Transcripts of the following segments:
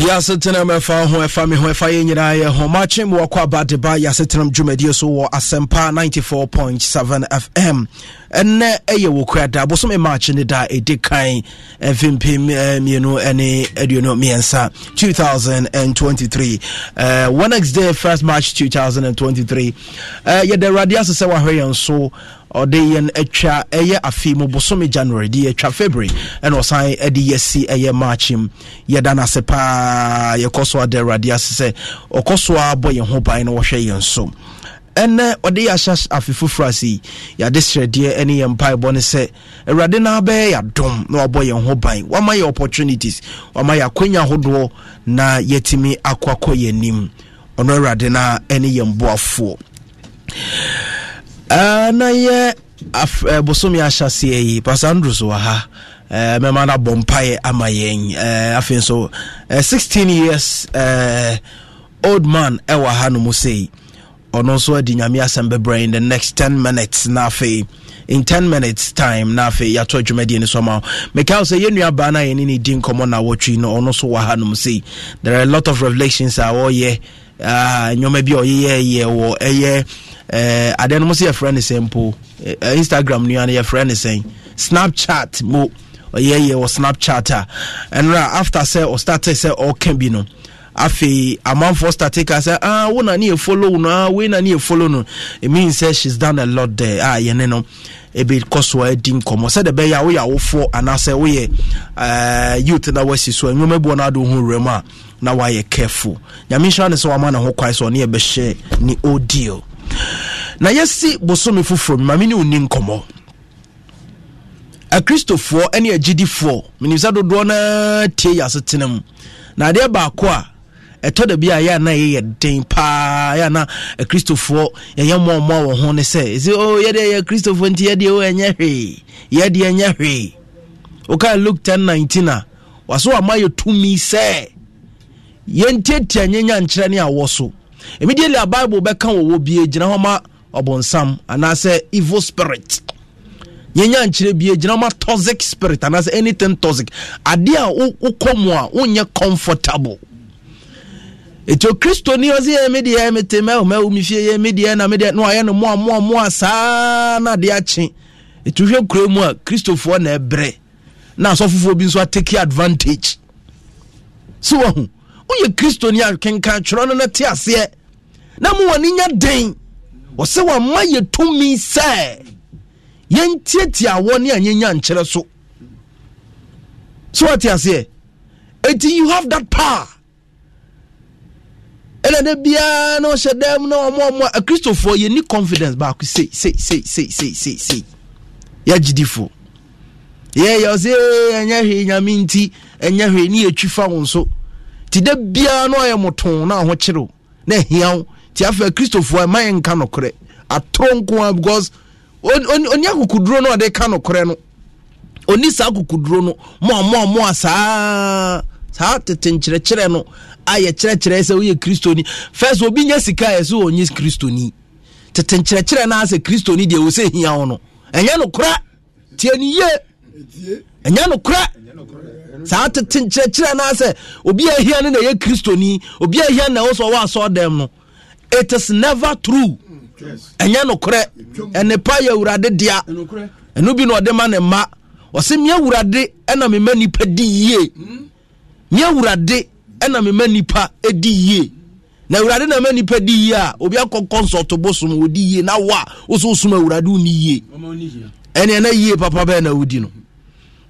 yɛasetenam ɛfa ho ɛfa me ho ɛfa yɛ nyinaa yɛ ho makye mu aba de ba yɛasetenam dwumadie so wɔ asɛmpa 94.7 fm ɛnɛ ɛyɛ wɔ kura da bosome maakye ne da ɛdi kan mfempem mmienu ne aduonu mmiɛnsa 2023 uh, next day first march 2023 uh, yɛde awurade ase sɛ wahwɛ yɛn so ɔde yɛn atwa ɛyɛ afei mu bosome january de yɛatwa february ɛna ɔsan ɛde yɛsi ɛyɛ march mu yɛda no ase paa yɛkɔ so ada awurade ase sɛ ɔkɔ so a bɔ yɛn ho ban na wɔhwɛ yɛn so ɛnɛ ɔde yɛ ahyɛ afe foforɔ ase yi yɛade hyerɛdeɛ ne yɛn mpaebɔ no sɛ awurade no abɛyɛ yɛadom na wabɔ yɛn ho ban wama yɛ opportunities wama yɛ akwanya ahodoɔ na yɛatumi akɔ akɔ yɛn anim ɔno awurade no ne yɛn boafoɔ Uh, na yɛ uh, eh, bosome ahyɛseɛ yi pastor andrew so wɔ ha uh, eh, mɛma no abɔ mpaeɛ ama yɛn afei nso 16 years old man ɛwɔ ha no mu sei ɔno nso adi nyame asɛm bebrɛ in the next 10 minutes na afei in 10 minutes time na afei yɛato adwumadie no so ama wo mekaw sɛ yɛ no a yɛne ne di nkɔmmɔ na no ɔno nso wɔ ha nom sei there are a lot of revelations a wɔyɛ ah, nnwoma bi a ɔyɛyɛyɛ wɔ ɛyɛ Eh, adeɛ no mo sɛ yɛfrɛ no sɛn po instagram nua no yɛfrɛ no sɛn snapchat mo ɔyɛyɛ wɔ snapchat a ɛnora after sɛ ɔstate sɛ ɔka bi no afei amanfoɔ state ka sɛ ah wo na ne yɛ follow no ah wei na ne yɛ follow no it means sɛ she's done a lot there ah yɛne no ebi kɔ so adi nkɔmɔ sɛdeɛ bɛyɛ a woyɛ awofoɔ anaasɛ woyɛ eh, youth na wasi so nneɛma bi wɔn adi ohun wura a na wayɛ careful nyame nhyira ne sɛ wama ne ho kwae sɛ ɔne yɛ bɛhyɛ ne ordeal. na yɛsi bosome foforɔ mma me ne onni nkɔmmɔ akristofoɔ ne agyidifoɔ menim dodoɔ no tie yɛ asetena mu na adeɛ baako a ɛtɔ da bi a yɛ ana yɛyɛ den paa yɛ ana akristofoɔ yɛyɛ mmoamoa wɔ ho ne sɛ ɛsɛ o oh, yɛdeɛ yɛ akristofoɔ nti yɛdeɛ o ɛnyɛ hwee yɛdeɛ ɛnyɛ hwee wokaa luke 1019 a waso ama yɛ tumi sɛ yɛntiatia nyanya nkyerɛ ne awɔ so immediately a bible bɛka wɔ wɔ bie gyina hɔ ma ɔbɔnsam anaasɛ evil spirit yɛnya nkyerɛ bie gyina hɔ ma toxic spirit anaasɛ anything toxic adeɛ a wokɔ mu a wonyɛ comfortable ètò kristo ní ọsí yẹ mi deɛ mi tẹ mẹwò mẹwò mi fie yẹ mi deɛ na mi deɛ no ayɛ no mua mua mua saa na adeɛ akye ètò hwɛ kure mu a kristofoɔ na ɛbrɛ na asɔfofoɔ bi nso atake advantage si wɔn ho woyɛ kristo ni a kankan twerɛ no na te aseɛ na mo wɔn nya den wɔsɛ wɔn ma yɛ tumi sɛ yɛn tietia wɔn ne a nya nkyerɛ so so wɔte aseɛ eti you have that power ɛna de biara na ɔhyɛ dɛm na wɔn a wɔn a akristofoɔ yɛ ni confidence baako sei sei sei sei sei sei sei yɛ agyidifo yɛ yɛ ɔsɛ ɛnyɛ hwee nyame nti ɛnyɛ hwee ne yɛ twi fa wɔn so ti de biara na ɔyɛ mɔtɔn na ɔho kyerɛw na ɛhia wo ti afei kristofoɔ ɛma yɛ nka nokorɛ atoro nko a because oni akokoduro no ɔde ka nokorɛ no oni saa akokoduro no moamoamoa saa saa tete nkyerɛkyerɛ no ayɛ kyerɛkyerɛ sɛ woyɛ kristoni first obi nyɛ sika yɛ sɛ wɔnyɛ kristoni tete nkyerɛkyerɛ no asɛ kristoni deɛ wɔ sɛ hia wo no ɛnyɛ nokora tie no yie ɛnyɛ nokora saa tete nkyerɛkyerɛ no asɛ obi ahia no na ɛyɛ kristoni obi ahia na ɛwɔ sɛ ɔwɔ asɔɔdɛm no it is never true ɛnyɛ mm. nokorɛ ɛnepa yɛ awurade dea ɛno bi na ɔde ma ne mma ɔsɛ mia awurade ɛna mema nipa di yie mia awurade ɛna mema nipa di yie na awurade na ma nipa di yie a obi akɔ kɔnsɔt bosom odi yie na wa woso wosom awurade woni yie ɛne ɛna yie papa bɛɛ na wodi no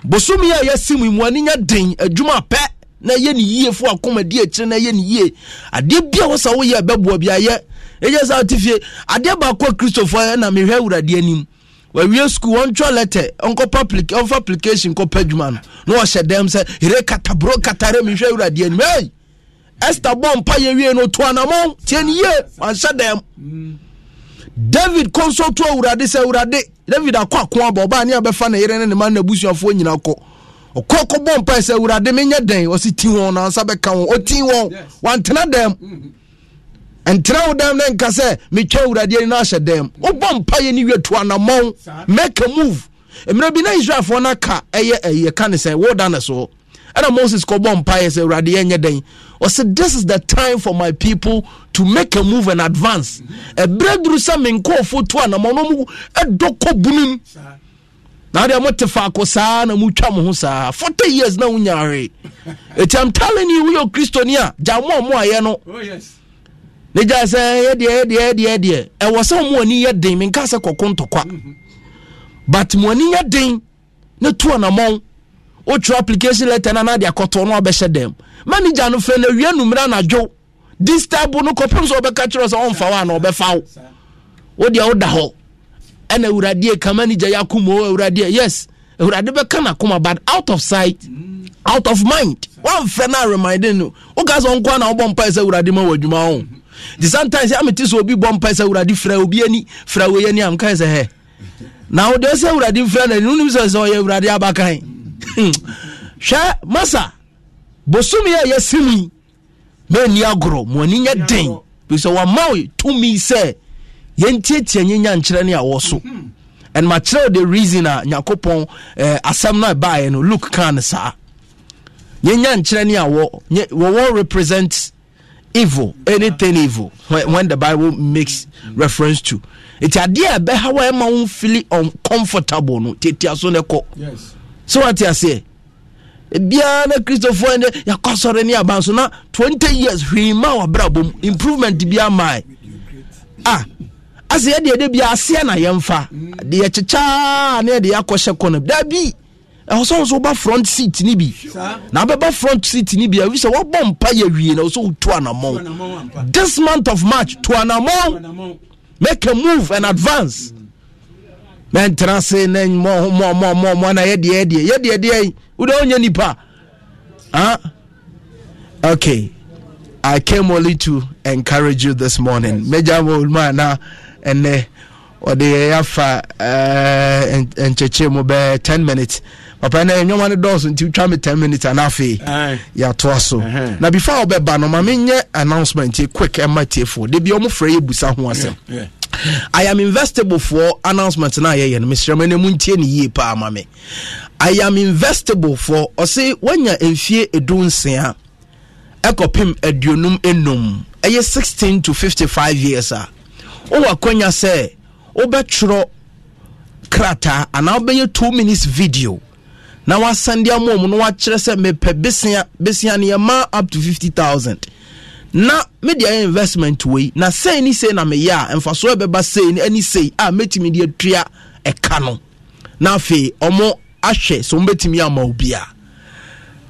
bosom yi a yɛsi mu mu ani nya den adwuma pɛ na yɛ ne yie fo akoma di akyire na yɛ ne yie adeɛ bia wɔ sa woyɛ bɛboa bi ayɛ ɛyɛ sɛ wote fie adeɛ baakɔ kristofoɔ ɛna mehwɛ awurade anim wawie sukuu wɔntwa lɛtɛ ɔnkɔpa ɔmfa application kɔpɛ adwuma no na wɔhyɛ dɛm sɛ ere kataboro katare mehwɛ awurade anim ei ɛsta bɔ mpa yɛ wie no to anamɔ tie ne yie wanhyɛ dɛm david kɔ nso to awurade sɛ awurade david akɔ ako abɔ ɔbaa ne abɛfa ne yere ne ne ma ne abusuafoɔ nyina kɔ ɔkɔkɔ bɔ mpa sɛ awurade menyɛ dɛn ɔsi ti wɔn nansa bɛka wɔn ɔti wɔn wantena dɛm mm-hmm. ntena wo dɛm ne nka sɛ metwa awurade ani no ahyɛ dɛm wobɔ mpa yɛ ne wiatu anammɔn make a move mmerɛ bi na israelfoɔ no aka ɛyɛ ɛyɛ ka ne sɛ woda ne soɔ ɛna moses kɔbɔ mpaeɛ sɛ awurade yɛnyɛ dɛn ɔsɛ this is the time for my people to make a move and advance mm-hmm. ɛberɛ duru sɛ me nkɔɔfoɔ to anammɔn no mu ɛdɔ kɔ bunum na deɛ mote faako saa na motwa mo ho saa 40 years na wonya ɛti am telling you woyɛ kristoni a gya mo a moayɛ no oh, ne gyae sɛ yɛdeɛɛdeɛɛdeɛ ɛwɔ sɛ mo ani yɛ den menka sɛ kɔko ntɔkwa but mo ani yɛ den ne to anammɔn wotwerɛ application letter no akɔtɔ no abɛhyɛ dɛm no frɛ no awia numera anadwo no kɔpem sɛ kyerɛ sɛ ɔmfa wo a na ɔbɛfa wo wodeɛ woda hɔ ɛna awuradeɛ kama ne gya yɛakom o awuradeɛ yes awurade bɛka nakoma but out of sight out of mind wamfrɛ no areminde no woka sɛ ɔnkoa na wobɔ mpae sɛ awurade ma wɔ adwuma wo nti sometimes amete sɛ obi bɔ mpae sɛ awurade frɛ obi ani frɛ wei ani amkae sɛ hɛ na wode sɛ awurade mfrɛ no ani wonim sɛ sɛ ɔyɛ awurade abakan hwɛ masa bosome a yɛsimi mɛni agorɔ moani nyɛ den bisɛ wama tumi sɛ yɛntietie nyenya nkyerɛ ne a wɔ so mhm. and makyerɛ the reason a nyankopɔn eh, asɛm no ɛbaeɛ no look kaa no saa yɛnya nkyerɛ ne a wɔwɔ represent evil anything evil when, when the bible makes reference to nti adeɛ a ɛbɛha wa ɛma wo fili uncomfortable no tetia so ne kɔ so wate aseɛ biara na kristofoɔ ɛnɛ yɛkɔ asɔre ne aba so na 20 years hwee ma wabrabɔ mu improvement biara mae ah ase yɛ deɛ de bi aseɛ na yɛmfa deɛ kyekyaa ne yɛde akɔhyɛ kɔnɔ dabi ɛhɔ sɛ wosɛ woba front seat no bi na wobɛba front seat no bi a wisɛ wɔbɔ mpa yɛ wie na wo sɛ wotu this month of march to anammɔn make a move and advance mɛntena se na mmɔmmɔmmɔmmɔ na yɛdeɛ yɛdeɛ yɛdeɛ deɛ wode wonya nipa Ah. okay I came only to encourage you this morning. Yes. Major Mulmana ɛnɛ ɔde yɛafa nkyɛkyerɛ mu bɛɛ ten minutes papa no nnwoma no dɔɔso nti twa me ten minutes ana afei yɛatoa so na before wobɛba no ma menyɛ announcement ti quick ɛma tiefoɔ de bia ɔmofrɛ yɛ busa ho asɛm I am investable for announcement na yɛyɛ no mesrɛ ma no mu ntie ne yie paa ma me I am investable for ɔse woanya mfie edu nsia ɛkɔpem aduonum enum ɛyɛ sixteen to fifty-five years a wowɔ akɔnya sɛ wobɛtwerɛ krataa anaa wobɛyɛ two minutes video na wasan de ama mu na wakyerɛ sɛ mepɛ besia besia ne yɛma up to 50000 na mede ayɛ investment wei na sei ne sei na meyɛ a mfasoɔ ɛbɛba sei ne ani sei a mɛtumi de atua ɛka no na afei ɔmo ahwɛ sɛ ɔmobɛtumi ama wo bia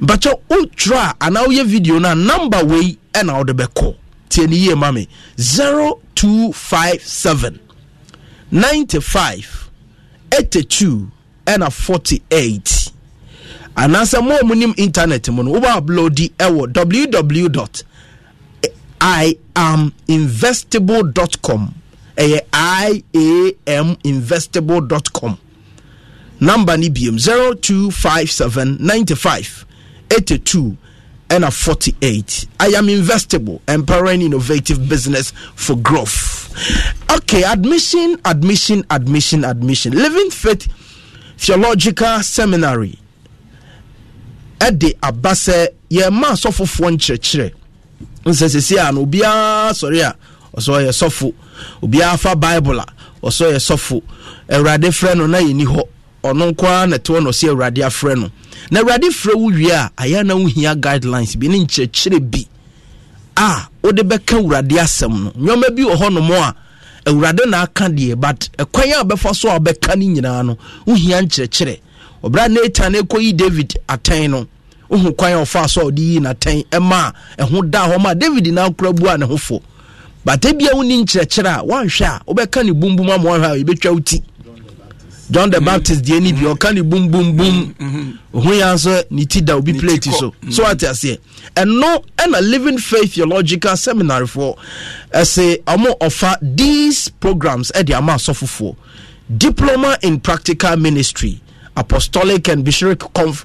mpakyɛ wotwerɛ a anaa woyɛ video no a number wei ɛna wode bɛkɔ tie ne yie ma me 0257 95 82 ɛna 48 anaasɛ mo a monim internet mu no woba ablɔdi ɛwɔ www iaminvestable.com ɛyɛ com. number ne biem 0257 95 82 ɛna 48 i am investable empowering innovative business for growth okay admission admission admission admission living faith theological seminary ɛde aba sɛ yɛma asɔfofoɔ nkyerɛkyerɛ nsɛ sesie a no obiara sɔre a ɔsɛ ɔyɛ sɔfo obiara fa bible a ɔsɛ ɔyɛ sɔfo awurade frɛ no na yɛni hɔ ɔno nkoa na ɛteɔ na si awurade afrɛ no na awurade frɛ wo wie a ayɛ na wohia guidelines bi ne nkyerɛkyerɛ bi a wode bɛka awurade asɛm no nneɔma bi wɔ hɔnom a awurade na aka deɛ but ɛkwan a wobɛfa so a wobɛka no nyinaa no wohia nkyerɛkyerɛ ɔbra natan ɛkɔyi david atɛn no wohu kwan a ɔfa so a ɔde yi natɛn ɛma a ɛho da hɔ ma david nankora bua ne ho fo bata bia woni nkyerɛkyerɛ a woanhwɛ a wobɛka ne bumbum ama woahwɛ a yɛbɛtwa wo ti john the baptist deɛ mm-hmm. ni bi ɔka ne boom boom boom. ohun yɛn nso ne ti da obi plate so mm-hmm. so And aseɛ ɛno ɛna living faith theological seminary foɔ ɛsɛ ɔmo ɔfa these programs ɛde ama asɔfofoɔ diploma in practical ministry apostolic and bishopric conf,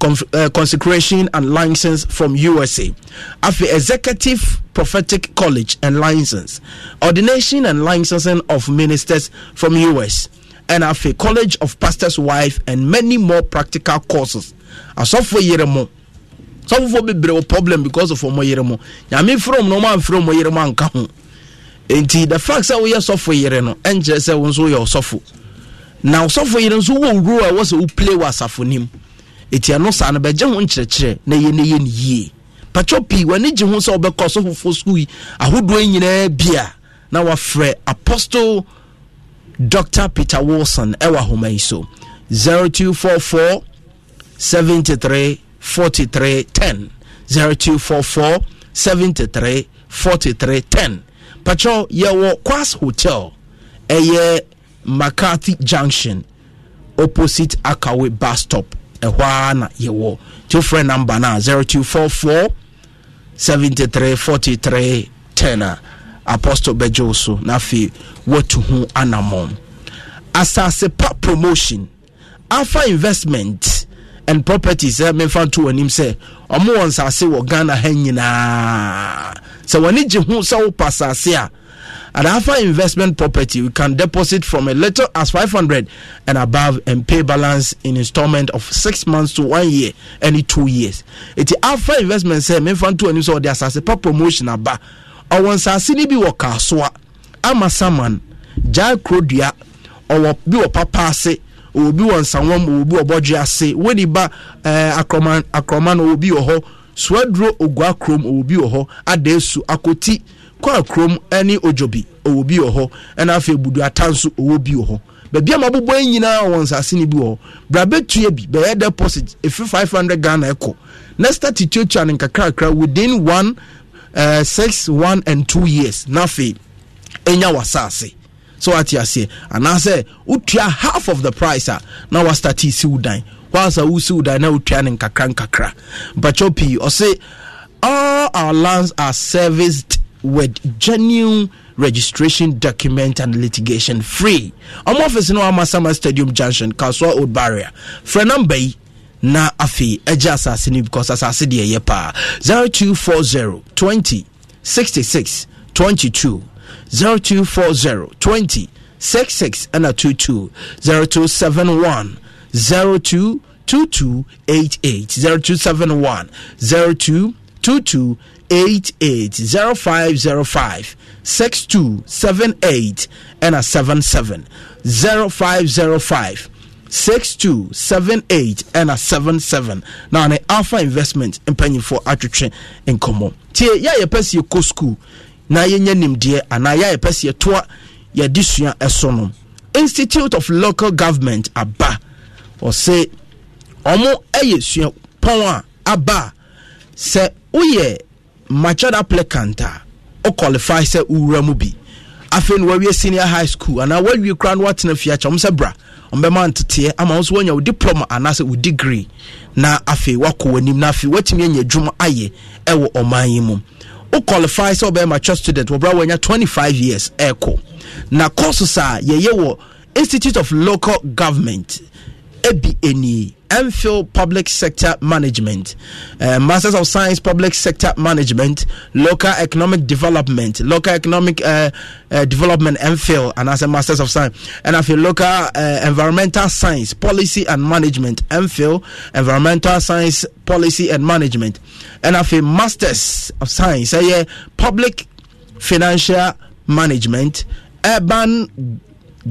conf, uh, consecration and license from usa after executive prophetic college and license ordination and licensing of ministers from us. ɛna afei college of pastors wife and many more practical courses asɔfo yere mo sɔfofo bebree wɔ problem because of ɔmo yere mo nyame firom na ɔmo amfirom ɔmo yere mo anka ho nti the fact sɛ woyɛ sɔfo yere no ɛnkyerɛ sɛ wo nso woyɛ ɔsɔfo na ɔsɔfo yere nso wɔ role a ɛwɔ sɛ woplay wɔ asafo nim ɛti ɛno saa no bɛgye ho nkyerɛkyerɛ na yɛ ne yɛ ne yie patwɔ pii w'ani gye ho sɛ wobɛkɔ sɔfofo school yi ahodoɔ nyinaa bi a na wafrɛ apostle dr peter wilson ɛwɔ ahoma yi so 0244 73 0244 73 43 10 patro yɛwɔ kwas hotel ɛyɛ mccarthy junction opposite akawe bus stop ɛhɔ ara na yɛwɔ nti wofrɛ number no a 0244 73 apostle bɛgye so na afei watu ho anammɔn asase pa promotion alpha investment and properties sɛ eh, memfa nto w'anim sɛ ɔmo wɔ nsase wɔ ghana ha nyinaa sɛ wɔne gye ho sɛ wopa asase a at alpha investment property we can deposit from a little as 500 and above and pay balance in installment of six months to one year any two years It's alpha investment sɛ memfa nto w'anim sɛ ɔde asase pa promotion aba ɔwɔ nsaase no bi wɔ kaasoa ama saman gyaa kurodua ɔwɔ bi wɔ papa ase obi wɔ nsanwam obi wɔ bɔdwe ase wɔni ba ɛɛ eh, akrɔman akrɔman obi wɔ hɔ suaduro ogua kurom obi wɔ hɔ adeesu akoti kɔa kurom ɛne odwobi obi wɔ hɔ ɛna afei buduata nso owo bi wɔ hɔ baabi a mabobɔ yi nyinaa wɔ nsaase no bi wɔ hɔ brabetua bi bɛyɛ deposit efi five hundred ghana ɛkɔ nesta tituatua ne nkakrakra within one Eh, six one and two years na afei ɛnya wasaase so ate aseɛ anaasɛ wotua half of the price a na wastarte siw dan whilst a wosiw dan na wotua ne nkakra nkakra bakyɛ pii ɔse all our lands are serviced with genuine registration document and litigation free ɔmo office no wɔ amasama stadium junction kasoa old barrier frɛ number yi na afei agye asase no because asase deɛ ɛyɛ paa 0240 20 66 22 0240 20 66 ɛna 22 0271 02 2288 0271 0222 0505 6278 and a 77 0505 6278 ɛna 77 Now an alpha investment mpanyinfoɔ atwetwe nkɔmmɔ tie yɛ a yɛpɛ sɛ yɛkɔ school na yɛnyɛ nimdeɛ anaa yɛ a yɛpɛ sɛ yɛtoa yɛde sua ɛso no institute of local government aba ɔse ɔmo ɛyɛ sua pɔn a aba sɛ woyɛ matured applicant o qualify sɛ wowura mu afei na wawie senior high school anaa wawie kora no watena fie akyɛ ɔm sɛ bra ɔmbɛma nteteɛ ama wo so woanya wo diploma anaasɛ wo degree na afei woakɔ w'anim na afei woatumi anya adwuma ayɛ ɛwɔ ɔman yi mu wo qualify sɛ wobɛyɛ mature student wɔbra woanya 25 years ɛɛkɔ na courses a yɛyɛ wɔ institute of local government ebi eni Enfield Public Sector Management, uh, Masters of Science Public Sector Management, Local Economic Development, Local Economic uh, uh, Development Enfield, and as a Masters of Science, and a Local uh, Environmental Science Policy and Management Enfield, Environmental Science Policy and Management, and after Masters of Science, uh, yeah, Public Financial Management, Urban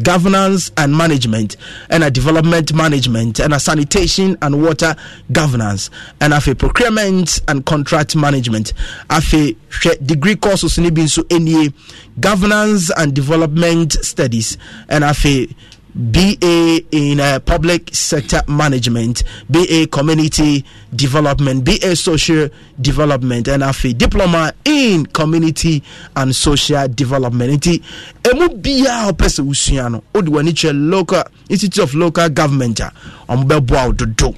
governance and management and a development management and a sanitation and water governance ɛna a procurement and contract management afei a degree courses ne bi nso governance and development studies ɛna a. BA in uh, Public Sector Management, BA Community Development, BA Social Development, and a Diploma in Community and Social Development. emu biya o pese usua no, o local Institute of Local Government a, ɔmo bɛ bɔ awo dodo.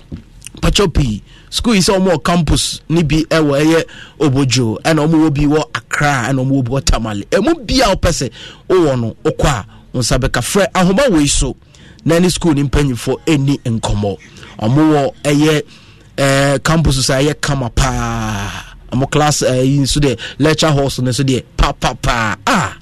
Pacho pii. school yi sɛ campus ni bi ɛwɔ ɛyɛ obojo ɛna ɔmo wɔ bi wɔ accra ɛna ɔmo wɔ tamale emu biya o pese o wɔ no nsa bɛka frɛ ahoma wei so na ne school ne mpanyimfoɔ ɛni nkɔmmɔ ɔmo wɔ ɛyɛ ɛɛ eh, campus so ɛyɛ kama paa ɔmo class ɛyi eh, nso deɛ lecture hall so ne nso deɛ paapaa a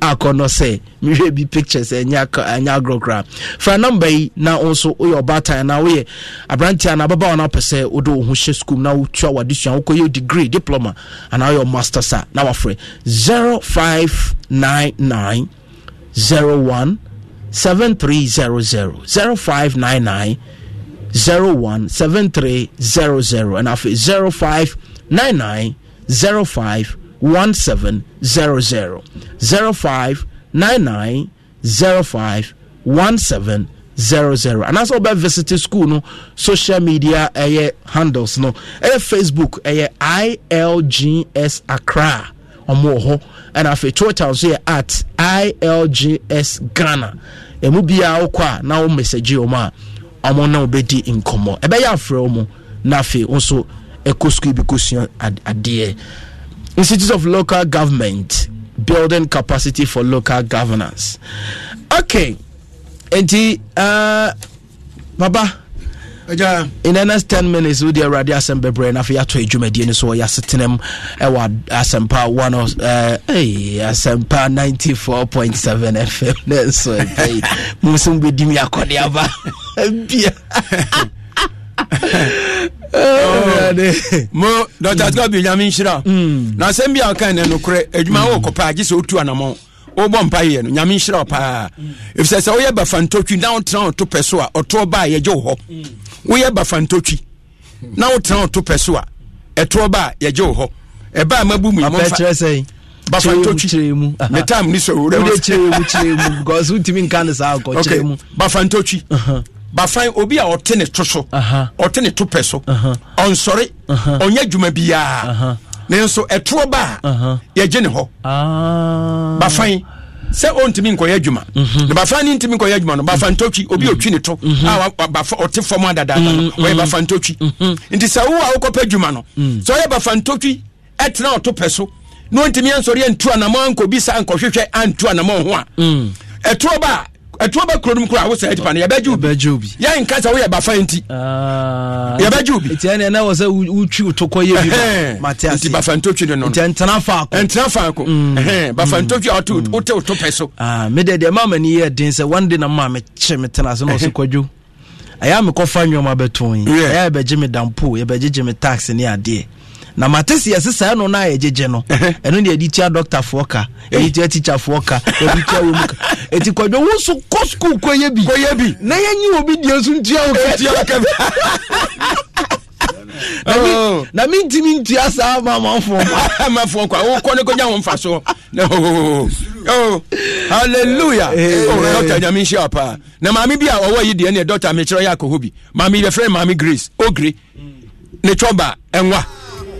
akɔ sɛ mehwɛ bi pictures ɛnyɛ eh, agorɔ koraa fra namba yi na nso woyɛ ɔbaatan na woyɛ aberanteɛ ana ababaawa no wopɛ sɛ wode wo ho hyɛ school na wotua w'adesua wokɔyɛ degree diploma anaa woyɛ masters a na wafrɛ 0599 01 7300 0599 01 7300 and after 0599 051700 0599 051700 00 anaasɛ wobɛ visit school no social media ɛyɛ eh, handles no ɛyɛ eh, facebook ɛyɛ eh, ilgs accra ɔmo wɔ hɔ ɛna afei twitter nso yɛ at ilgs ghana ɛmu biara wokɔ a na wo message ɔmo a ɔmo na wobɛdi nkɔmmɔ ɛbɛyɛ afrɛ ɔmo na afei nso ɛkɔ school bi kɔsua adeɛ institute of local government building capacity for local governance okay nti uh, baba in the next 10 minutes wode awurade asɛm bebrɛ na afei yɛatɔ adwumadie no so ɔyɛ asetenam ɛwɔ asɛmpa 1 asɛmpa 94.7 fm ne nso mu so mbɛdi mi akɔde aba bia oh, oh. mo dr atuka mm. bi nyame nhyira mm. na asɛm bi a ɔka nɛ nokorɛ adwuma wo mm. kɔpɛ agye sɛ ɔtu anamɔ wobɔ mpayɛ no nyame nhyira paa ɛfisɛ sɛ woyɛ bafantɔtwi na wotena wo to pɛ so a ɔtoɔ baa yɛgye wo hɔ woyɛ bafantotwi na wotena ɔto pɛ so a ɛtoɔ ba a yɛgye wo hɔ ɛba a mabu mu yɛmfa bafantotwi ne tam ni sɛ wowrɛ bafantotwi bafan obi a ɔte ne to so ɔte ne to pɛ so ɔnsɔre ɔnyɛ dwuma biara nanso ɛtoɔ ba a yɛgye ne hɔ ah. bafan sɛ ɔntumi nkɔyɛ adwuma mhm. na bafa ne ntumi nkɔyɛ adwuma no bafa mhm. ntɔtwi obi ɔtwi mhm. ne to a bafa ɔte fam adadaada no ɔyɛ bafa ntɔtwi nti sɛ wo a wokɔpɛ adwuma no sɛ ɔyɛ bafa ntɔtwi ɛtena ɔto pɛ so na ɔntumi ansɔre antu anamɔ ankɔbi sa ankɔhwehwɛ antu anamɔ ho a ɛtorɔ ba a ɛtuo bɛ kuro no mu kura awo sɛ ɛtipa no yɛbɛgye obi yɛn nka sɛ woyɛ bafa nti ah, yɛbɛgye obi. nti ɛna ɛna wɔ sɛ wutwi tokɔ yɛ bi ma mate ase nti bafa ntotwi de no no nti ntena faako ntena faako mm. bafa mm. ntotwi a mm. wote wote woto pɛ so. Ah, me deɛ deɛ maama ni yɛ den sɛ one day na maame kye me tena ase na ɔsɛ kɔdwo ɛyɛ amekɔfa nneɛma bɛtɔn yi ɛyɛ bɛgye me dampo yɛbɛgye gye me tax ne adeɛ na mate si yɛse saa no no a yɛgyegye no ɛno ne yɛde tia doctorfoɔ eh. ka yɛde tia teacherfoɔ ka yɛde tia wɔ mu ka ɛti kwadwo wo so kɔ school kɔyɛ bi kɔyɛ bi na yɛnyi obi deɛ oh. so ntua wo ka tia wo ka na mentimi ntua saa ma amanfoɔmafoɔ kwa wokɔ ne kɔnya wo mfa soɔ halleluya dɔctr nyame nhyia wa paa na maame bi a ɔwɔ yi deɛ neɛ dɔctr mekyerɛ yɛ akɔhɔ bi maame yɛfrɛ maame grace ogre mm. ne twɔba ɛnwa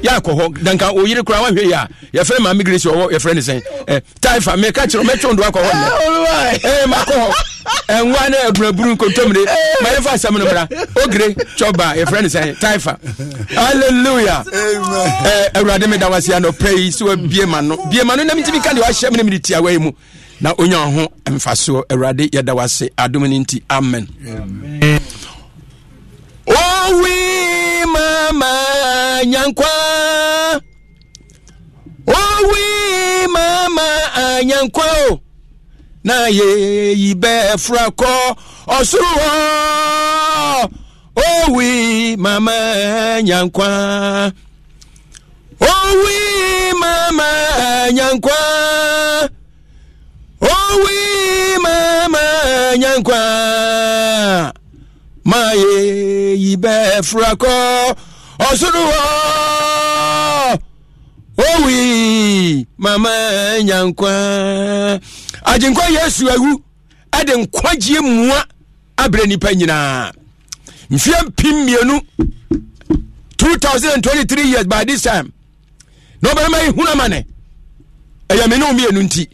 yɛakɔ hɔ danka ɔyere kora wahwɛ yi a yɛfrɛ maame grace ɔwɔ yɛfrɛ ne sɛn eh, taifa meka kyerɛ mɛtwe ndo akɔ hɔ nnɛ eh, eh, makɔ hɔ ɛnwa eh, ne abunabunu nkontomire ma yɛfa asɛm no mmra ogire chɔba yɛfrɛ ne sɛn taifa alleluya awurade meda wase anɔpɛ yi sɛ wabie ma no bie ma no nam ntimi ka deɛ wahyɛ me ne mede tiawa yi mu na ɔnya wo ho mfasoɔ awurade yɛda wase adom no nti amen, amen. mama nyankwa owi mama anyankwa o na ye ibe fura kọ ọsoro hɔ owi mama nyankwa owi mama nyankwa owi mama nyankwa ma ye ibe fura kọ ɔsoro hɔ owi mama nyankwa agyenkwa yesu awu ɛde nkwagyeɛ mua abrɛ nipa nyinaa mfeɛ mpem mmienu three years by this time na ɔbɛrima yi hunu ama ne ɛyɛ me ne wo mmienu nti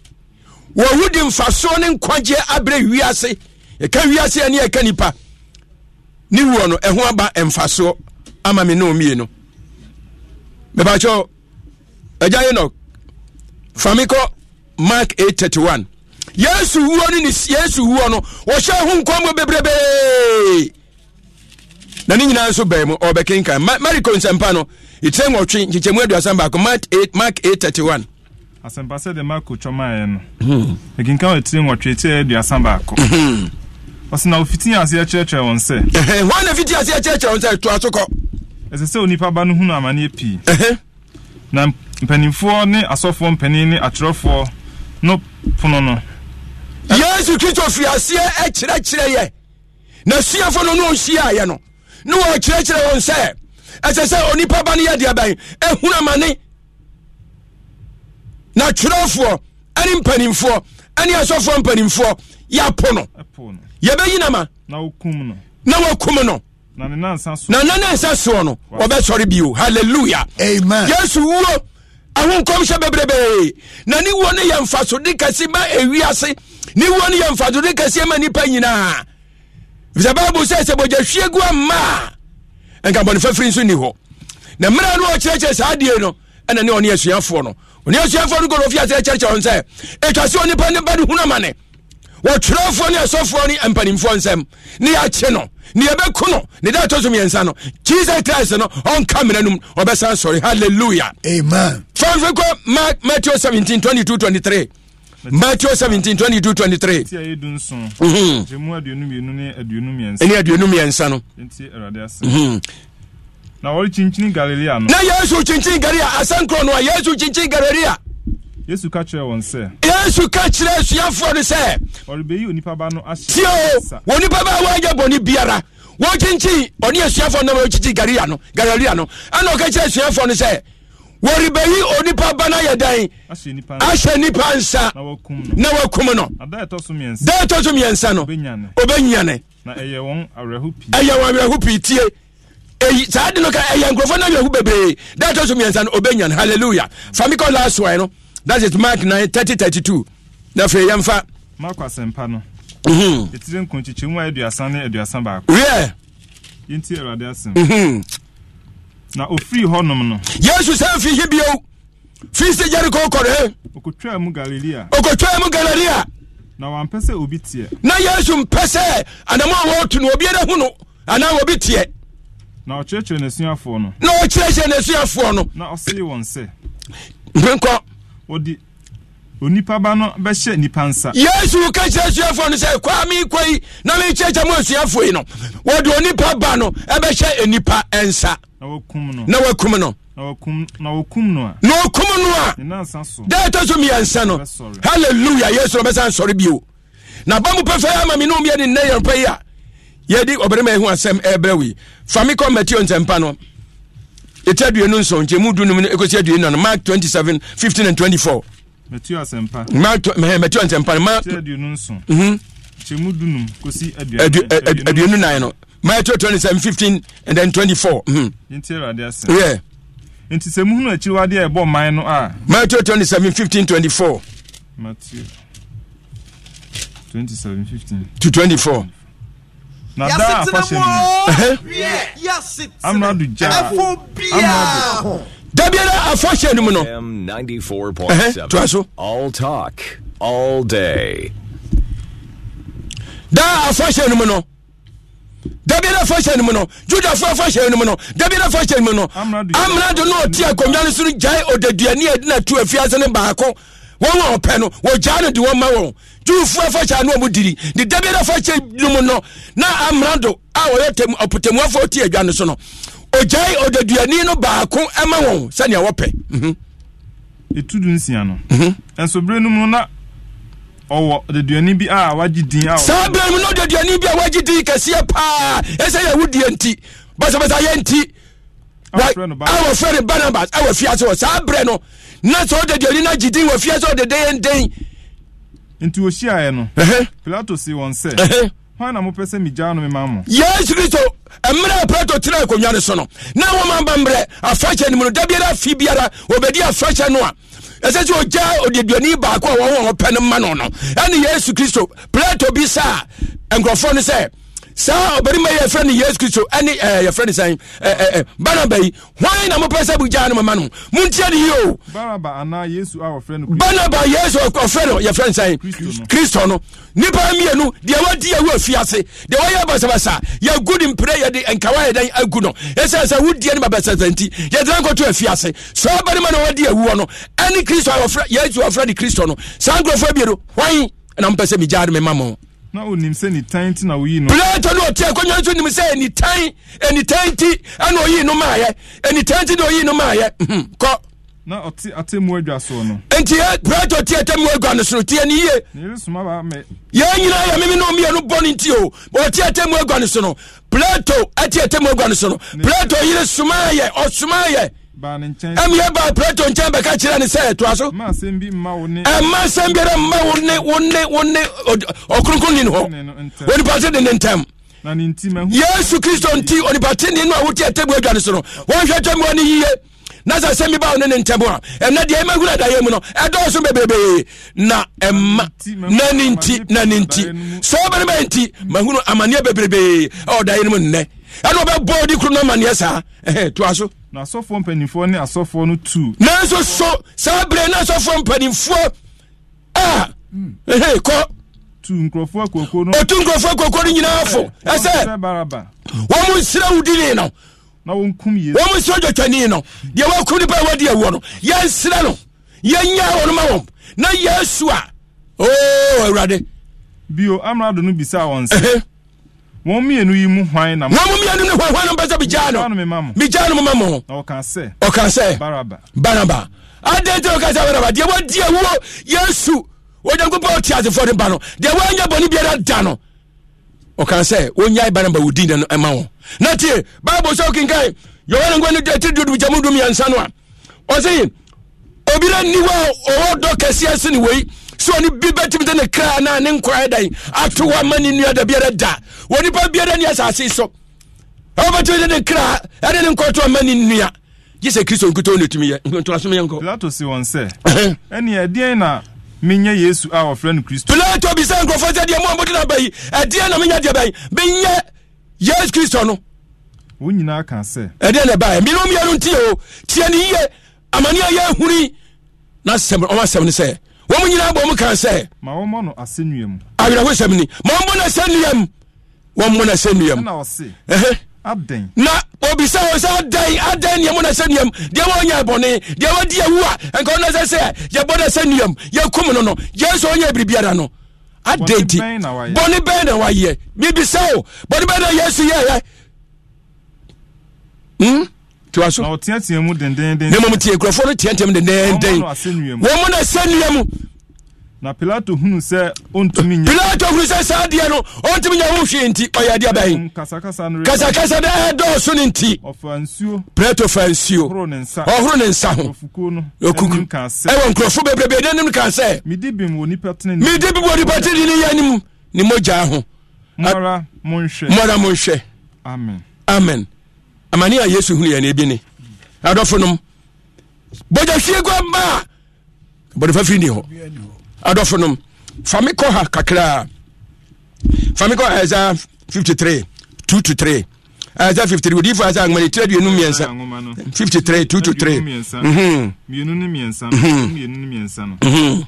wɔwu de mfasoɔ ne nkwagyeɛ abrɛ wiase ɛka wiase ɛne ɛka nipa ne wuɔ no ɛho aba mfasoɔ ama me no mie no mepakyɛ agya enok fa me kɔ mark 831 yesu wuo no ne yesu wuo no wɔhyɛ ho nkɔmmɔ bebrebee na ne nyinaa nso bɛn mu ɔbɛkenkan mariko nsɛmpa no ɛtirɛ nwɔtwe nkyekyɛmu aduasa baako mark 831 asɛmpa sɛ de marko twɔmaeɛ no ɛkenkan wɔ tiri nwɔtwe ɛtirɛ aduasa baako ɔsɛ na ofiti ase akyerɛkyerɛ wɔn sɛ. wɔn na fiti ase akyerɛkyerɛ wɔn sɛ to aso ɛsɛ sɛ onipa ba no hunu amaneɛ pii. Eh, eh. na mpanimfoɔ ne asɔfoɔ mpanin ne atwerɛfoɔ no pono no. yesu kristo firi aseɛ akyerɛkyerɛ eh, yɛ na suafo no no ɔnhyia yɛ no ne wɔkyerɛkyerɛ wɔn sɛ ɛsɛ sɛ onipa ba no yɛ deɛ bɛn ehunu amane na twerɛfoɔ ɛne mpanimfoɔ ɛne asɔfoɔ mpanimfoɔ yɛapo no yɛbɛyi no ma na wɔkum no na ne nansa soɔ no wɔbɛsɔre bio halleluya yesu wuo ahonkɔm hyɛ bebrebee na ne wuo no yɛ mfasode kɛse ma ewiase ne wuo no yɛ mfasode kɛse ma nnipa nyinaa sɛ bible sɛ sɛ bogya hwie gu amma a nka bɔne fafiri nso nni hɔ na mmerɛ no ɔkyerɛkyerɛ saa die no ɛna ne ɔne asuafoɔ no ɔne asuafoɔ no gorofi asɛ kyerɛkyerɛ ho sɛ ɛtwa sɛ onipa ne ba no hunu amane wɔtwerɛfoɔ ne asɔfoɔ ne mpanimfoɔ nsɛm ne yɛakye no ne yɛbɛku no ne da ɛtɔ so mmiɛnsa no jesus christ no ɔnka mmena nom ɔbɛsan sɔre halleluya amen fanfe kɔ mark matthew 17 22 23 matthew 17 22 23 ɛne aduonu mmiɛnsa mhm. no na yesu kyinkyini galilea asankorɔ no a yesu kyinkyini galilea yesu ka kyerɛ wɔn sɛ. yesu ka kyerɛ asuafoɔ no sɛ. ɔrebɛyi onipa ba no ahyɛ. tie o onipa ba a wanyɛ bɔnni biara wɔkyinkyin ɔne asuafoɔ no wɔkyikyin galilea no galilea no ɛna ɔka kyerɛ asuafoɔ no sɛ wɔrebɛyi onipa ba no ayɛ dan ahyɛ nipa nsa na wakum no da ɛtɔ so mmiɛnsa no ɔbɛnyane ɛyɛ wɔn awerɛho pii tie eyi saa de no ka ɛyɛ nkurɔfoɔ no awerɛho bebree da ɛtɔ so mmiɛnsa no ɔbɛnyane halleluya fa me kɔ last wae no that is mark 9 30 32 na afei yɛmfa mark asɛmpa no mhm. ɛtiri nkonkyekyimu a aduasa ne aduasa baako wɛ yɛnti awurade asɛm mhm. na ofiri hɔnom no yesu sɛ mfi hi bio fii sɛ jeriko kɔre ɔkɔtwaa mu galilea ɔkɔtwaa mu galilea na wampɛ sɛ obi teɛ na yesu mpɛ sɛ anamu a wɔɔto no obiara hu no anaa obi teɛ na ɔkyerɛkyerɛ n'asuafoɔ no na ɔkyerɛkyerɛ n'asuafoɔ no na ɔsee wɔn sɛ menkɔ wɔde onipa ba no bɛhyɛ nipa nsa. yesu ka kyerɛ asuafoɔ no sɛ kwa mi kɔ yi na mi kyerɛ kyerɛ mu asuafoɔ yi no wɔde onipa ba no ɛbɛhyɛ nipa nsa. na wɔkum no na wɔkum no. na wɔkum no a. na wɔkum no a. ne nansa so. dɛ ɛtɔ so mmiɛnsa no hallelujah yesu ɔbɛsan sɔre bio na bɔn mu pɛfɛ ama mi n'omi yɛ ne nnɛ yɛn pɛ yi a yɛde ɔbɛrima ehu asɛm ɛɛbrɛ wi fami kɔ mɛti ɔnsɛmpa no yɛti aduonu nson nkyɛn mu dunum no ekosi aduonu nana mark twenty seven fifteen and twenty four. mɛtu asɛmpa. mark mɛtu asɛmpa no mark. yɛti aduonu nson. nkyɛn mu dunum kosi aduonu nan. aduonu nan no mark twenty seven fifteen and then twenty four. Mhm. yɛn ti yɛ adi asɛm. yɛ. nti sɛ muhunu akyiriwadeɛ ɛbɔ man no a. mark twenty seven fifteen twenty four. matthew twenty seven fifteen. to twenty four na daa fashion yi amradu ja amradu. dabiara afɔhyɛ no mu no toa so daa afɔhyɛ no mu no dabiara afɔhyɛ no mu no judafoɔ afɔhyɛ no mu no dabiara afɔhyɛ no mu no amrado no ɔte akonnwa no so no gyae odaduani a e ɛdina tu afiase e no baako wɔn a ɔpɛ no wɔgyaa no de wɔn ma wɔn juufoɔ afɔkyɛ ano a diri de dabi afɔkyɛ no mu na amrando, a wɔyɛ tɛm ɔpɔtɛmuafoɔ ti adwa no so no ɔgyae ɔdaduani no baako ɛma wɔn sɛnea wɔpɛ. etu du nsia no nso bere no mu na ɔwɔ ɔdaduani bi a wagye din a. saa bere mu na ɔdaduani bi a wagye din kɛseɛ paa ɛsɛ yɛ awudie nti basabasa yɛ nti wɔfrɛ no barnabas ɛwɔ fiase hɔ saa berɛ no na sɛ wode deɛ ɔni no agye din wɔ fiase ɔdedeyɛ nden nti ɔhyiaeɛ no pilato se wɔn sɛ hwan na mopɛ sɛ migyaa no mema mo yesu kristo mmerɛ a pilato tena akonnwa no so no na wɔma ba mmerɛ afahyɛ no mu no da biara afi biara wɔbɛdi afahyɛ no a ɛsɛ sɛ ɔgya odeduani baako a wɔwɔ wɔpɛ no ma no no ɛne yesu kristo pilato bi saa nkurɔfoɔ no sɛ saa ɔbarima yi yɛfrɛ no yesu kristo ɛne eh, yɛfrɛ no sɛn eh, eh, barnaba yi hwan na mopɛ sɛ bogyaa no mama no montia no yi o barnaba yesu ɔfrɛ no yɛfrɛ no sɛn kristo no nnipa mmienu deɛ wadi yɛwu afiase deɛ wɔyɛ basabasa yɛgu ne mprɛ yɛde nkawa yɛdan agu no ɛsiane sɛ wodie no babasasa nti yɛdena nkɔto afiase saa barima no wadi awuɔ no ɛne kristo yesu ɔfrɛ ne kristo no saa nkurɔfoɔ bienu hwan na mopɛ sɛ megyaa no mema mo na onim sɛ ne tan ti na oyi no. pilato no ɔte akonnwa nso nim sɛ enitan enitan ti ɛna oyi no maa yɛ enitan ti na oyi no maa yɛ mhm, kɔ. na ɔte atemu adwa soɔ no. nti yɛ pilato te atemu adwa no so tiɛ ni yie. ne yɛrɛ suma ba mɛ. yɛn nyinaa yɛ mímí náà mmienu bɔ ne ti o ɔte atemu adwa no so no pilato ɛte atemu adwa no so no pilato yɛrɛ suma yɛ ɔsuma yɛ ɛmeyɛ baa prato nkyɛn bɛka kyerɛ ni sɛ ɛtoa so ɛma asɛm biara mma wo ne wo ne wo ne ɔkronkonni no hɔ onipa te de ne ntɛm yesu kristo nti onipa te ne no a wote ɛtɛbu adwa ne so no wɔnhwɛ twɛ mmoa no yiye na sɛ sɛ mebawo ne ne ntɛm a ɛnɛ deɛ ɛmahunu adayɛ mu no ɛdɔɔso bebrebee na ɛma na ne nti na ne nti sɛ wobɛne bɛɛ ma mahunu amanneɛ bebrebee ɛwɔ daeɛ no mu nnɛ ɛne wɔbɛbɔ odi koro no amanneɛ saa toa so na asɔfoɔ mpanimfoɔ ne asɔfoɔ no tu. nanso so saa bere na asɔfoɔ mpanimfoɔ a ehe kɔ. tu nkurɔfoɔ akoko no. otu nkurɔfoɔ koko no nyinaa fo ɛsɛ wɔn nsira wudini no. na wɔn kum yie. wɔn nsira dwotwani no deɛ wɔkum nipa wɔn di awuo no yɛn nsira no yɛn nya wɔn ma wɔn na yɛn su a ooo awurade. bio amrado no bisaa wɔn sɛ wɔn mmienu yi mu hwan na. wɔn mu mmienu ni hwan hwan na mpɛsɛ bi gyaa no bi gyaa no mu ma mo. ɔkan sɛ. ɔkan sɛ baraba baraba adan tɛ ɔkan sɛ baraba deɛ wɔn di ewu yesu wɔnyankopɔn ɔte asefoɔ ne ba no deɛ wɔanya bɔne biara da no ɔkan sɛ wɔnyae baraba wo din no ɛma wɔn na tie bible sɛ wokenkae yohane nkwa no ti dudu gyamu dum yɛnsa no a ɔse obiara nni hɔ a ɔwɔ dɔ kɛseɛ se ne wei sɛ ɔne bi bɛtumi de ne kra na ne nkɔɛ dan ato ma ne nnua biara da wɔ nipa biara ne asase so ɔbɛtumi de ne kra ɛne ne nkɔto ama ne nnua gye sɛ kristo nkutɔ ne tumi yɛ ntoasom wɔn sɛ ɛne ɛdeɛn na menyɛ yesu a wɔfrɛ no kristo pilato bisa nkurɔfoɔ sɛ deɛ mo a mode no aba yi ɛdeɛn na menyɛ deɛ bɛn menyɛ yesu kristo no wɔn nyinaa ka sɛ ɛdeɛn na ɛbaɛ menom yɛ no ntie o tie ne yie amane a yɛ ahuri na ɔma asɛm no sɛ wɔn nyinaa bɔ mu kan sɛ. ma wɔn mɔ no ase nua mu. awerɛho sɛm ni ma wɔn mɔ no ase nua mu wɔn mɔ no ase nua mu. ɛna ɔse. ɛhɛ adan. na obisa wɔn sɛ adan adan nea mo na sɛ nea mu deɛ wɔnyɛ bɔne deɛ wɔdi ewu a nka wɔn na sɛ sɛ yɛbɔ na sɛ nea mu yɛkum no no yɛn nso wɔnyɛ biribiara no adan ti bɔne bɛn na wayɛ bibisa o bɔne bɛn na yɛsu yɛyɛ. Hmm? tiwa so. na ɔteatea mu dendenden. ne mu tie nkurɔfoɔ no teatea mu dendenden. wɔn mu na se nua mu. na pilato hunu sɛ ɔntumi nyɛ. pilato hunu sɛ saa adeɛ no ɔntumi nyɛ ɔnhwee nti ɔyɛ adeɛ bɛyi. kasakasa no kasakasa no ɛyɛ dɔɔso ne nti. ɔfa nsuo. pilato fa nsuo. ɔhoro ne nsa. ɔhoro ne nsa ho. ɔfukuo no. ɔkuku ɛwɔ nkurɔfo bebrebe ɛdɛ nim kan sɛ. midi bim wɔ nipa tene. midi bim wɔ nipa tene ni yɛ ni ne mogya ho. mɔra mo nhwɛ. mɔra mo nhwɛ. amen. amen. Amani a yesu hunu yɛ no ebi ne adɔfonom bɔgyahwie gua ma a bɔnefa firi ni hɔ adɔfonom fa me kɔ ha kakraa fa me kɔ ɛsa 53 2 to 3 ɛsa 53 odiyifo ɛsa agbani tira duonu mmiɛnsa 53 2 to 3 Mienu ni mmiɛnsa mmienu ne mmiɛnsa no mhm.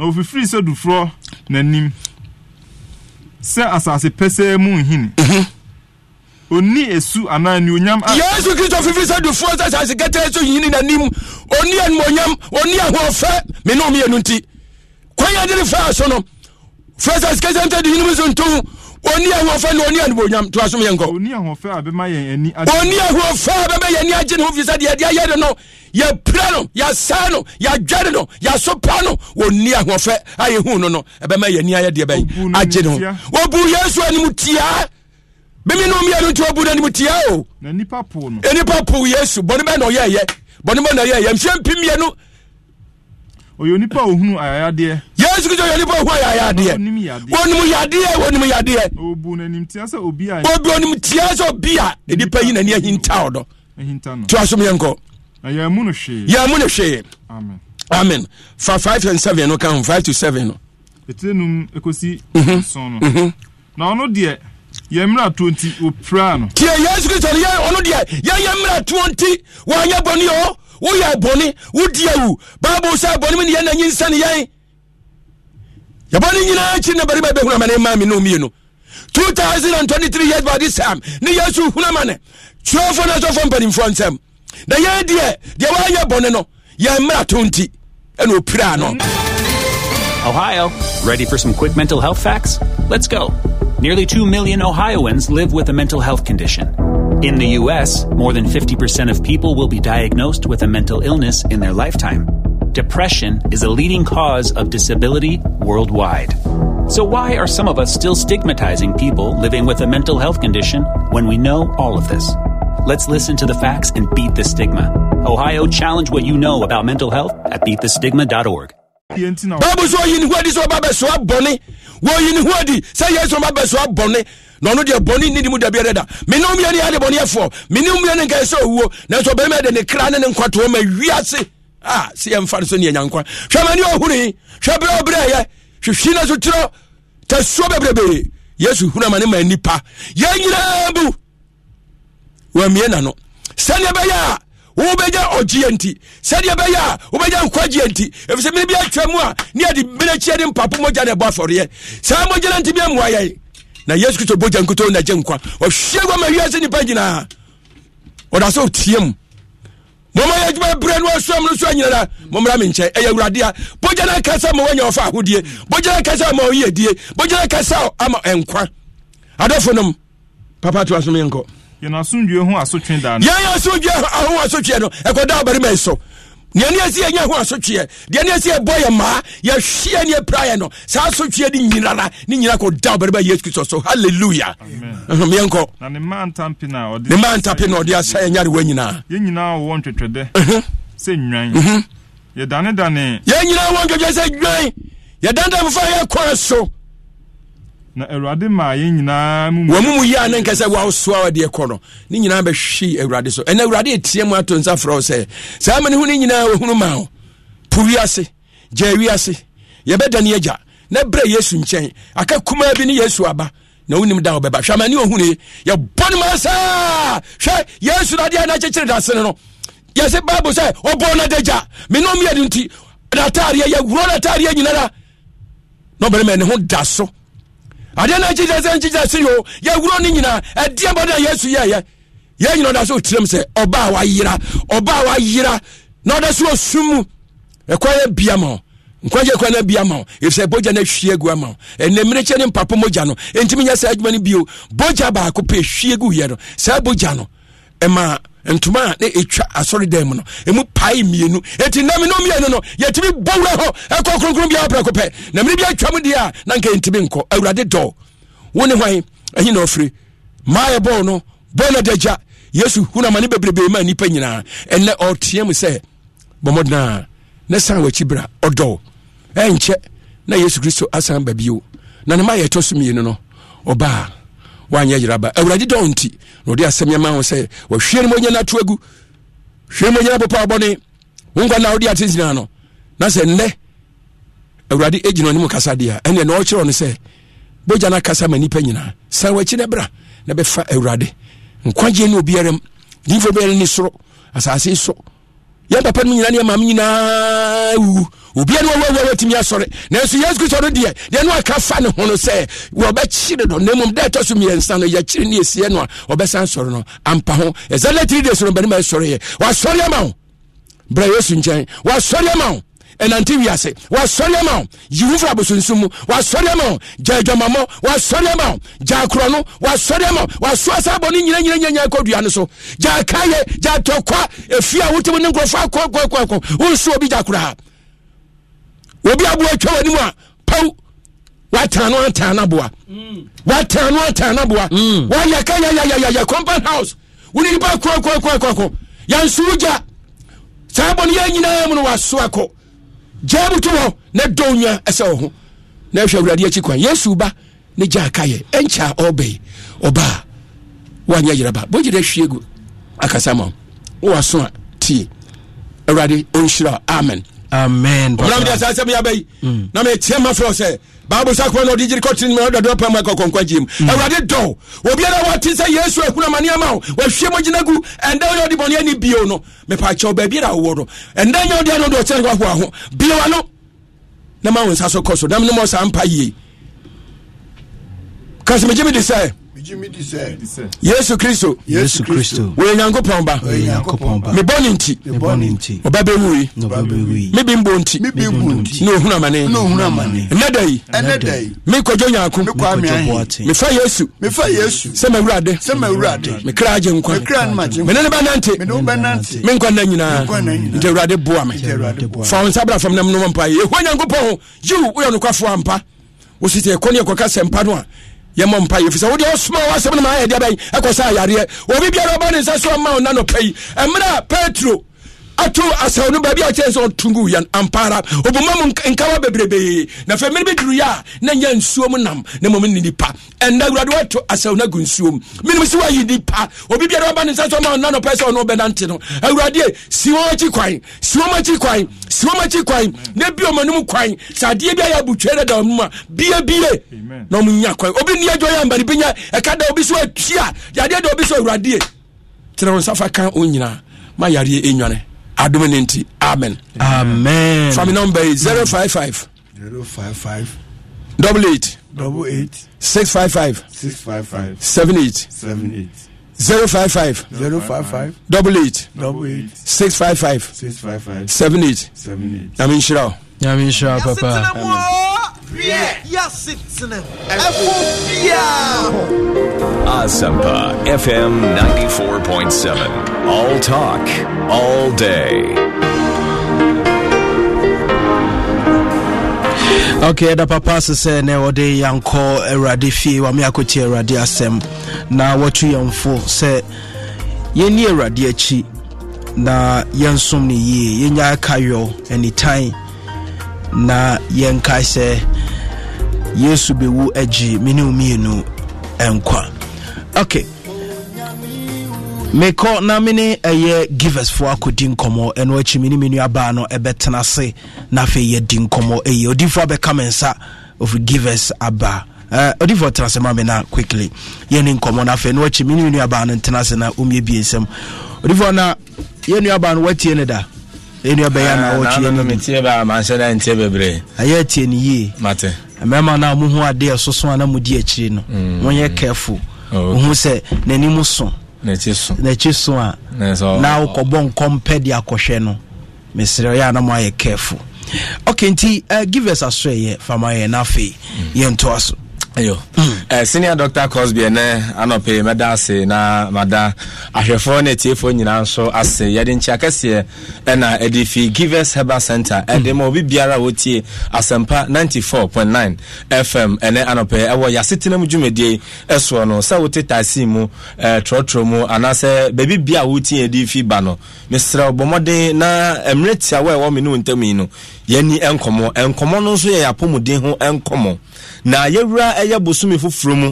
na ofifiri sɛ duforɔ n'anim sɛ asase pɛsɛɛ mu nhini mhm. Oni esu anaa nnuonyam a. yesu kristo fifi sɛ dufoɔ sɛ sase kɛtɛ so yini n'anim onni Oni onni ahoɔfɛ mene omi yɛnu nti kwan yɛ de ne faa so no fɛ sase kɛtɛ ntɛ de yinim so ntom oni ahoɔfɛ na oni animonyam to asom yɛn kɔ. oni ahoɔfɛ a bɛma yɛn ani agye. oni ahoɔfɛ a bɛma yɛn ani agye ne ho fi sɛ deɛ yɛde ayɛ de no yɛpira no yɛsaa no yɛadware no yɛasopa no onni ahoɔfɛ a yɛhu no no ɛbɛma yɛn ani ayɛ deɛ bɛyɛ agye ne ho yesu anim tiaa bimi no mmienu nti obu n'anim tia o. na nipa po no. enipa po yesu bɔnni bɛ na ɔyɛ yɛ bɔnni bɛ na ɔyɛ yɛ mhyɛn pi nu oyɛ nipa ohunu ayayadeɛ. yesu kristu oyɛ nipa ohunu ayayadeɛ. onim yadeɛ onim yadeɛ. obu n'anim tia sɛ obi a. obi onim tia sɛ obi a nipa yi n'ani ahinta ɔdɔ. ahinta no. tí a sɔmi yɛn kɔ. yɛn mu no hwee. yɛn mu no hwee. amen. amen fa five and seven no kan five to seven no. etire num ekosi nson mhm. no. Mhm. na ɔno deɛ. yɛ mmerɛ atuo nti wɔpira no tie yesu kristo no ɔno deɛ yɛyɛ mmerɛ atuo nti wɔanyɛ bɔne ɔ woyɛ bɔne wodi awu bible sɛ bɔne mu ne yɛ na nyinsane yɛn yɛbɔne nyinaa akyi na barima bɛhunu amane ma me ne omie no 2023 years by this time ne yesu hunu amane twerɛfoɔ no asɔfoɔ mpanimfoɔ nsɛm na yɛn deɛ deɛ wɔanyɛ bɔne no yɛ mmerɛ to nti ɛna opiraa no Ohio, ready for some quick mental health facts? Let's go nearly 2 million Ohioans live with a mental health condition. In the U.S., more than 50% of people will be diagnosed with a mental illness in their lifetime. Depression is a leading cause of disability worldwide. So, why are some of us still stigmatizing people living with a mental health condition when we know all of this? Let's listen to the facts and beat the stigma. Ohio, challenge what you know about mental health at beatthestigma.org. wɔyi ne ho adi sɛ yesu ma bɛ so abɔne na ɔno deɛ bɔne ne di mu da biara da mene omia ne bɔne bɔneɛfoɔ mene omia ne nkae sɛ owuo nanso ɔbɛrima de ne kra ne ne nkwatoɔ ma wiase a sɛ yɛmfa no so neɛ nyankwa hwɛ mane ɔhune hwɛ berɛ ɔberɛɛyɛ hwehwi no so twerɛ tasuo bebrebee yesu hunu ama ne ma nnipa yɛn nyinaa bu wɔamie na no sɛneɛ bɛyɛ a wobɛgya ɔgyeɛ nti sɛdeɛ ɛbɛyɛ a wobɛgya nkwagyeɛ nti ɛfisɛ mene bi atwa mu a ne yɛde menakyiɛ de mpapo mogya ne ɛbɔ afɔreɛ saa mogya no nti bi ammoa yɛn na yesu kristo bogya nkutoo na gye nkwa ɔhwie gua ma wiase nnipa nyinaa ɔda sɛ ɔtie mu mɔmɔ yɛ adwuma berɛ no asuam no so anyinara mɔmmra me nkyɛn ɛyɛ awurade a bogya no aka sɛ ma woanya ɔfa ahodie bogya no aka sɛ ma ɔyɛ die no aka sɛ ama ɛnkwa adɔfo nom papa toa som yɛnkɔ yɛn asomdwe ho asotwe da no yɛn ho asotwe no ɛkɔda abarima yi so deɛ ne ɛsi ho asotweɛ deɛ ne ɛsi yɛbɔ yɛ maa yɛhweɛ ne yɛpraeɛ no saa asotweɛ ne nyina na ne nyina kɔda ɔbarima yesu kristo so halleluya yɛnkɔ ne ma ntape na ɔde asa yɛnyarewa nyinaa yɛnyinaa wɔwɔ ntwetwɛdɛ sɛ nnwan yɛdanedane yɛn nyinaa wɔ ntwetwɛ sɛ dwan yɛdanedane fofa yɛkɔɛ so na awurade maa yɛn nyinaa mu wɔn mu yia ne nkɛsɛ wɔasoa wɔde kɔ no ne nyinaa bɛhwi awurade so ɛnna awurade etie mu ato nsa frɛ sɛ saa ma ne ho ne nyinaa wɔhunu ma o po wiase gya wiase yɛbɛda ne agya na brɛ yesu nkyɛn aka kumaa bi ne yesu aba na wonim da wɔbɛba hwɛ ama ne ɔhunu yɛbɔ no ma saa hwɛ yesu no adeɛ no akyekyere da sene no yɛsɛ bible sɛ ɔbɔ no da gya me ne ɔmyɛ no nti nataareɛ yɛwuro nataareɛ nyinara na ɔbɛrima ne ho da so adeɛ no akyikyɛ sɛ nkyikyɛ se yo yɛwuro no nyinaa ɛdeɛ bɔde a yesu yɛyɛ yɛn nyina ɔda sɛ ɔtirim sɛ ɔba a wayera ɔba a wayera na ɔda so ɔsum mu ɛkwa yɛ bia ma nkwagye kwa no bia ma wo ɛfisɛ bogya no ahwie agu ama wo ɛnammerekyɛ ne mpapo mogya no ɛntimi nyɛ saa adwuma no bio bogya baako pɛ hwie gu yɛ no saa bogya no ɛma ntoma a ne etwa asɔre dan mu no emu pae mmienu eti nam no mmienu no yɛtumi bɔ wura hɔ ɛkɔ kronkron bi apɛ kopɛ na mmiri bi atwa mu deɛ a na nka ntumi nkɔ awurade dɔ wo ne hwan ɛyin na ɔfiri maa yɛ bɔɔl no bɔɔl na dagya yesu hu na ma ne bebrebe ma nipa nyinaa ɛnɛ ɔteɛ mu sɛ bɔmɔdena ne san wɔ akyi bra ɔdɔ ɛnkyɛ na yesu kristo asan ba bio na ne ma yɛ ɛtɔ so mmienu no ɔbaa wanyɛ yeraba awurade dɔ nti na ɔde asɛm yɛma ho sɛ wɔhwie no mɔnya no ato agu hwie no mɔnya no bopɔ abɔne wo nkwa na wode ate nyinaa no na sɛ nnɛ awurade ɛgyina ɔne mu kasa deɛ a ɛneɛ na ɔkyerɛ no sɛ bogya no akasa ma nnipa nyinaa san wakyi no bra na bɛfa awurade nkwagyeɛ ne obiara m difo biara ne soro asase so yɛn papa no nyina ne ɛma me nyinaa wuwu obia ne wɔwɔwɔ watumi asɔre nanso yesu kristo no deɛ deɛ ne waka fa ne ho no sɛ wɔbɛkyere no na mmom da ɛtɔ so mmiɛnsa no yɛkyere ne ɛsiɛ no a wɔbɛsan sɔre no ampa ho ɛsɛ lɛ tiri days no bɛne ma ɛsɔreɛ wasɔre ama wo brɛ yesu nkyɛn wasɔre ama wo ɛnante wiase wasɔre ama wo yiwofra abosonsom mu wasɔre ama wo gya adwamammɔ wasɔre ama wo gya akorɔ no wasɔre ama wo waso asa abɔ no nyinanyinanyanya kɔdua no so gya kaye gya tɔkwa ɛfie a wotem ne nkurɔfo akɔkɔkɔkɔ wonso obi gya koraa obi aboa atwa w'anim a paw watano atana no boa watano atana no boa wayɛ ka yɛyɛyɛyɛ compound house wo ne nipa kɔkɔkɔkɔ yɛnso wo gya saa bɔ no yɛ nyinaa mu no waso akɔ gyaa mu to hɔ na dɔw nya ɛsɛ wɔ ho na ɛhwɛ awurade akyi kwan yesu ba ne gyaa ka yɛ ɛnkyɛ a ɔbɛyi ɔbaa woanyɛ yeraba bogye dɛ hwie gu akasa ma wo waso a tie awurade ɔnhyira amen amen ɔmena mede asaa sɛ meyaba yi na na ɔde gyere ma ɔdadoa pa ma kɔkɔnkwa gyiem awurade dɔ obiara wɔte sɛ yesu ahunu amanneɛ ma wo wahwie mu gyina gu ɛndɛ woyɛ wode bɔne ani bio no mepaakyɛ wo baabiara wowɔ no ɛndɛ nya wode ano de ɔkyɛne wahoa ho bioa no na ma wo nsa so yesu kristo yesu kristo wɔyɛ nyankopɔn ba mebɔ ne nti ɔba bɛwui mebi mbɔ nti na ɔhunu amane ɛnɛ da yi mekɔgyo nyaako mefa yesu Yesu. sɛ mawurade mekra agye nkwa mene ne bɛnante menkwa nna nyinaa nti awurade boa me fa wo nsa bra fam nam nomɔ mpa yɛhua nyankopɔn ho yiw woyɛ nokwafoɔ ampa wositɛ ɛkɔ ne yɛkɔka sɛ mpa no a yɛmɔ mpa yɛ fisɛ wode ɔsoma wasɛm no maayɛ deɛ bɛn ɛkɔ sɛ ayareɛ obi biara ɔbɔ ne nsa so ɔma wo na nɔpɛ yi ɛmerɛ a petro ato asɛw no baabi akyerɛ sɛ ɔtongu yɛn ampa ara mu nkawa bebrebee na afei mene bɛduru yɛ a na nyɛ nsuo mu nam na mmom ne nipa ɛnda awurade woato asɛw no agu nsuo mu menim sɛ woayi nipa obi biara waba ne nsa sɛ ɔma ɔna nɔpɛ sɛ ɔno wobɛnante no awurade si wɔn akyi kwan si wɔn akyi kwan si wɔn akyi kwan na bi ɔma no kwan sɛ adeɛ bi ayɛ abutwɛ no da ɔnom a biebie na ɔmo nya kwan obi nni adwɔ yɛ ambane bi nya ɛka da obi so atwi yadeɛ da obi so awurade terɛ wo nsa fa ka ma yareɛ ɛnwane e adum amen. amen. From the number zero five five. zero five five. double eight. double eight. six five five. six five five. seven eight. seven eight. zero five five. zero five five. double eight. double eight. six five five. six five five. seven eight. seven eight. nyame n ṣira o. nyame n ṣira papa. Asampa FM 94.7. All talk, all day. okay ɛda papa se sɛ ne wɔde yɛnkɔ awurade fie wame akɔtie awurade asɛm na watu yɛmfo sɛ yɛnni awurade akyi na yɛnsom no yie yɛnya akayɔ anitan na yɛnkae sɛ yesu bɛwu agyi mene mmienu ɛnkwa okay mekɔ na mene ɛyɛ giversfoɔ akɔdi nkɔmmɔ ɛno akyi me ne me nuabaa no ɛbɛtena se na afei yɛdi nkɔmmɔ ɛyɛ odifoɔ abɛka me nsa ɔfiri givers aba uh, tena se ma me na quickly yɛne nkɔmmɔ no afei no akyi me ne me nuabaa no ntena se na ɔmmie bie nsɛm odifoɔ na yɛ nuabaa no watie ne da ɛnuabɛyɛ ah, na wɔtwe ɛyɛ tie ne yie mmarima no a mohu adeɛ soso a na modi akyiri no mm. monyɛ careful wohu oh, sɛ n'anim so n'akyi so a na wokɔbɔ nkɔmpɛ de akɔhwɛ no mesrɛ yɛ na moayɛ careful okay nti uh, give us asoɛyɛ fama yɛ na afei yɛntoa so ayo hmm. eh, senior doctor cosby ɛnɛ anɔpɛ mɛda ase na mada ahwɛfoɔ ne atiefoɔ nyinaa nso ase yɛde nkyia kɛseɛ ɛna ɛde fi givers herbal center hmm. ɛde ma obi biara a wɔtie asɛmpa 94.9 fm ɛnɛ anɔpɛ ɛwɔ yɛasetenam dwumadie ɛsoɔ no sɛ wote taasee mu eh, trɔtrɔ mu anaasɛ baabi bia a wotie ɛde fi ba no mesrɛ bɔmmɔden na mmerɛ tia wɔ ɛwɔ me ne wo ntam yi no yɛni nkɔmmɔ nkɔmmɔ no nso yɛ yɛapɔmuden ho nkɔmmɔ na yɛwura ɛyɛ bosome foforɔ mu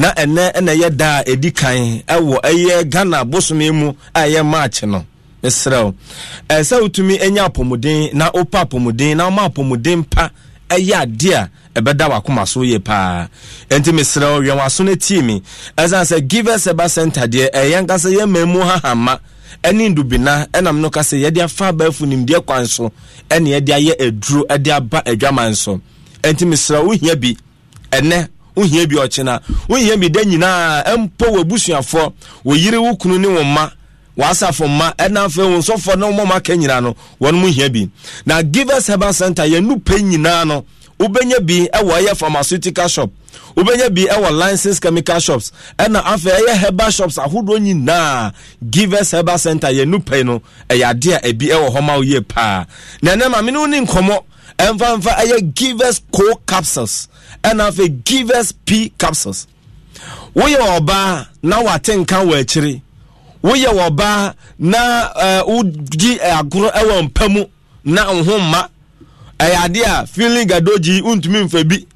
na ɛnɛ ɛna yɛ da a ɛdi kan ɛwɔ ɛyɛ ghana bosome mu a ɛyɛ maakye no mesrɛw ɛsɛ wotumi anya apɔmuden na wopa apɔmuden na woma apɔmuden pa ɛyɛ ade a ɛbɛda wakoma so yie paa ɛnti mesrɛ wɛn waso no tie me ɛsiane sɛ givers ɛba center deɛ ɛyɛ nkasa yɛ ma mu hahama ɛne ndubina ɛnam no ka sɛ yɛde afa abaafo nimdeɛ kwan so ɛne yɛde ayɛ aduro ɛde aba adwaman so ɛnti mesra wohia bi ɛnɛ wohia bi ɔkyena wohia bi da nyinaa ɛmpo w'abusuafoɔ wo yere wo kunu ne wo mma w'asafo ma ɛna afei wo nsɔfoɔ ne womɔma ka nyinaa no wɔn mu hia bi na givers herbal center yɛnu pɛ nyinaa no wobɛnya bi ɛwɔ ɛyɛ pharmaceutical shop wobɛnya bi ɛwɔ license chemical shops ɛna afei ɛyɛ herbal shops ahodoɔ nyinaa givers herbal center yɛnu pɛ no ɛyɛ adeɛ ebi ɛwɔ hɔ ma wo paa na ɛnɛ maame no ne nkɔmmɔ ɛmfamfa ɛyɛ givers co capsules ɛna afei givers p capsules woyɛ ɔbaa na wate nka wɔ akyire woyɛ ɔbaa na wodi agorɔ ɛwɔ mpa mu na nho mma ɛyɛ eh, adeɛ a feeling gadogyi wontumi mfa bi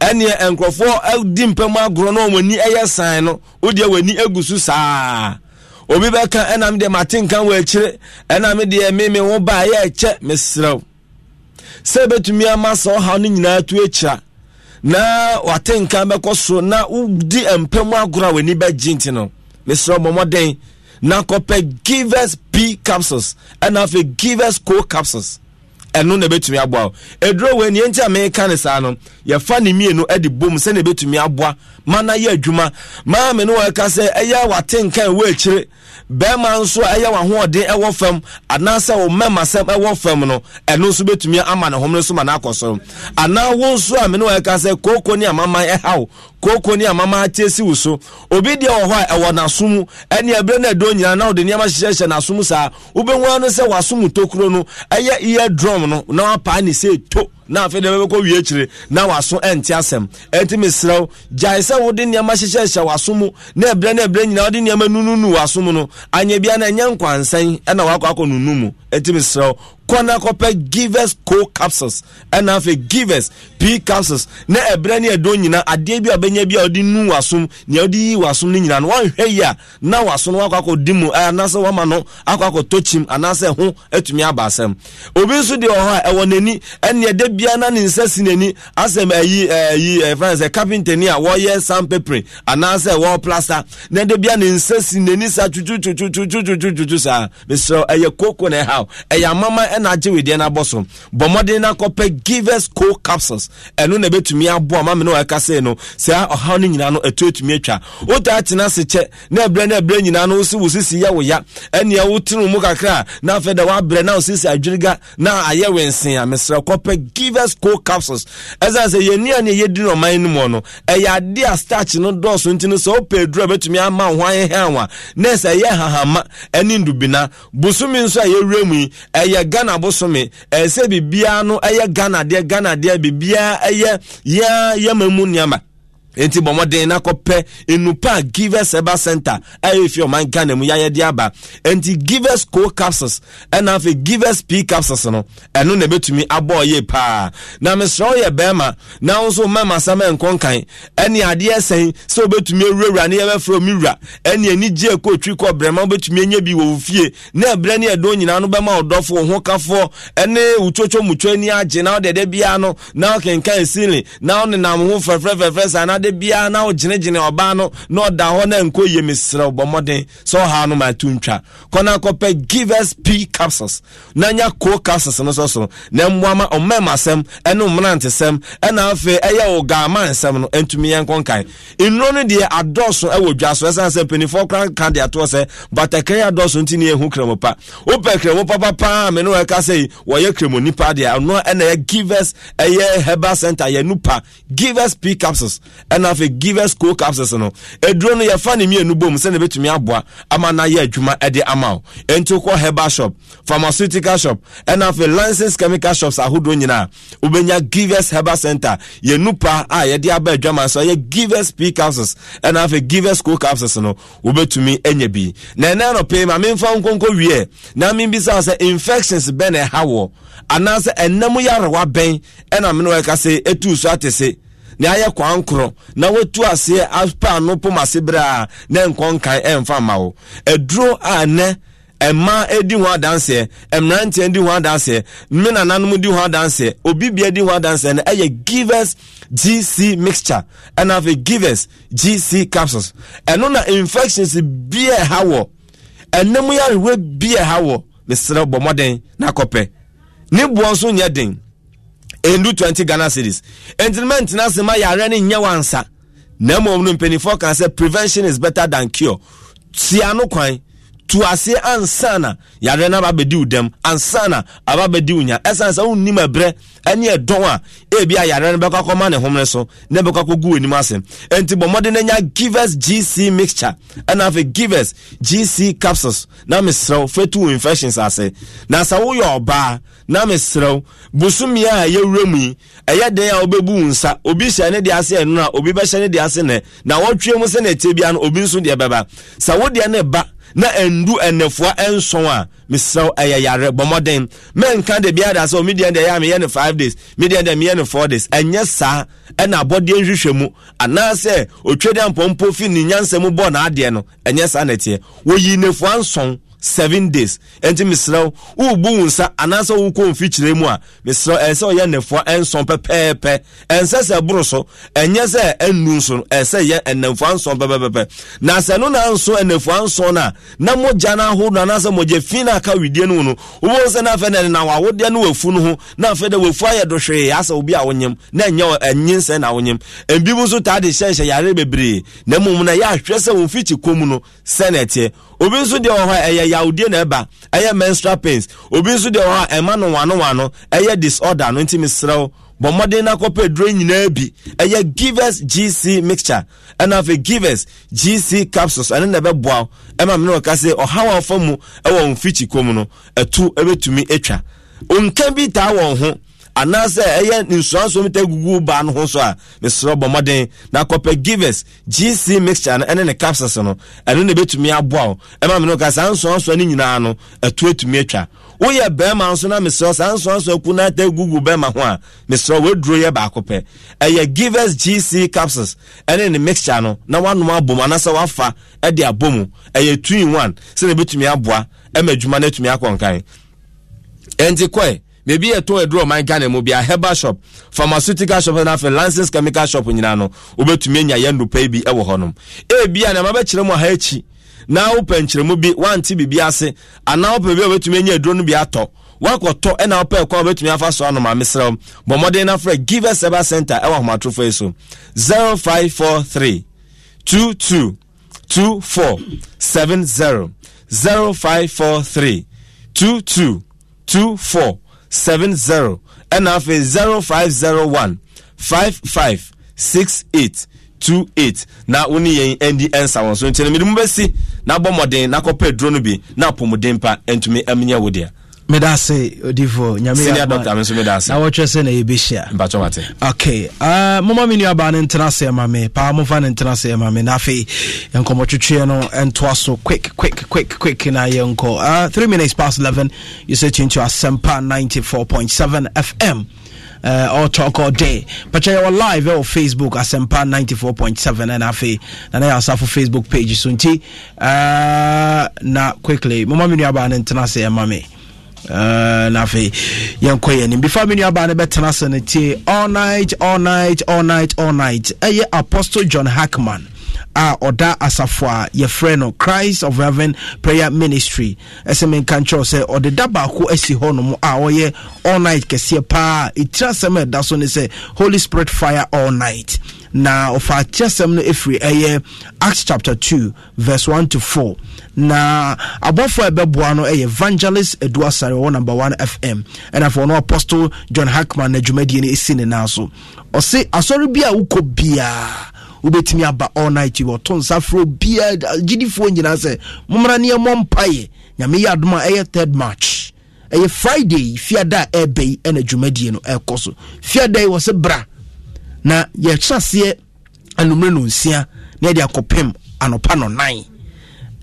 ɛneɛ eh, nkurɔfoɔ eh, di mpam agorɔ na wɔn ani yɛ san no wodeɛ wɔn ani gu so saa obi bɛka ɛnam deɛ mate nka wɔ akyire ɛnam deɛ meme ho baa yɛ kyɛ meserew sɛ ɛbɛtumi ama saa ɔhaw no nyinaa atu akyira na wate nka bɛkɔ so na wodi mpam agorɔ a w'ani bɛgye nti no mesrɛ mmɔmmɔden na kɔpɛ givers p capsules ɛna afei givers co capsules ɛno na ɛbɛtumi aboa o ɛduro wɔ aniɛ nti a meka ne saa no yɛfa ne mmienu de bom sɛne ɛbɛtumi aboa ma na yɛ adwuma maa me ne wɔka sɛ ɛyɛ wate nka ɛwɔ akyire bɛrima nso a ɛyɛ wahoɔden ɛwɔ fam anaasɛ wo mɛma sɛm ɛwɔ fam no ɛno nso bɛtumi ama ne homene so ma no akɔ soro anaa wo nso a mene wɔɛka sɛ kooko ne amaman ɛhaw kooko ne amama ate si wo so obi deɛ wɔ hɔ a ɛwɔ n'aso mu ɛne ɛbere na ɛdɔ nyinaa na ɔde nneɛma hyehyɛhyɛ n'aso mu saa wobɛhu no sɛ w'aso mu tokuro no ɛyɛ ear drum no na wapaa ne sɛ to na afei deɛ bɛbɛkɔ wie akyire na w'aso ɛnte asɛm ɛnti mesrɛ wo gyae sɛ wode nneɛma hyehyɛhyɛ w'aso mu na ɛberɛ na ɛberɛ nyinaa ɔde nneɛma nununu w'aso no anyabia na no ɛnyɛ nkwansɛn ɛna wakɔ akɔ nunu mu ɛnti mesrɛ wo kɔna kɔpɛ givers co capsules ɛna afei givers p capsules na ɛbrɛ ne ɛdɔn nyinaa adeɛ bi a ɔbɛnya bi a ɔde nu wasom nea ɔde yi wasom no nyinaa no wɔnhwɛ yi a na waso no wakɔ akɔ di mu anaasɛ wama no akɔ akɔ tɔ kyim anaasɛ ho atumi aba asɛm obi nso deɛ wɔ hɔ a ɛwɔ n'ani ɛne ɛda biara na ne nsa si n'ani asɛm ɛyi ɛyi ɛfrɛ sɛ kapintani a wɔyɛ sanpepere anaasɛ wɔɔ plasta na ɛda biara ne nsa si n'ani saa tutututututututu saa mesrɛ ɛyɛ koko na ɛhaw ɛyɛ amama na agye ah, wedeɛ no abɔ so bɔ mmɔden no akɔpɛ givers co capsules ɛno na ɛbɛtumi aboa ma me ne wɔɛka sei no saa ɔhaw no nyinaa no ɛto atwa wotaa tena ase kyɛ na ɛberɛ na ɛberɛ nyinaa no wosi wo sisi yɛ ya ɛnea wotene mu kakra a na afei da woabrɛ na wo sisi na ayɛ wensen a mesrɛ kɔpɛ givers co capsules ɛsiane sɛ yɛni a ne yɛdi no ɔman no mu no ɛyɛ ade a starch no dɔɔso nti no sɛ wopɛ aduru a awa na ɛsɛ ɛyɛ hahama ndubina bosome nso a yɛwura mu yi ɛyɛ e ghana ghana bosome ɛsɛ biribiara no ɛyɛ ghana deɛ ghana deɛ biribiara ɛyɛ yɛ yɛma mu nneɛma nti bɔ mmɔden na kɔpɛ nnupa givers eba center ɛyɛ fi ɔman ghana mu yayɛ de aba nti givers co capsules ɛna afei givers p capsules no ɛno na ebetumi abɔ ɔyɛ paa na mesrɛ ɔyɛ bɛrima na nso mɛma asɛm nkɔnkan ɛne adeɛ sɛn sɛ obetumi ewurawura ne yɛbɛfrɛ omi wura ɛne anigye ɛkɔ otwi kɔ brɛma obetumi enye bi wɔ fie na ɛbrɛ ne ɛdɔn nyinaa no bɛma ɔdɔfo ɔho kafoɔ ɛne wutwotwo mutwo ani agye na ɔde ɛde biara no na ɔkenkan sili na ɔnenam ho fɛfɛɛfɛɛ saa ade biara na wogyinagyina ɔbaa no na ɔda hɔ na nkɔ yie mesrɛ bɔ mmɔden sɛ ɔha no ma to ntwa kɔna kɔpɛ givers p capsules na nya co capsules no sɔsoro na mmoa ma ɔmam asɛm ɛne mmerantesɛm ɛna afei ɛyɛ ɔgaama nsɛm no ɛntumi yɛn nkɔnkan nnuro no deɛ adɔɔso ɛwɔ dwa so ɛsan sɛ mpanimfoɔ kora ka de atoɔ sɛ batakari adɔɔso nti ne yɛhu kramo pa wopɛ kramo papa paa me ne wɔɛka sɛ wɔyɛ kramo nipa deɛ ɔno ɛna ɛyɛ givers ɛyɛ herbal center yɛ nupa givers p capsules ɛna afei givers cold capsules no aduro no yɛfa ne mmienu bom sɛ ne bɛtumi aboa ama no ayɛ adwuma de ama wo ɛnti herbal shop pharmaceutical shop ɛna afei licensed chemical shops ahodoɔ nyinaa wobɛnya givers herbal center yɛnu pa a yɛde aba adwama nso ɛyɛ givers p capsules ɛna afei givers cold capsules no wobɛtumi anya bi na ɛnɛ no pɛi ma memfa nkonko wie na membisa sɛ infections bɛn na ɛha wɔ anaasɛ ɛnam yarewa bɛn ɛna mene wɔɛka se ɛtuu so ate se na ayɛ kwan korɔ na watu aseɛ apɛ ano pom ase berɛ a na nkɔ ɛmfa ma wo aduro a nɛ mma di ho adanseɛ mmeranteɛ di ho adanseɛ mme nananom di ho adanseɛ obi bia di ho adanseɛ no ɛyɛ givers gc mixture ɛna afei givers gc capsules ɛno na infections bi a ɛha wɔ ɛnam yarewa bi a ɛha wɔ mesrɛ bɔ mmɔden na akɔpɛ ne boɔ nso nyɛ den ɛndu twenty ghana series ɛntinima ntena ase ma yɛareɛ no nyɛ wansa na mmom no mpanimfoɔ ka sɛ prevention is better than cure tia no kwan tu ase ansa na yadeɛ no aba bɛdi wo dɛm ansa aba bɛdi wo nya ɛsiane sɛ wonnim ɛberɛ ɛne a ebi a yadeɛ no bɛkɔ akɔma ne homene so na bɛkɔ akɔgu w'anim ase enti bɔ mmɔden no nya givers gc mixture ɛna afei givers gc capsules na meserɛw fetu infections ase na sɛ woyɛ ɔbaa na meserɛw bosomia a yɛwura e mu yi ɛyɛ den a wobɛbu obi hyɛ ne deɛ ase ɛno a obi bɛhyɛ ne deɛ ase nɛ na wɔtwe mu sɛ ne ɛtie bia no obi nso deɛ bɛba sɛ wo deɛ ba na ndu nnɛfoa nson a mesrɛw ɛyɛ yare bɔ mmɔden mɛnka de biara sɛ omi oh, deɛ deɛ yɛ a meyɛ no five days me deɛ deɛ meyɛ no four days ɛnyɛ saa ɛna abɔdeɛ nhwehwɛ mu anaasɛ otwa de ampɔmpɔ fi ne nyansa mu bɔɔ n'adeɛ no ɛnyɛ saa nɛteɛ wɔyii nnɛfoa nson seven days ɛnti mesrɛ wo wobu wo nsa anaasɛ wokɔ mfi kyerɛ mu a mesrɛ ɛsɛ ɔyɛ nnefoa ɛnsɔn pɛpɛɛpɛ ɛnsɛ sɛ ɛboro so ɛnyɛ sɛ ɛnnu nso no ɛsɛ yɛ ɛnnefoa nsɔn pɛpɛpɛpɛ na sɛ no na nso ɛnnefoa nsɔn no a na mogya no ahodoɔ anaasɛ mogya fi no aka widie no no wobɛhu sɛ na afei dɛ na wawodeɛ no wafu no ho na afei dɛ wafu ayɛ do hwee asɛ obi a wonyem na ɛnyɛ ɛnye nsɛ na wonyem ebi mu nso taa de hyɛnhyɛ yare bebree na mmom na yɛ ahwɛ sɛ wɔn fi kyi kɔn mu no sɛ na ɛteɛ obi nso deɛ wɔ hɔ a ɛyɛ yawudie na ɛba ɛyɛ menstrual pains obi nso deɛ wɔ a ɛma no wanowano ɛyɛ disorder no nti mesrɛw bɔ mmɔden no akɔpɛ aduro nyinaa bi ɛyɛ givers gc mixture ɛna afei givers gc capsules ɛne na ɛbɛboa ɛma mene wɔka sɛ ɔhaw a ɔfa mu ɛwɔ mfikyi kom no ɛtu ɛbɛtumi atwa nka bi taa wɔn ho anaasɛ ɛyɛ nsua nsuom ta gugu baa no ho so a mesrɛ bɔ mmɔden na kɔpɛ givers gc mixture no ɛne ne capsules no ɛno ne ɛbɛtumi aboa wo ɛma me no ka saa nsua nsua no nyinaa no ɛtu atumi atwa woyɛ bɛrima nso na mesrɛ saa nsua nsua ku na ta gugu bɛrima ho a mesrɛ wɔaduro yɛ baako pɛ ɛyɛ givers gc capsules ɛne ne mixture no na woanom abɔ mu anaasɛ woafa ɛde abɔ mu ɛyɛ 2 in 1 sɛne ɛbɛtumi aboa ɛma adwuma no atumi akɔnkan ɛnti kɔe baabi yɛtɔn aduro ɔman ghana mu bi a shop pharmaceutical shop ɛna afei lansins chemical shop nyinaa no wobɛtumi anya yɛn nnopa bi wɔ hɔnom ebi a nneɛma bɛkyerɛ mu aha akyi na wopɛ nkyerɛmu bi wante biribi ase anaa wopɛ bi a wobɛtumi anya aduro no bi atɔ wakɔtɔ ɛna wopɛ kwan wobɛtumi afa so ano maame serɛ bɔ mmɔden no frɛ giver server center ɛwɔ ahomatorofo yi so 0543 22 24 70 0543 22 24 seven zero ɛna afei zero five zero one five five six eight two eight na wone yɛn ɛndi ɛnsa wɔn so nkyɛn mu bɛsi na abɔ mɔden na akɔpɛ duro no bi na apɔmuden pa ntumi ɛmɛnyɛ wo medase odifo nyamenawɔtwerɛ sɛ na yɛbɛhyia ok uh, moma me nuabaa no ntena sɛ ma me paa momfa no ntena sɛ ma me na afei yɛnkɔmmɔtwetweɛ no ɛntoa so quick quick quick quick na yɛnkɔ uh, 3 minutes past 11 you say tuntu asɛmpa 94.7 fm uh, all talk all day. But you are live on Facebook Asempa 94.7 and afe and I also for Facebook page sunti. Uh, na quickly, mama minu aba ntina say mami. Eh, na yɛnkɔ yɛ nim before me nuabaa no bɛtena se no tie all night all night all night all night ɛyɛ apostle john hackman a ɔda asafo a yɛfrɛ no christ of heaven prayer ministry ɛsɛ menka nkyerɛw sɛ ɔde da baako asi hɔnom a ɔyɛ all night kɛseɛ paa ɛtiri asɛm a ɛda so ne sɛ holy spirit fire all night na ɔfa akyerɛsɛm no ɛfiri ɛyɛ acts chapter 2 verse 1 to 4 na abɔfoɔ a ɛbɛboa no ɛyɛ evangelist edu asare wɔ number 1 fm ɛna afɔ no apostle john hackman na dwumadie no ɛsi ne nan so ɔse asɔre bi a wokɔ biara wobɛtumi aba all night wɔto nsa frɛ obiaa gyidifoɔ nyinaa sɛ mommara nneɛmɔ mpayɛ nyame yɛ adom a ɛyɛ third march ɛyɛ friday fiada a ɛɛbɛ yi ɛna dwumadie no ɛɛkɔ so fiada yi wɔ se bra na yɛhyɛ aseɛ anumere no nsia na yɛde akɔpem anɔpa no nan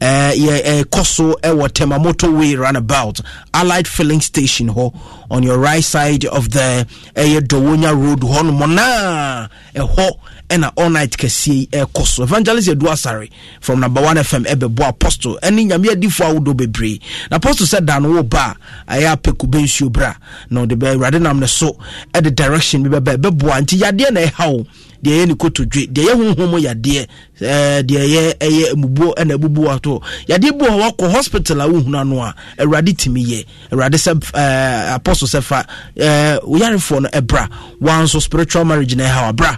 ɛkɔ so ɛwɔ temamoto way runabout allied filling station hɔ on your right side of the ɛyɛ dowonya road hɔ nom naa ɛhɔ ɛna all night kɛseɛ yi ɛrekɔ so evangelist edu asare from number one fm ɛbɛbɔ apostle ɛne nyame adifoɔ ahodoɔ bebree na apostle sɛ dan no wɔba a ɛyɛ apɛku bɛnsuo bra na ɔde bɛ awurade nam ne so ɛde direction bi bɛbɛ ɛbɛboa nti yadeɛ na ɛha o deɛ ɛyɛ ne kotodwe deɛ ɛyɛ honhom yadeɛ ɛɛ deɛ ɛyɛ ɛyɛ mubuo ɛna ebubu ato yadeɛ bu a wakɔ hospital a wohunu ano a awurade timi yɛ awurade sɛ ɛɛ apostle sɛ fa ɛɛ oyarefoɔ no ɛbra wɔn nso spiritual marriage na ɛha wa bra.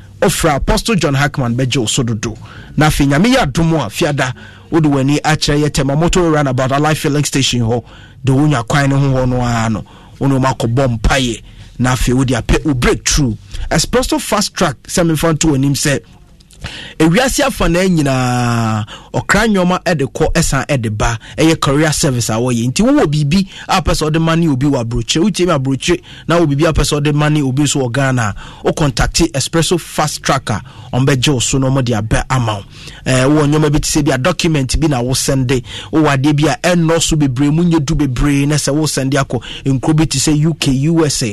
ɔfra apostle john hackman bɛgye wo so dodo na afei nyame yɛ adom a fiada wode w'ani akyerɛ yɛ tɛma motor runabout alive filling station hɔ de wonya kwan no hohɔ no ara no wone woma akɔbɔ mpayɛ na afei wode apɛ wo breakthrough espresso fast track sɛ memfa nto w'anim sɛ ewiase afanaa nyinaa ɔkra nneɛma ɛde kɔ ɛsan ɛde ba ɛyɛ career service a wɔyɛ nti wɔwɔ biribi a pɛ sɛ ɔde ma ne obi wɔ aburokyire wotie mi aburokyire na wɔ biribi a pɛ sɛ ɔde ma ne obi nso wɔ ghana a wɔkɔntakte espresso fast track a ɔmbɛgye wo so na ɔmɔde abɛ ama wo ɛɛ wɔwɔ nneɛma bi te sɛ bi a document bi na wɔsɛnde wɔwɔ adeɛ bi a ɛnɔ so bebree mu nye du bebree na sɛ wɔsɛnde akɔ nkuro bi te sɛ uk usa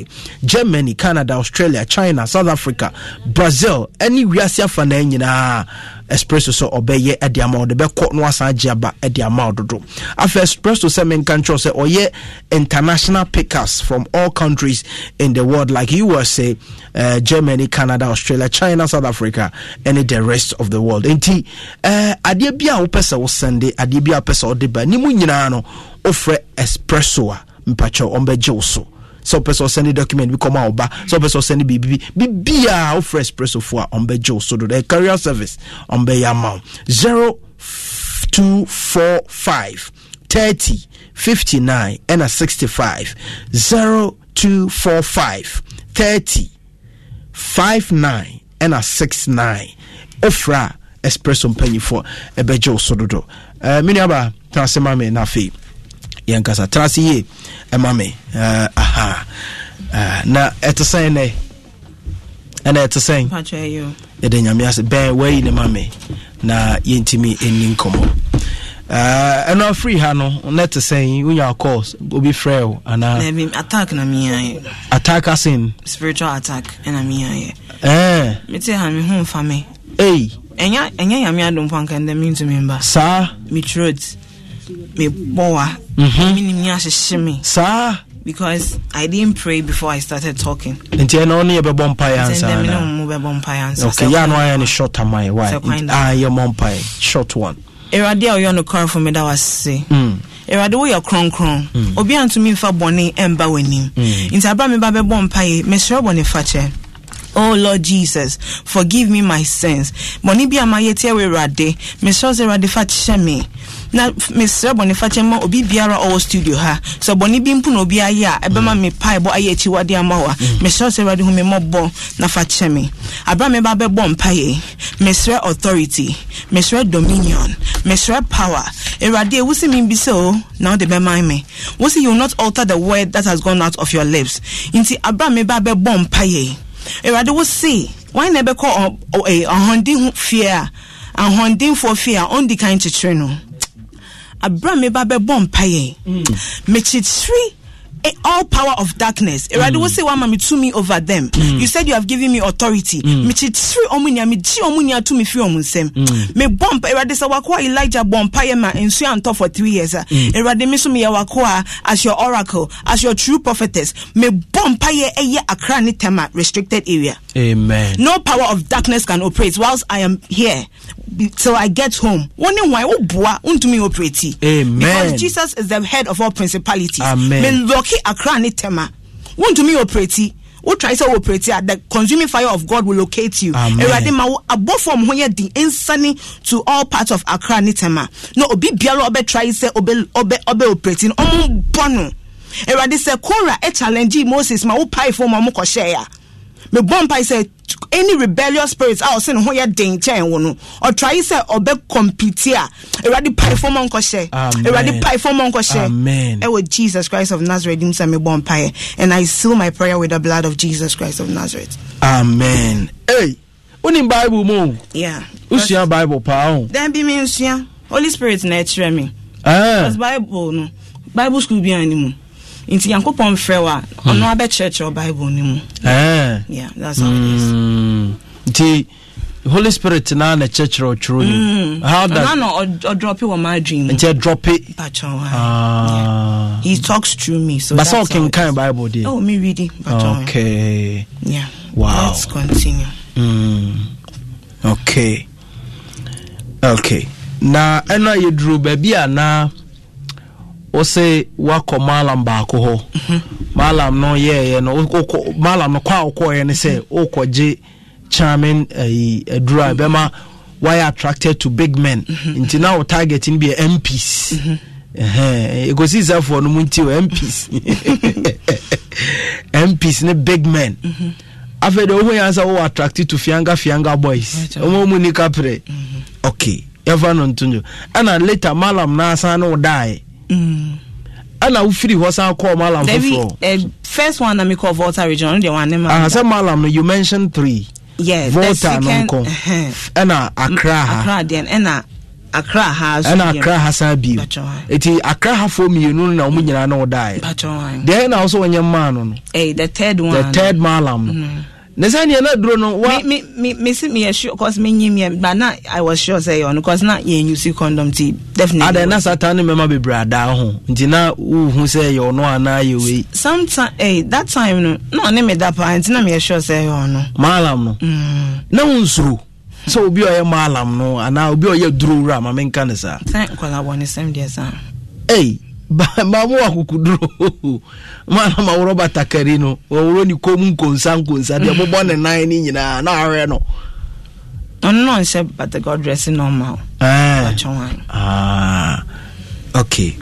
germany canada australia china south africa brazil ɛne wiase afanaa nyinaa nyinaa espresso sɛ ɔbɛyɛ de ama wo de bɛkɔ na wasan agye aba de ama wo dodo afei espresso sɛ menka nkyerɛ sɛ ɔyɛ international pickers from all countries in the world like usa uh, eh, germany canada australia china south africa and the rest of the world enti uh, eh, adeɛ bi a wopɛ sɛ wosɛnde adeɛ bi a wopɛ sɛ wode ba ne mu nyinaa no wofrɛ espresso a mpakyɛ ɔmbɛgye wo so sɛ wopɛ sɛ ɔsɛne document bi kɔma ɔba sɛ wopɛ sɛ ɔsɛne biribibi bibia wofrɛ espresso fo a ɔmbɛgye wo so do dɛ Career service ɔmbɛyɛ ama wo 0245 30 59 ɛna 65 0245 30 59 ɛna 69 ofra espresso mpanyinfoɔ ɛbɛgye wo so dodo ɛɛ uh, miniaba tena ase ma mi na afei yɛnkasa tena ase yie ɛma me eh, aha eh, na ɛte sɛn nɛ ɛna ɛte sɛn yɛde nyame ase bɛn wayi ne ma me na yɛntumi ɛnni nkɔmmɔ eh, ɛno uh, afiri ha no na ɛte sɛn wonya course obi frɛ o anaa attack na meyayɛ attack asen spiritual attack ɛna meyayɛ eh. mete ha me ei ɛnyɛ nyame adom po anka ndɛ mentumi mba saa metwerɛt mebɔwa menim mm-hmm. ne ahyehye me saa because I didn't pray before I started talking. Nti ɛna ɔne yɛ bɛbɔ mpaeɛ ansa na. Ntɛnɛmi na ɔmo bɛbɔ mpaeɛ ansa. Okay, yɛ ano ayɛ ne short amae wa ah yɛ mɔ mpaeɛ short one. Ewurade a ɔyɛ ɔnokora fún mi da wa sise. Mm. Ewurade woyɛ kronkron. Mm. Obi a ntumi nfa bɔnne ɛnba wɔ anim. Mm. Nti abira mi ba bɛbɔ mpaeɛ mesrɛ bɔ ne fakyɛ. Oh Lord Jesus, forgive me my sins. Bɔnne bi a ma yɛ tiɛ wɔ Ewurade, mesrɛ sɛ Ewurade fa kyɛ mi na mesrɛ bɔne fakyɛ ma obi biara ɔwɔ studio ha sɛ bɔne bi mpo na obi ayɛ a ɛbɛma mm. me paebɔ ayɛ akyiwade ama wo a mm. mesrɛ sɛ awurade hu me mmɔbɔ na fakyɛ me abra meba bɛbɔ mpayɛ mesrɛ authority mesrɛ dominion mesrɛ power awurade ɛwu sɛ membi sɛ o na wode bɛman me wo you will not alter the word that has gone out of your lips nti abra meba bɛbɔ mpayɛ awurade wo se wan na ɛbɛkɔ ɔhɔnden ho fie a ahɔndenfoɔ fie a ɔndi kan kyekyere no abira mi ba bɛ bɔ mpa yɛ mm. mekyikyiri. Eh, all power of darkness. Eradi mm. wose wama mitumi over them. Mm. You said you have given me authority. Michitri mm. omunia michi omunia tumi fi omunsem. Me bomb eradi sa Elijah bomb paye ma ensu anto for 3 years. Eradi mm. misu as your oracle, as your true prophetess. Me bomb paye eye Accra ni tema restricted area. Amen. No power of darkness can operate whilst I am here. till I get home. One why Oh obua untumi operate. Amen. Because Jesus is the head of all principalities. Amen. Men loki akra ni tema. Untumi operate. wo try say operate. a the consuming fire of god will locate you awurade ma wo abɔfoɔ m ho yɛ den ɛnsane to all parts of accra ne tɛma na obi biara ɔbɛtrae sɛ ɔbɛ oprɛti no ɔmombɔ no awurade sɛ kora ɛchallenge moses ma wo paefoɔ ma ɔmokɔhyɛe a mebɔ mpae sɛ any rebellious spirit a ɔsɛ ne ho yɛ den kyɛn wo no ɔtrae sɛ ɔbɛ compete a awurade pae fam ɔnkɔhyɛ awurade pae fam ɔnkɔhyɛ ɛwɔ jesus christ of nazareth dim sɛ mebɔ mpaeɛ and i seal my prayer with the blood of jesus christ of nazareth amen hey wonim bible mu yeah wosua bible paa o dan bi mensua holy spirit na ɛkyerɛ me ah. bible no bible school bi a ne mu nti nyankopɔn mfrɛ w a hmm. ɔno abɛkyerɛkyerɛ bible no mu eh. hmm. nti holy spirit na na kyerɛkyerɛ ɔtwerɛ no hmm. how that na ɔdrɔpe wɔ my dream nti ɛdrɔpe ah he talks through me so that's all can kind bible dey oh me reading okay yeah wow let's continue mm. okay okay na ɛno ayɛ duro baabi a na wɔsɛ wakɔ malam baako hɔ malam no yɛɛyɛ no malam no kɔ a wokɔɔyɛ no sɛ wokɔgye chairman ayi adura bɛma wayɛ attracted to big men mm-hmm. nti na wo target no bi yɛ mps mm-hmm. ɛkɔsi safoɔ no mu nti o mps mps ne big men mm-hmm. afei deɛ wohu yɛn sɛ wowɔ attracted to fianga fianga boys ɔma mu nika perɛ mhm. okay yɛfa no nto nwo ɛna later malam no asan ne wo daeɛ ɛna mm. wofiri hɔ san kɔɔ malam foforɔ eh, first one na mekɔɔ volta region no deɛ malam no you mentioned three Yes. volta no nkɔ ɛna akra ha ɛna akra ha ɛna akra ha san bio eti akra ha fo mmienu na wɔn nyinaa na wɔdaeɛ deɛ ɛna wɔn nso wɔnyɛ mmaa no no eh, the third one the third malam no mm ne sɛ neɛ duro no wa me me me si me sure cause me nyim yɛ but now i was sure say on cause na yɛ use condom ti definitely adan na satan ne mɛma bebree ada ho nti na wohu sɛ yɛ ɔno anaa yɛ wei sometime eh that time no na ɔne me da paa nti na me sure say yɛ ɔno maalam no mm. na wo nsuro sɛ obi ɔyɛ maalam no anaa obi ɔyɛ duro wura ma menka ne saa sɛ nkɔla wɔ ne sɛm deɛ sa. ei maamu akokoduro mana ma worɔ batakari no wɔworɔ ne kɔm nkonsankonsa deɛ mm-hmm. bobɔ ne nan no nyinaa na ahwɛ no ɔno na ɔnhyɛ batakari dresse normal eh. ah ok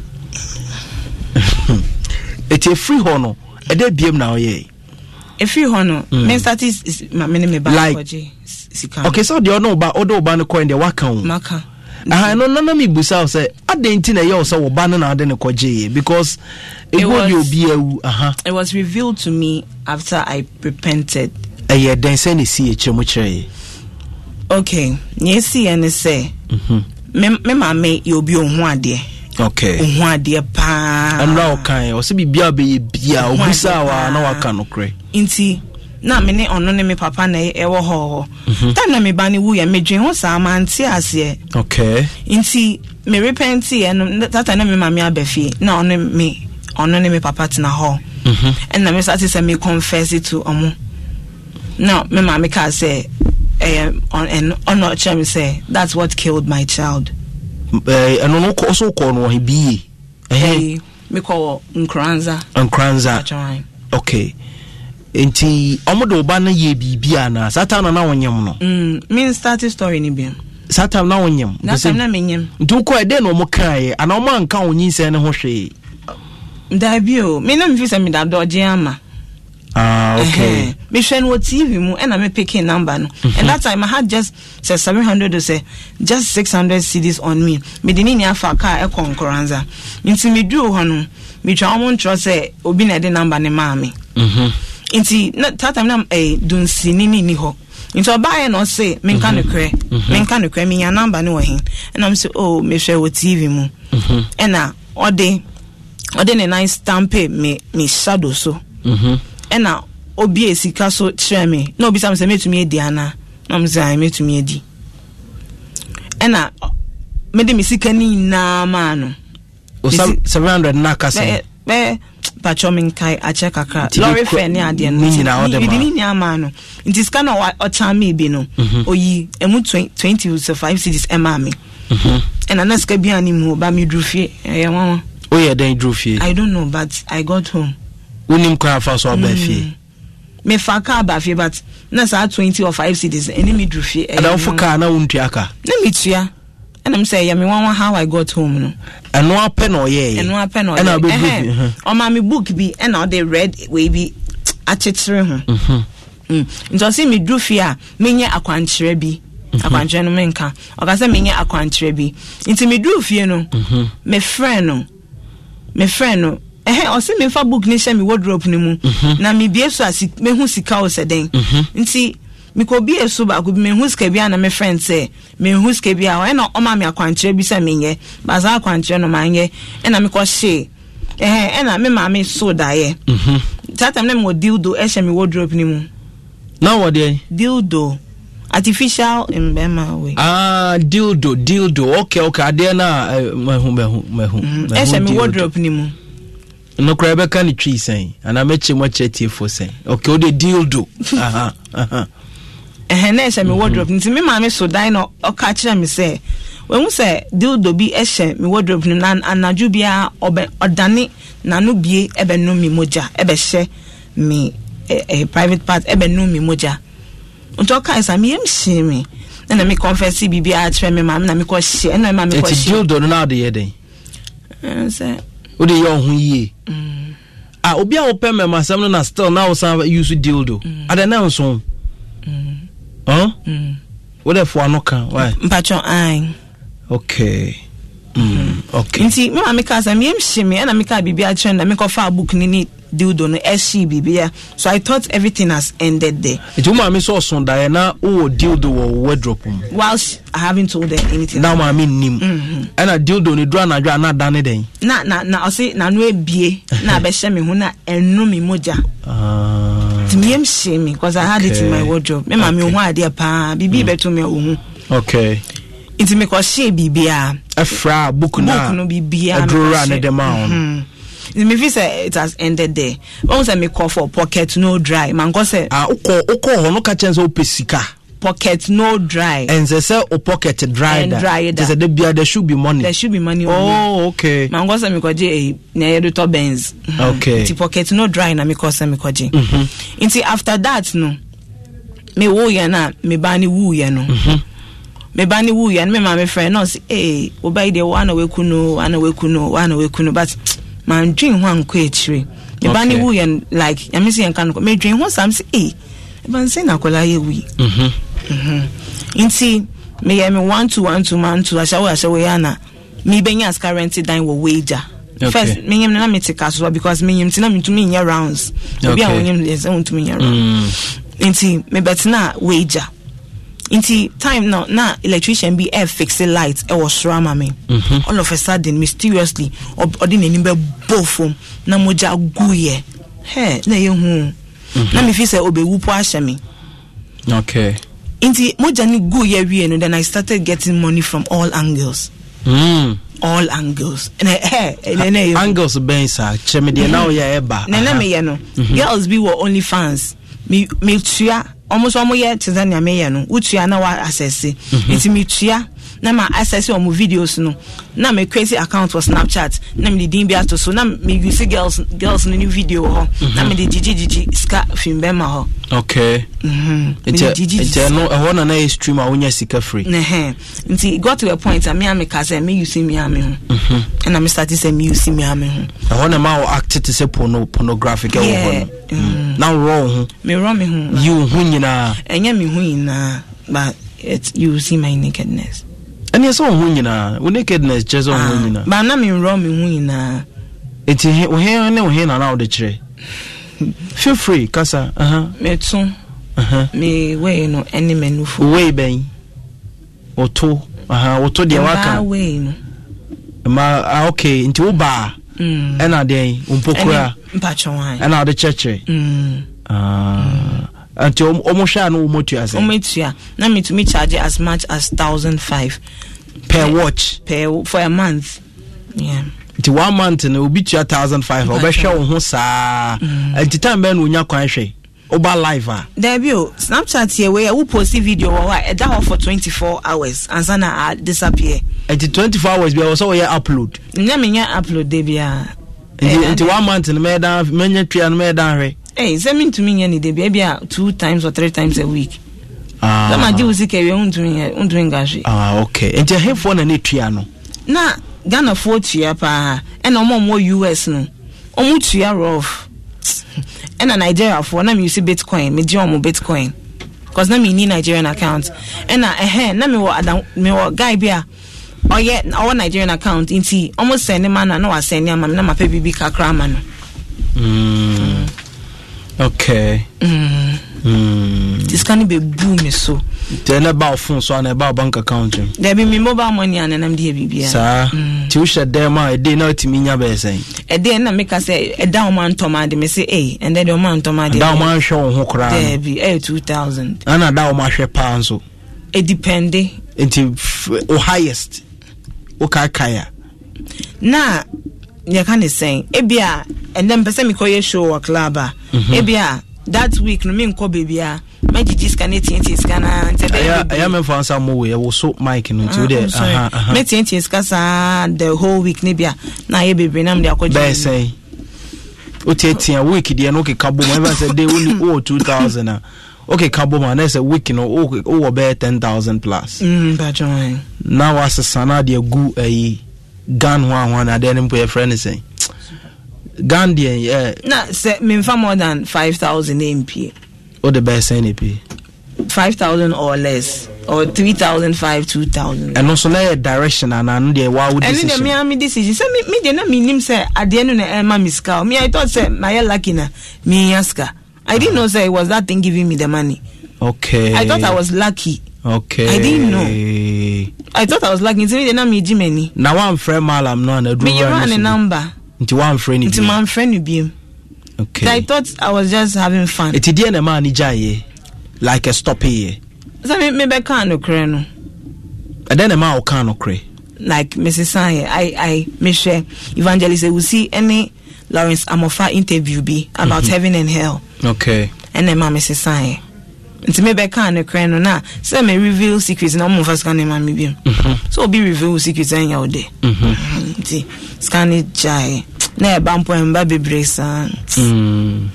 etu efiri hɔ no ɛdɛ biam na ɔyɛe ɛfiri hɔ no menstate mame ne me ba like, okay sɛ so ɔdeɛ ɔne woba wode woba no kɔe deɛ woaka wo maka aha ɛno nana mebusa wo sɛ adɛn nti na ɛyɛ wo sɛ no na wode ne kɔgyeeɛ because ɛgu de obi awu aha it was revealed to me after i repented ɛyɛ dɛn sɛ ne sii akyerɛ mu kyerɛeɛ okay neɛ ɛsiiɛ ne sɛ mhm. me maame yɛ obi ɔho adeɛ okay ɔho adeɛ paa ɛnora wo kae bi sɛ biribia wobɛyɛ bia obusaa waa na waka nokorɛ nti na me ne ɔno ne me papa na ɛwɔ hɔ hɔ time na meba ne wuyɛ medwen ho saa mante aseɛ e. okay nti merepɛnteɛ no tata na me ma me aba fie na ɔno me ɔno ne me papa tena hɔ ɛna mhm. me sate sɛ me confess to ɔmo na me ma me kaa sɛ ɛyɛ e, ɔno ɔkyerɛ me sɛ that's what killed my child ɛno eh, no kɔ so kɔ no ɔhe bie ɛhe mekɔ wɔ nkranza nkranza okay nti ɔmo de ɔba no yɛ biribi ana saa na na wɔnyɛm no. Mm, mi n start story ni bi. saa time na wɔnyɛm. na time na mi nyɛm. nti wokɔ ɛdɛn na ɔmo kaa yɛ ana ɔmo anka wɔn nyinsɛn ne ho hwee. daabi o mi na mi fi sɛ mi da dɔgye ama. Ah, okay. mehwɛ no wɔ tv mu ɛna mepeke number no mm-hmm. and that time i had just sɛ 700 o sɛ just 600 cds on me mede ne nia fa kaa ɛkɔ nkoranza nti meduu hɔ no metwa ɔmo nkyerɛ sɛ obi na ɛde number ne maa me mm nti na tatam na eh, dunsini ni ni hɔ nti ɔbaayɛ na ɔse menka mhm. nokorɛ mhm. menka nokorɛ menya namba ne wɔ he ɛna msɛ o oh, mehwɛ wɔ tv mu mhm. ɛna ɔde ɔde ne nan stampe me me shadow so ɛna obi esika so kyerɛ me na obi obisa me sɛ metumi adi anaa na msɛ ae metumi adi ɛna mede me sika ne nyinaa maa no 700 na ka sɛ patwɔ me nkae akyɛ kakra lɔre fɛ ne adeɛ no mede ne nyinaa maa no nti sika no ɔkyɛn me bi no ɔyi mhm. ɛmu 20 so 5 cities ɛmaa me mhm. ɛna na sika bia ne mu ba meduru fie ɛyɛ wawa woyɛ dɛn duru fie i don't know but i got home wonim kora fa so aba mm. fie mefa kaa ba fie but na saa 20 or 5 cities ɛne meduru fie ɛdawofo kaa na wontua ka na metua ɛnam sɛ yɛ me wanwa how i got home no ɛno apɛ na ɔyɛɛ ɛno apɛ na ɔyɛɛ ɛhɛ ɔma me book bi ɛna ɔde red wei bi akyekyere ho mhm. mm. nti ɔsi me duru fie a menyɛ akwankyerɛ bi mhm. akwankyerɛ no menka ɔka sɛ menyɛ akwankyerɛ bi nti me duru fie no mhm. mefrɛ no mefrɛ no ɛhɛ ɔsi mefa book ne hyɛ me wardrobe no mu na me mebie so a mehu sika o sɛ dɛn nti mekɔ bi esu baako bi mehu sika bi a na me friend sɛ mehu sika bi a ɛna ɔma me akwankyerɛ bi sɛ menyɛ baasa akwankyerɛ no manyɛ ɛna mekɔ hyee ɛhɛn ɛna me maame so daeɛ mhm. saa tam ne mo dildo ɛhyɛ me wardrobe ne mu. na wɔ deɛ. dildo artificial mbɛɛma we. ah dildo dildo okay okay adeɛ na eh, mɛhu mɛhu mɛhu. Mhm. ɛhyɛ me wardrobe ne mu. nokora bɛka ne twi sɛn anaa mɛkyɛ mu tiefo sɛn okay wode dildo aha aha. ɛhɛn na ɛhyɛ mi mhm. wardrobe nti mi maame so dan na ɔka kyerɛ mi sɛ wɔn sɛ dildo bi ɛhyɛ mi wardrobe no na anadwo biara ɔbɛ ɔdane n'ano bie ɛbɛnum mi mogya ɛbɛhyɛ mi ɛɛ eh, eh, private part ɛbɛnum mi mogya nti ɔka ɛsɛ mi yɛm hyɛn mi ɛna mi kɔnfɛsi bibi akyerɛ mi maame na mi kɔ hyɛ ɛna mi maame kɔ hyɛ. eti dildo no na ɔde yɛ den. ɛnsɛ. Eh, o de yɛ ɔho yie. Mm. a ah, obi a wɔpɛ mɛmasɛm no na still na wɔsan use dildo. Mm. adan na nson. Mm. wode foa no ka mpatwɔ an okay Mm, mm-hmm. okay. nti mema meka sɛ meɛmhye me ɛna meka biribi akyerɛ no na mekɔfaa book no ne dildo no ɛhyee biribia so i thought everything has ended there nti womaame sɛ ɔso daeɛ na wowɔ dildo wɔ wardrop mu while i haven't told them anything na womaame nnim mm-hmm. ɛna dildo no duru anadwo a na ada ne dɛn na na na ɔse nano abie na abɛhyɛ me ho na ɛno mogya ah mìíràn ṣe mi because I had it in my wardrobe mi maa mi ohun adeɛ paa biribi bɛtɔ mi ohun. okay. nti mi kɔ ṣe biribiara. ɛfra book na book no biribiara mi kɔ ṣe ɛdurora ne dɛm ahun. Mm-hmm me fi sɛ it has ended there wọn sɛ mi kɔ for pocket no dry ma n kɔ sɛ. a okɔ okɔ hɔ no ka kyɛn sɛ o pe sika pocket no dry. And they say o oh, pocket dry and dry da. They say there there should be money. There should be money. Oh okay. Mango say me koje eh, na yedo to Benz. Okay. Nti pocket no dry na me ko say me koje. Mhm. Nti after that no me wo ye na me ba ni wo ye no. Mhm. Me ba ni wo ye no me ma me friend no say eh wo ba dey one away kuno one away kuno one away kuno but man dream one ko e chire. Me ba ni wo ye like I mean say en kan ko me dream one sam say eh ɛbansɛ na akwadaa yɛ wi mhm. mhm. nti meyɛ me one two one two man two ahyɛwo ahyɛwo yɛ ana mebɛnya as current dan wɔ wagya okay. first menyim no na mete ka soa because menyim nti na mentumi nyɛ rounds obi a wonyim deɛ sɛ wontumi nyɛ rounds mm. nti mebɛtena wagya nti time now na electrician bi ɛɛfixe light ɛwɔ soro ama me mhm. all of a sudden mysteriously ɔde n'anim bɛbɔ fam na mogya guyɛ hɛ na yɛhu na mefi sɛ obɛwu po ahyɛ me okay. nti mogya ni gu yɛ wie no then i started getting money from all angles mm. all angles eh, angles bɛn sa kyerɛ me deɛ na woyɛ ɛba nɛnɛ meyɛ no girls bi wɔ only fans metua ɔmo nso ɔmo yɛ te sɛ nea meyɛ no wotua na woasɛse nti metua na ma access wɔn videos no na me create account wɔ snapchat na me de bi ato so na me use girls girls no ne video wɔ na mhm. me de gyigyi gyigyi sika fin bɛn ma hɔ. okay mhm. nkyɛn no ɛhɔ na na stream a wonya sika free. nti got to a point a me ka sɛ me use me a me ho mhm. ɛna me start sɛ me use me a me ho. ɛhɔ na ma act te sɛ pornographic ɛwɔ hɔ no mm. Mm. na wɔ wo ho. me wɔ me yi wo ho nyinaa. ɛnyɛ me ho nyinaa but you see my nakedness. ɛneɛ sɛ wo ho nyinaa wo nakedness kyerɛ sɛ ho ah, nyinaa baana menwerɛ me ho nyinaa ɛnti wo ne wo nana wode kyerɛ feel kasa meto me wei no ɛne m'anufo wei bɛn woto woto deɛ waka ma ah, ok nti wo baa mm. ɛna deɛn wo ɛna wode kyerɛkyerɛ mm. ah. nti ɔmo hwɛ a no wɔmo tua sɛ ɔmo tua na metumi charge as much as thousand five per watch per for a month yeah. nti one month no obi tua thousand five ɔbɛhwɛ wo ho saa mm. nti time bɛn na onya kwan hwɛ woba live a dabi o snapchat yɛ wei a woposi video wɔ hɔ a ɛda hɔ for 24 hours ansa na a disappear nti four hours bia wɔ sɛ wɔyɛ upload nyɛ menyɛ upload da biaa nti one month no mɛyɛ dan mɛnyɛ tua no mɛyɛ dan hwɛ Hey, sɛ mentumi nyɛ ne debia bia two times or three times a week sɛ magye wo sika wie wontumi nka hwe nti ɛhefoɔ na ne tua no na ghanafoɔ tua paa ɛna ɔma ɔmɔ us no ɔmo rough. rof Nigeria nigeriafoɔ na use bitcoin megye ɔmo bitcoin cause na menni nigerian account ɛna ɛhɛ eh, eh, na mewɔ adam mewɔ guy bi a ɔyɛ oh, ɔwɔ nigerian account nti ɔmo sɛn ne ma no a na wasɛn ne ama me na mapɛ biribi kakra ama no mm okay mm. Mm. ti sika no bɛbu so nti ɛna ɛba wo phone so ana ɛba wo bank account m daabi me mobile money ana nam deɛ biribia saa nti wohyɛ dɛn ma a ɛdei na wotumi nya bɛɛ sɛn ɛdɛn na meka sɛ ɛda wo ma ntɔma ade me se ei ɛndɛ deɛ ɔma ntɔma ade da wo ma nhwɛ wo ho koraa daabi ɛyɛ 2000 ana da wo ma hwɛ paa nso ɛdipɛnde nti wo highest wo kaakae a yɛka ne sɛn ebia ɛnɛ mpɛ sɛ mekɔyɛ show wɔ club a mhm. ebia that week no menkɔ baabia mɛgyegye sika ne tiatia sika naa ntɛɛyɛ memfa nsa mmɔwe so mike no nti ah, wode mɛtiatia sika saa the whole week no bi a na ayɛ bebree na mede akɔgyebɛɛ sɛn wotiatia week deɛ no wokeka bom ɛbɛ sɛ de wowɔ 2000 a okay kabo ma nɛsɛ week no wowɔ bɛyɛ 10000 plus mm, na wasesa no adeɛ gu ayi gan one one adeɛ ne mpo yɛfrɛ no sɛn gan deɛ na sɛ mmefa more than five thousand mpie. o de bɛyɛ sɛn ne pie. five thousand or less or three thousand five two thousand. ɛno so na yɛ direction ana ano deɛ wawo decision. ɛno deɛ mea mi decision sɛ me mi deɛ na mi nim sɛ adeɛ no na ɛma mi sika o mi i thought sɛ ma lucky na mi nya sika i didn't ah. know say it was that thing giving me the money. okay i thought i was lucky. Okay. I didn't know. Eh. I thought I was lagging. Nti mi de na mi ji mani. Na wan frɛ malam no na duro. Me yɛrɛ ne number. Nti wan frɛ ni bi. Nti man frɛ ni bi. Okay. I thought I was just having fun. Eti deɛ na maa ni gya yɛ like a stop yɛ. Sɛ mi mi bɛ kan no korɛ no. Ɛdɛ na maa o kan no Like Mrs. Sanye, I I me hwɛ evangelist ewusi ɛne Lawrence Amofa interview bi about mm -hmm. heaven and hell. Okay. Ɛna maa Mrs. Sanye nti mebɛka no korɛ no na sɛ me reveal secret na ɔmomfa sika no ma me biom mhm. sɛ obi reveal secret ɛnyɛ wo de mhm. nti sika no gyae na ɛba mpo ɛmba bebree saa mm.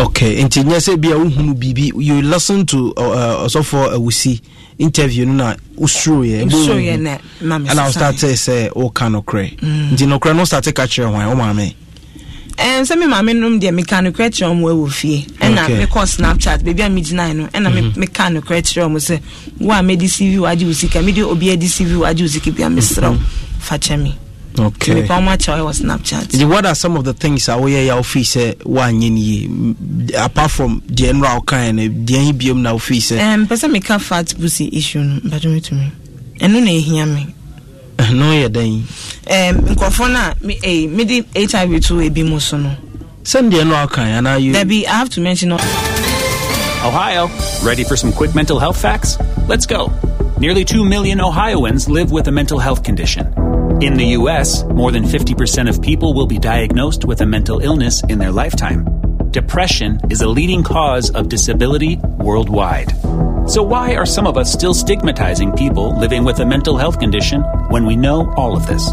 okay nti nyɛ sɛ bia wohunu biribi you listen to uh, uh, ɔsɔfoɔ uh, awusi interview no na wosuroyɛ ɛna wostate sɛ woka nokorɛ mm. nti nokorɛ no wostate ka kyerɛ hwan wo maame Eh, sɛ me maame nom deɛ meka nokorɛ kyerɛ ɔmo awɔ fie ɛna mekɔ snapchat baabi a megyinae no ɛna mhm. meka nokorɛ kyerɛ ɔmo sɛ wo a mede cv wagye wo sika mede obi adi cv wagye wo sika bia meserɛ wo mhm. fa kyɛ me Okay. Mekɔ ɔmo akyɛ ɔyɛ wɔ snapchat. What are some of the things a woyɛ yɛ ofi sɛ woanyɛ no yie apart from deɛ nnora a wokaeɛ no deɛ hi biom na ofi sɛ. Mpɛ sɛ meka fat pussy issue no mpatumi tumi ɛno na ɛhia me ɛno yɛ dɛn nkurɔfoɔ no a eh, mede hiv ebi mu so no sɛndeɛ no ohio ready for some quick mental health facts let's go nearly 2 million ohioans live with a mental health condition in the us more than 50% of people will be diagnosed with a mental illness in their lifetime depression is a leading cause of disability worldwide. So, why are some of us still stigmatizing people living with a mental health condition when we know all of this?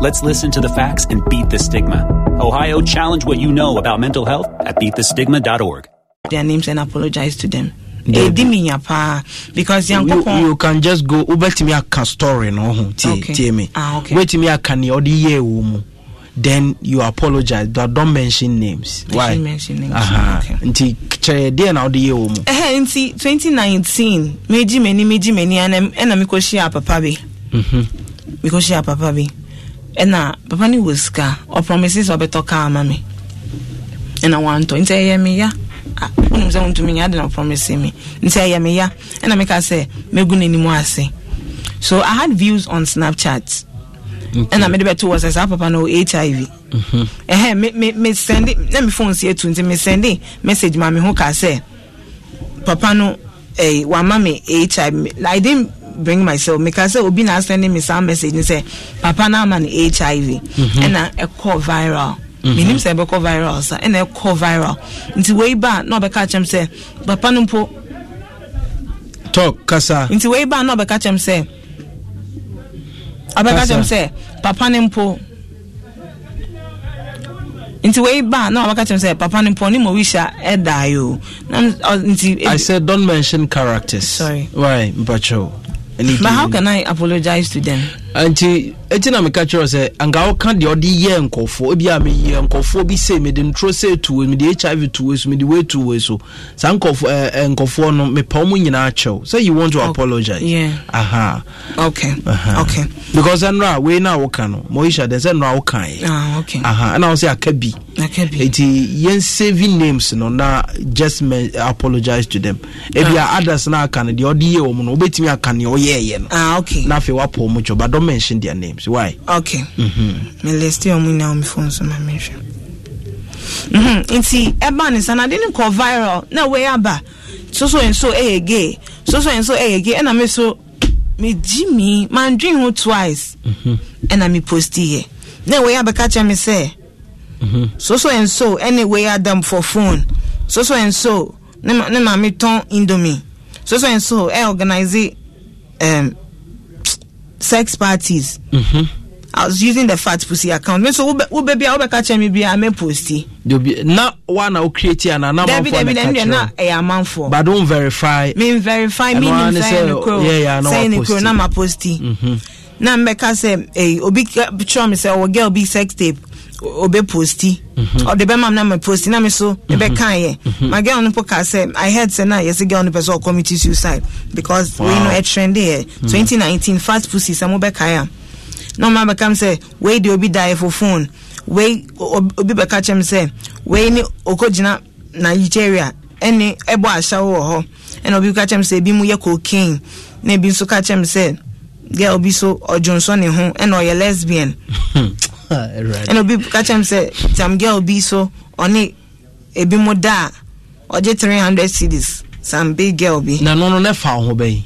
Let's listen to the facts and beat the stigma. Ohio, challenge what you know about mental health at beatthestigma.org. Their names and apologize to them. ɛdi mi because yankopɔn you, you can just go wobɛtumi aka story no ho tie me wobɛtumi aka neɛ ɔde yɛɛ wɔ mu then you apologize but don't mention names I why mention names. Uh-huh. Okay. nti kyerɛ deɛ na wode yɛ wɔ mu ɛhɛ nti 2019 megye m'ani megye m'ani ɛna mekɔhyia papa bi mm-hmm. mekɔhyia papa bi ɛna papa no wɔ sika ɔpromise sɛ ɔbɛtɔ kaa ma me ɛna wantɔ nti ɛyɛ me ya wonim sɛ wontumi nya ade na ɔpromise me nti ɛyɛ me ya ɛna meka sɛ mɛgu n'anim ase so i had views on snapchat ɛna mede bɛto wɔ sɛ saa papa no hiv mhm. ɛhɛ mesɛnde na me phone si atu nti mesɛnde message ma me ho ka sɛ papa no eh, wama me hiv i didn't bring myself meka sɛ obi na me saa message ne sɛ papa no ama no hiv mhm. ɛna ɛkɔ viral menim mhm. sɛ ɛbɛkɔ viral sa ɛna ɛkɔ viral nti wei ba na ɔbɛka kyɛm sɛ papa no mpo talk kasa nti wei ba na ɔbɛka kyɛm sɛ ɔbɛka kyɛm sɛ papa ne mpo nti wei ba na ɔbɛka kyɛm sɛ papa ne mpo ne ma wisha ɛdae o nti e- I said don't mention characters sorry why mpakyɛw but how can I apologize to them nti ɛti na meka kyerɛ sɛ anka woka deɛ ɔde yɛ nkɔfoɔ ebi a meyɛ nkɔfoɔ bi se mede ntoro se tuwe mede hiv tuwe so mede wei tuwe so saa nkɔfoɔ ɛɛ nkɔfoɔ no mepɛ wɔn nyinaa kyɛw sɛ you want to okay. apologize yeah. aha okay aha. okay because ɛnura wei na woka no moisha de sɛ ɛnura woka yi ah okay aha ɛna wɔn sɛ akabi akabi eti yɛn saving names no na just me apologize to them ebi a ah. others na aka no deɛ ɔde yɛ wɔn no obetumi aka deɛ ɔyɛ yɛ no ah okay na afei wapɔ wɔn kyɛw ba dɔm don't mention their names. Why? Okay. Mm-hmm. Me list your money on my phone so my mention. Mm-hmm. Nti ɛba ne sa na ade ne kɔ viral na wei aba so so nso ɛyɛ eh, gay so so nso ɛyɛ eh, gay ɛna me so me Jimmy mi mandwin ho twice ɛna mm-hmm. me post yɛ na wei abɛka kyerɛ me sɛ mm-hmm. so so nso anyway wei adam for phone so so nso ne ma maame ton indomie so so nso ɛ eh, organize um, sex parties. Mm-hmm. I was using the fat pussy account. so wo baby I'll be catching me bia me posti. Dobi na wa na wo create ana na manfo. Dabi dabi na e But don't verify. Mean verify me ni say no crow. Yeah yeah na wa posti. Say na ma posti. Mhm. Na mbeka say eh obi eh, try me say o oh, girl be sex tape. Obe posti mhm. ɔde bɛma m na ma posti na me so mebɛkaeɛ mhm. mhm. ma girl no po ka i heard sɛ na yɛsɛ girl no pɛ sɛ ɔcommity suicide because wow. wei no ɛtrɛndeɛ 2019 fast pussy sɛ mobɛkae a na ɔma bɛka m sɛ wei deɛ obi daeɛ fo phone wei obi bɛka kyɛm sɛ ni ne ɔkɔgyina nigeria ɛne ɛbɔ ahyɛwo wɔ hɔ ɛna obi ka kyɛm sɛ ebi mu yɛ cocaine na ebi nso ka kyɛm sɛ girl bi so ɔdwonsɔ ne ho ɛna ɔyɛ lesbian hmm ɛna obi ka kyɛm sɛ tam girl bi so ɔne ebi mu da a ɔgye three hundred cedis sam big girl bi. na nono ne fa ho bɛyi.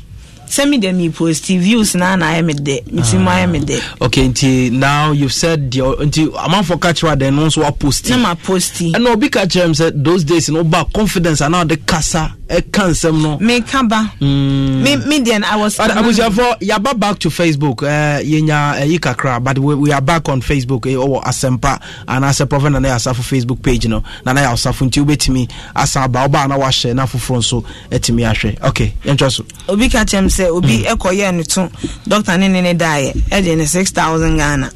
sẹ́mi dẹ̀ mi post views náà na ayẹ mi dẹ̀ mi ti mú ayẹ mi dẹ̀. okay nti now you said the nti amanfo kakyira dẹ̀ no nso wa post. ne ma post. ɛna obi kakyira mi sɛ those days no ba confidence ana ɔde kasa. ɛka nsɛm no meka ba hmm. medeɛn abusuafoɔ yɛaba back to facebook uh, eh, yɛnya ayi uh, eh, kakra but we, are back on facebook ɔwɔ eh, uh, asɛmpa anaasɛ prɔfɛ nana yɛ facebook page no nana yɛ asafo nti wobɛtumi asa aba wobaa na wahyɛ na afoforɔ nso atumi ahwɛ ok yɛntwa so obi ka kyɛm sɛ obi ɛkɔyɛɛ no to dɔctor ne ne ne daeɛ ɛgye ne 6000 ghana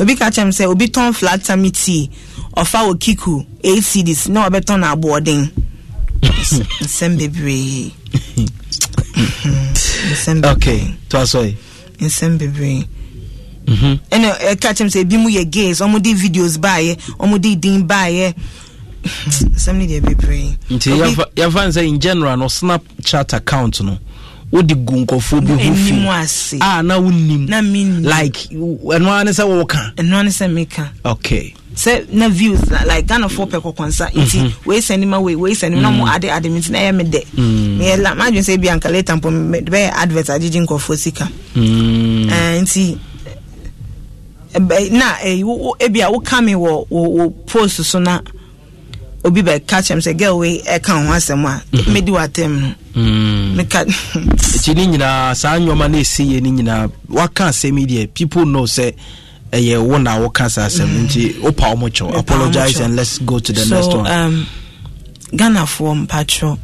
obi ka kyɛm sɛ obi tɔn flat tame tea ɔfa wɔ kiku 8 cities na wɔbɛtɔn aboɔden nsɛm bebree okay to asɔe nsɛm bebree mhm. ɛna ɛka kyɛm sɛ ebi mu yɛ gays ɔmo de videos baayɛ ɔmo de din baayɛ nsɛm ne deɛ bebree nti yɛmfa nsɛ in general no snap chat account no wode gu nkɔfoɔ bi ho fi a ah, na wonim like ɛno ara ne sɛ wɔwoka ɛno ne sɛ meka okay sɛ na views na like ghana fo pɛ kɔkɔnsa nti mhm. wei sɛ ne ma wei wei sɛ ne ma mo mm. ade ade mi nti na ɛyɛ me dɛ mm. meyɛ la madwene sɛ bi anka later mpɔ bɛyɛ advert agyegye nkɔfoɔ sika mm. nti na ebi a woka me wɔ wɔ post so na obi bɛ ka kyɛm sɛ girl wei ɛka ho asɛm a mɛdi mhm. w'atɛm no meka ɛkyi ne nyinaa saa nnwɔma no ɛsɛ yɛ no nyinaa waka asɛm yi deɛ people know sɛ ɛyɛ wo na woka saa asɛm mm. nti wopa wo mokyɛw apologize and let's go to the so, next one um, ghanafoɔ mpatwerɛ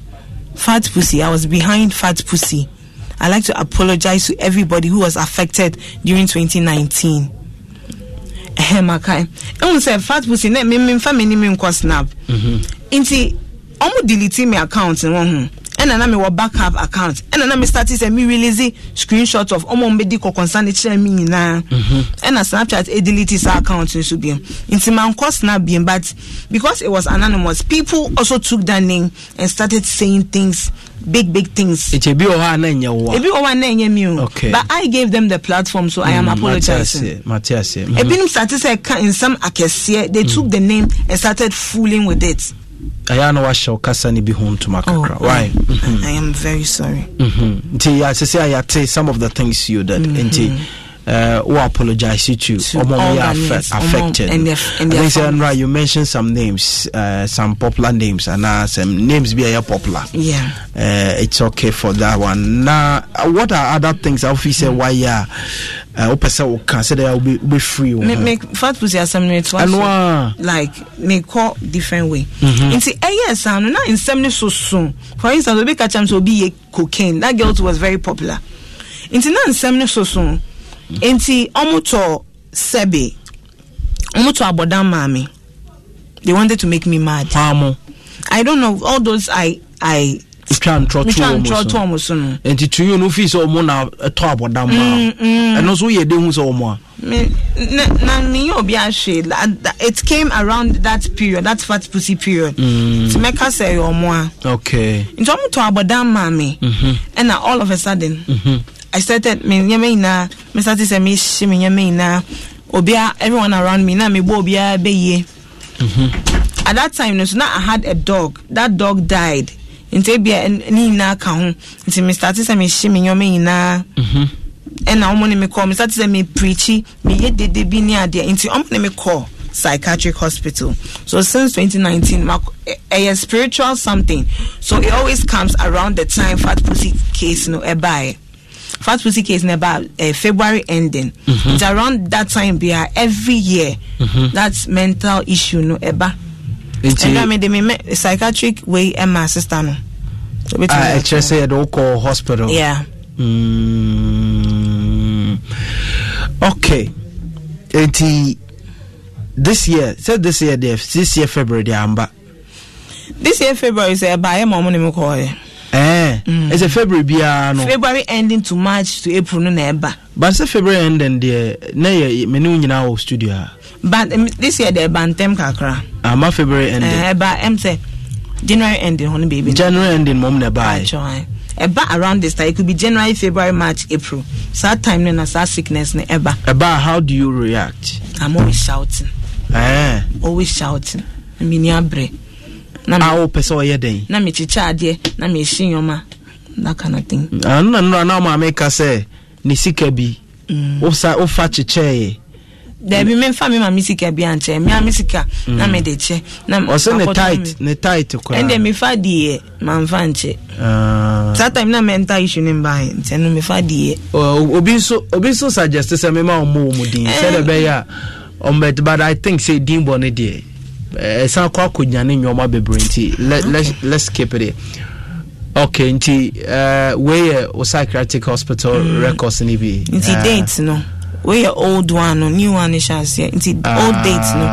fat pussy i was behind fat pussy i like to apologize to everybody who was affected during 2019 ɛhɛ makae ɛhu sɛ fat pussy Ne, na mememfa m'anim nkɔ snap mm-hmm. nti ɔmo delete me account no ho ɛna na mi mewɔ backup account ɛna na mestarte sɛ mi release screenshot of ɔma mbɛdi kɔkɔnsa no kyerɛ me nyinaa ɛna mhm. snapchat ɛdelete sa account nso biom nti mankɔ snap biom but because it was anonymous people also took that name and started saying things big big things. Ebi wɔ hɔ a na nyɛ Ebi wɔ hɔ a na nyɛ mi o. Okay. But I gave them the platform so mm, I am mm, apologizing. Mate ase mate ase. Ebinom mm-hmm. started sɛ ka nsɛm akɛseɛ they mm. took the name and started fooling with it. ɛyɛ na wahyɛ kasa no bi ho ntoma kakra oh. why i mm-hmm. am very sorry mm-hmm. nti yɛasɛ sɛ ayɛte some of the things you that mm -hmm. nti uh, who apologize to, to Omom aff- affected. And, their, and their I think Sandra, you mentioned some names, uh, some popular names, and uh, some names be a popular. Yeah, uh, it's okay for that one. Now, uh, what are other things? I'll say mm-hmm. why, yeah. wopɛ sɛ woka be be free Make wfat pusi asɛm no metoa like call different way mm-hmm. Eh, yes. ɛyɛ saa in na so soon. for instance obi ka kyɛm sɛ be a cocaine that girl was very popular nti na nsɛm no soso nti ɔmo tɔ sɛbe ɔmo tɔ abɔdan maame they wanted to make me mad. Palmo. I don't know all those I I. twa ntrɔ to ɔmo so no. nti to you no fi sɛ ɔmo na ɛtɔ abɔda mu a ɛno nso yɛ den hu sɛ ɔmo a. na na yɛ obi ahwɛ it came around that period that fat pussy period. Mm. ti mɛka sɛ ɛyɛ ɔmo a. okay. nti ɔmo tɔ abɔda mu maame. ɛna mm-hmm. all of a sudden. Mm -hmm. I started me nyɛma nyinaa me start sɛ mehye me nyɛma nyinaa obia everyone around me na obia be ye. Mm-hmm. at that time no so na I had a dog that dog died nti ebia ne nyinaa ka ho nti me start sɛ mehye me nyɛma nyinaa ɛna mm-hmm. ɔmo ne me kɔ me start sɛ me preachi meyɛ dede bi ne adeɛ nti ɔmo ne me kɔ psychiatric hospital. So since 2019, a, a, spiritual something. So it always comes around the time fat pussy case, no know, e fat pussy case na about uh, february ending mm-hmm. it's around that time bia every year mm-hmm. that's mental issue no eba. ɛnna mi de mi mɛ psychiatric way ɛma sister no. a ɛkyerɛ sɛ yɛde wokɔ hospital yeah. mm, okay enti this year sɛ this year deɛ this year february deɛ amba this year february sɛ ɛbaeɛ ma ɔmo ne me kɔɔyɛ ɛɛ eh, ɛsɛ mm. february biara no february ending to march to april no na ɛba but sɛ february ending deɛ na yɛ mene wo nyinaa wɔ studio a but um, this year deɛ ban tem kakra ama ah, february eh, ending ɛba ɛm sɛ january ending hɔ no january ending mɔm na ɛbaɛ ɛba eh. around this time it could be january february march april saa time no na saa sickness no ɛba ɛba how do you react i'm always shouting ɛɛ always shouting mini abere na a ah, wopɛ sɛ ɔyɛ dɛn na mekyekyɛ adeɛ na mehyi nyɔma that kind of thing nna ah, nnora na na mede kyɛ ɔsɛ ne tit ne tit koraɛndɛ mefa deɛ mamfa nkyɛ ah. time na mɛnta issue no mbae ntɛ no mefa deɛ obi nso suggest sɛ mema ɔmmɔ wɔ mu eh. but i think sɛ din bɔ ɛsan kɔ akɔnyane nneɛma bebree nti let's let's keep it okay nti uh, weyɛ wo psychiatric hospital mm. records ni bi nti uh, date no weyɛ old one no new one hyɛ aseɛ nti old ah, date no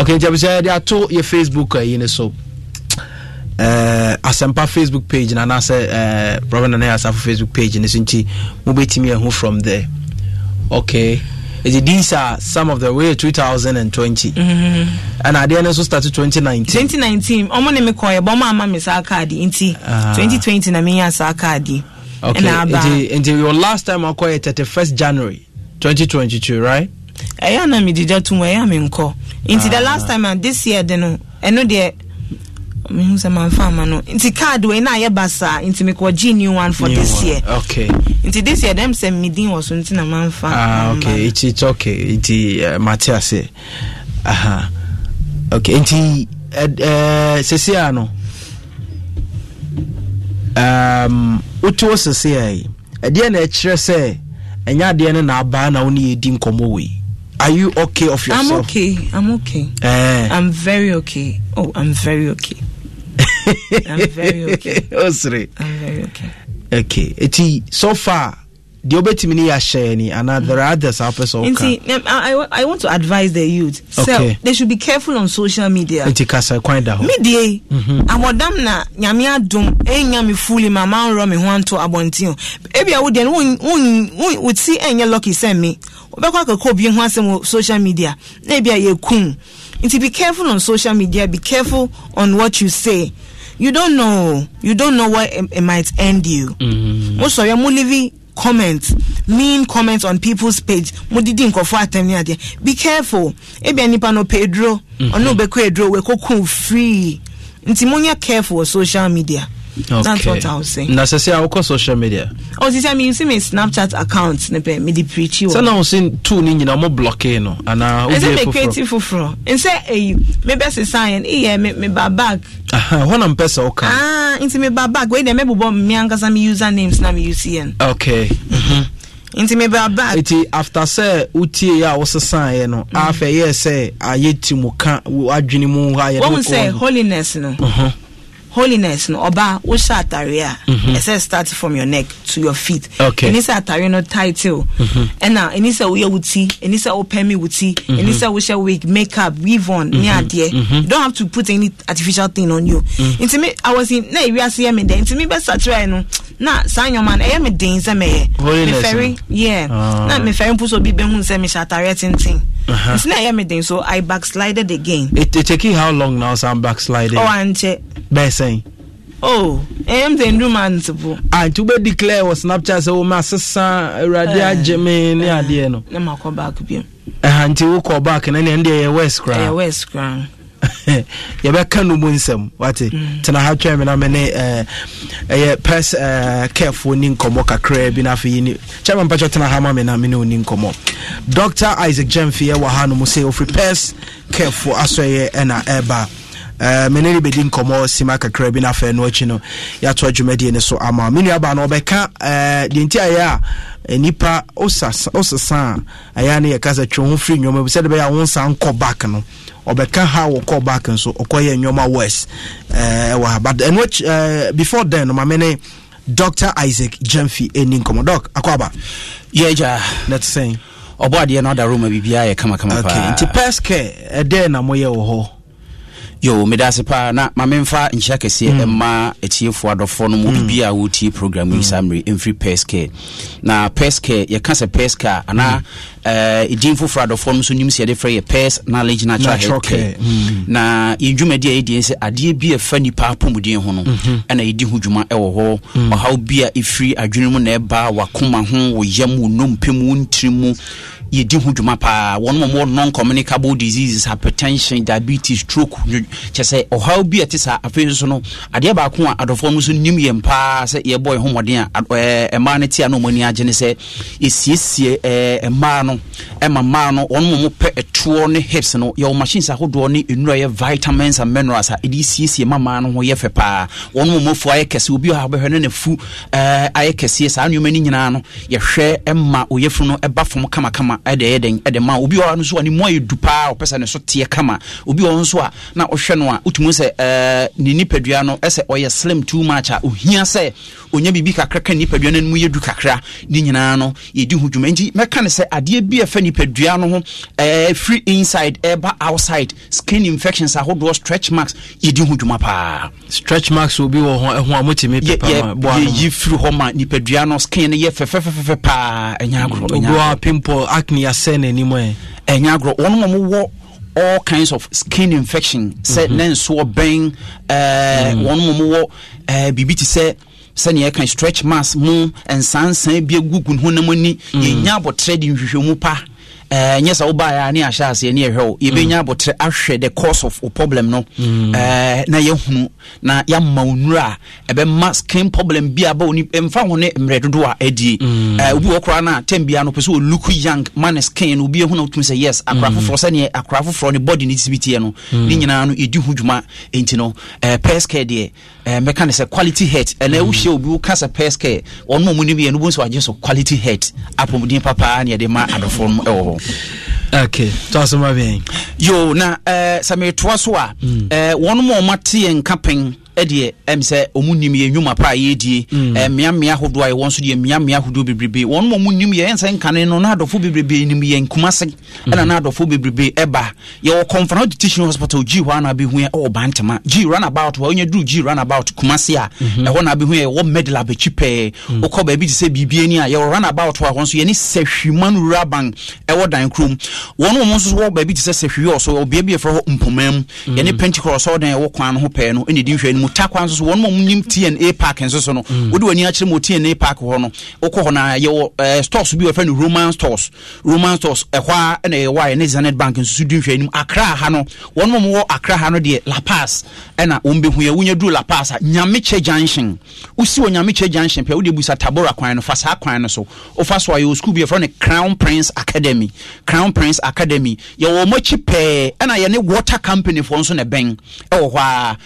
okay nti abusua yɛde ato yɛ facebook ayi ne so uh, asɛmpa facebook page na anaasɛ uh, robert nana yɛ asafo facebook page ne so nti mobɛtumi ɛho from there okay these are some of the way 2020 mm-hmm. and adeɛ no nso start 2019 2019 ɔmo ne me kɔɛ bɔ ɔmo ama me saa kaadi nti uh, ah. 2020 na menya saa kaadi okay nti your last time akɔyɛ 31st january 2022 right ɛyɛ na megyegya tom ɛyɛ a menkɔ nti the ah. last time a this year de no ɛno mehu sɛ mamfa no nti card wei na ayɛ basa nti mekɔgye new one for new this year okay nti this year dɛm sɛ medin wɔ so nti na mamfa ah, nti eh, mate ase nti uh, uh, no um, wote wɔ sesia ɛdeɛ na ɛkyerɛ sɛ ɛnyɛ adeɛ no na abaa na wo ne yɛdi nkɔmmɔ wei are you okay of yourself? I'm okay. I'm okay. Uh, I'm very okay. Oh, I'm very okay. I'm very okay. Osiri. Oh, I'm very okay. Okay. Eti so far deɛ wobɛtumi no yɛ ahyɛɛ ni anaa there are others a wopɛ sɛ woka I, I want to advise the youth okay. so they should be careful on social media nti kasa kwan da hɔ medie mm-hmm. awɔdam na nyame adom ɛnya me fuli ma manwerɛ me ho anto abɔnten ebia wodeɛ no wo ti ɛnyɛ lucky sɛ me wobɛkɔ akɛkɔ obi ho asɛm wɔ social media na ebia yɛkum nti be careful on social media be careful on what you say you don't know you don't know what it, it might end you Most of yẹ mo leaving comment mean comment on people's page mo didi nkɔfo atɛm ne be careful ebia anipa no pɛ eduro ɔno obɛkɔ eduro wɛkɔ kun free nti mo nyɛ careful wɔ social media. Okay. That's what I'll say. Na sɛ sɛ wokɔ social media. Oh, sɛ me use me Snapchat account ne pɛ di preachi wɔ. Sɛ na wo se tu ne nyina mo blocke no ana. wo bi e foforɔ. Ɛsɛ me creative foforɔ. Nsɛ eyi me bɛ sesan yɛn iyɛ me me ba bag. Aha, hɔ na mpɛ sɛ woka. Ah, nti me ba bag wei deɛ mɛbobɔ me ankasa me user names na mi UCN. Okay. Mm-hmm. nti mebɛ ba nti after sɛ wotie a wosesaeɛ no mhm. afɛ yɛ sɛ ayɛ ti mu ka adwene mu ayɛ sɛ holiness no uh mhm. -huh holiness no ọba wo hyɛ atare a ɛsɛ start from your neck to your feet okay ɛni sɛ atare no title ɛna ɛni sɛ woyɛ wo ti ɛni sɛ wopɛ mi wo ti ɛni sɛ wohyɛ wig makeup weave on ne mhm. adeɛ mhm. you don't have to put any artificial thing on you mm. I ntumi awɔsi na ewi ase yɛ mi dɛ ntumi bɛ satire no na saa nyɔma no ɛyɛ mi den sɛ mɛyɛ mefɛri yeah na mefɛri mpo so bi bɛ hu sɛ mehyɛ atare tenten. Uh-huh. It's not everything, so i backslided again. it it take you how long now I'm backsliding. ɔ ankyɛ. best thing. oh I'm oh, the new man. maa nti po. a nti wobɛ declare wɔ snapchat sɛ wɔn asesa awurade agye me ne no. ne back bi mu. nti wokɔ back and ne deɛ the west koraa. ɛyɛ eh, west koraa. yɛbɛka no mu nsɛm wate mm. tena ha twɛn me na mene ne eh, ɛyɛ pɛs eh, carefoɔ ni nkɔmmɔ kakraa bi no afei ni kyɛma mpakyɛ tena ha ma me na me ne ɔni nkɔmmɔ dr isaac jamfie wɔ ha no mu sɛ ɔfiri pɛs carefoɔ asɔeɛ ɛna ɛba Uh, eh, mene ne bɛdi nkɔmmɔ sima kakra bi no afei no akyi no yɛato adwumadie no so ama me nuaba no ɔbɛka uh, deɛ nti ayɛ a nipa wosesa a ɛyɛ ne yɛka sɛ twe ho firi nnwoma bi sɛde bɛyɛ a wo nsa nkɔ back no ɔbɛka ha wɔkɔ back nso ɔkɔyɛ nneɛma west eh, ɛwɔ ha but ɛno akyi eh, before then no maame ne dr isaac jemfi ɛni nkɔmɔ dɔk akɔ aba. yɛ gya na te sɛn. ɔbɔ adeɛ na ɔda roma biribiara yɛ kamakama paa. okay nti pɛs kɛ ɛdɛɛ na moyɛ wɔ hɔ yo meda ase na mamemfa nhyɛ kɛseɛ ɛma mm. atiefoɔ adɔfoɔ no mu mm. bibi a wotie program yi saa mmere ɛmfiri pescare na pescare yɛka sɛ pescare anaa ɛdin mm. eh, foforɔ adɔfoɔ no nso nim sɛ frɛ yɛ pes knowledge natural health care na yɛdwumadi a yɛdie sɛ adeɛ bi ɛfa nnipa apɔmuden ho no mhm. ɛna yɛdi ho dwuma ɛwɔ hɔ ɔhaw bi a ɛfiri adwene mu na ɛbaa wakoma ho wo yam wo nnompe mu wo ntiri mu yɛdi ho dwuma paa wɔn mu non communicable diseases hypertension diabetes stroke kyɛ sɛ ɔhaw bi ɛte saa afei nso no adeɛ baako a adɔfoɔ no nso nim yɛn paa sɛ yɛbɔ yɛn ho mmɔden a ɛɛ mmaa no te a na wɔn ani agye ne sɛ esiesie ɛɛ mmaa no ɛma mmaa no wɔn mu pɛ ɛtoɔ ne hips no yɛwɔ machines ahodoɔ ne nnura yɛ vitamins and minerals a yɛde siesie ma mmaa no ho yɛ fɛ paa wɔn mu fu ayɛ kɛse obi a bɛhwɛ ne ne fu ɛɛ ayɛ kɛseɛ saa nneɛma no nyinaa no yɛhwɛ ɛma oyɛfunu no ɛba fam ɛde ɛde ɛde ma obi wɔ nso a ne mu ayɛ du paa ɔpɛ sɛ ne so teɛ kama obi wɔ nso a na ɔhwɛ no a wotumi sɛ ɛɛ ne nipadua no ɛsɛ ɔyɛ slim too much a ohia sɛ onya biribi kakra ka nipadua no mu yɛ du kakra ne nyinaa no yɛdi ho dwuma nti mɛka no sɛ adeɛ bi ɛfa nipadua no ho ɛfiri eh, inside ɛba outside skin infections ahodoɔ stretch marks yɛdi ho dwuma paa stretch marks obi wɔ ho ɛho a motumi yɛyi firi hɔ ma nipadua no skin no yɛ fɛfɛfɛfɛ paa ɛnya agorɔ obiwa pimple acne asɛ n'anim ɛ ɛnya agorɔ wɔn a wɔwɔ all kinds of skin infection sɛ mhm. ne nsoɔ bɛn eh, mhm. wɔn a wɔwɔ eh, biribi te sɛ sɛnea ɛka stretch mass mu nsansan bi agugu honam ani mm. yɛnya abɔtrɛ de nhwehwɛmu pa ɛnyɛ eh, sɛ wobaeɛ a ne ahyɛ aseɛ ne yɛhwɛ mm. wo yɛbɛnya abotere ahwɛ the cause of wo problem no mm. eh, na yɛhunu na yɛama wo nnura a ɛbɛma skin problem bi a ba ɛmfa ho ne mmerɛ dodoɔ a adie wobi wɔ koraa no a tam biara no pɛ sɛ ɔluku young ma skin no wobi na wotumi sɛ yes akora foforɔ sɛneɛ eh, akora foforɔ ne body ne tibi teɛ no ne nyinaa no ɛdi ho dwuma ɛnti no pɛs deɛ mɛka ne sɛ quality heat ɛnɛ wohyia obi woka sɛ pɛs care ɔno mu no no bohu sɛ wagye so quality heat apɔmuden papaa ne yɛde ma adɔfoɔ no ɛwɔ hɔ okay toa so ma bɛn yo na uh, eh, sɛ meretoa so a mm. uh, wɔnom ɔmate yɛ nka pɛn ɛdeɛ ɛm sɛ ɔmu nim yɛ nnwuma pa a yɛdie mm. mmeammea ahodoɔ a yɛwɔ nso deɛ mmeammea ahodoɔ bebrebe wɔn mu ɔmu nim yɛ ɛnsɛ nkane no na adɔfo bebrebe nim yɛ nkuma se mm. ɛna na adɔfo bebrebe ɛba yɛwɔ kɔmfana ɔde teaching hospital gyi hɔ ana abɛhu yɛ ɛwɔ bantama gyi runabout hɔ ɔnyɛ duru gyi runabout kumase a mhm. ɛhɔ na abɛhu yɛ ɛwɔ medal abɛkyi pɛɛ mm. wokɔ baabi te sɛ biribi ani a yɛwɔ runabout hɔ a hɔ nso yɛne sɛhwiman wura ban ɛwɔ dan kurom wɔn mu nso wɔ baabi te sɛ sɛhwi ɔso ɔbea bi yɛfrɛ hɔ mpoma mu yɛne pentecost ɔdan ɛwɔ kwan no ho pɛɛ no ɛne di nhwɛ no mu takwa nso so wɔn mu nim tna park nso so no mm. wode w'ani akyerɛ mu tna park hɔ no wokɔ hɔ na yɛwɔ eh, stores bi wɔfrɛ no roman stores roman stores ɛhɔ a ɛna yɛwɔ a yɛne zanet bank nso so di nhwɛ anim akra ha no wɔn mu wɔ akra ha no deɛ lapas ɛna wɔn bɛhu yɛ wonya duru lapas a nyamekyɛ junction wosi wɔ nyamekyɛ junction pɛ wode busa tabora kwan no fa saa kwan no so wofa so a yɛwɔ school bi yɛfrɛ no crown prince academy crown prince academy yɛwɔ wɔn akyi pɛɛ ɛna yɛne water company foɔ nso na bɛn ɛwɔ hɔ a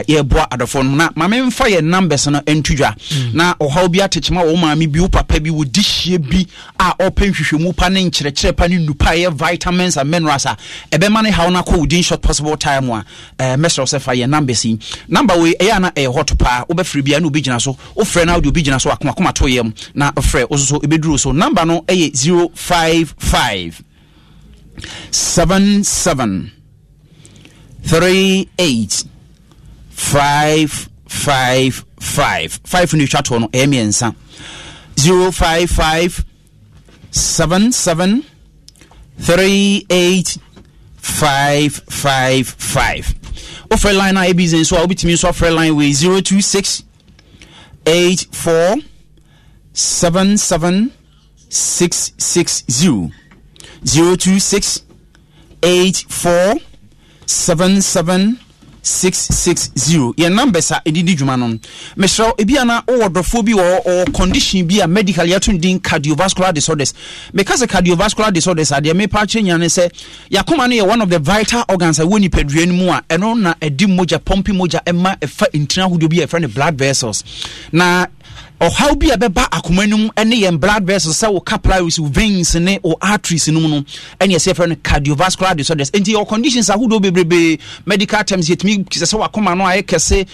a yɛboa aba adɔfoɔ no na maame mfa yɛ numbers no ntu dwa mm. na ɔhaw bi atekyema wɔ maame bi wo papa bi wo di bi a ɔpɛ nhwehwɛmu pa ne nkyerɛkyerɛ pa ne nnupa ɛyɛ vitamins and minerals a ɛbɛma ne haw no akɔ within short possible time a mɛsrɛ sɛ fa yɛ numbers yi number wei ɛyɛ ana ɛyɛ hot paa wobɛfiri bia ne obi gyina so wofrɛ no wode obi gyina so akomakoma to yɛm na frɛ wo so so ɛbɛduru so number no ɛyɛ seven three eight five five five five no twa toɔ no ɛyɛ mmiɛnsa zero five five seven seven three eight five five five wofrɛ line a ebi zen so a wobɛtumi nso afrɛ line wei zero two six eight four seven seven six six zero zero two six eight four seven seven. 660 yɛ numbers a ɛdidi dwuma no mehyerɛ ebi ana wowɔ dɔfoɔ bi wɔ ɔwɔ condition bi a medical yɛto din cardiovascular disorders meka sɛ cardiovascular disorders adeɛ mepa kyerɛ nyina ne sɛ yɛakoma no yɛ one of the vital organs a ɛwɔ nipadua no mu a ɛno na ɛdi mogya pumping mogya ɛma e ɛfa e e ntina ahodoɔ bi a no blood vessels na ɔhaw bi a ɛbɛba akoma no mu ne yɛn blood vessels sɛ wo capillaries wo veins ne wo arteries no mu no ɛne yɛsɛ yɛfrɛ no cardiovascular disorders enti yɛwɔ conditions ahodoɔ bebrebe medical terms yɛtumi sɛ sɛ wakoma no ayɛ kɛse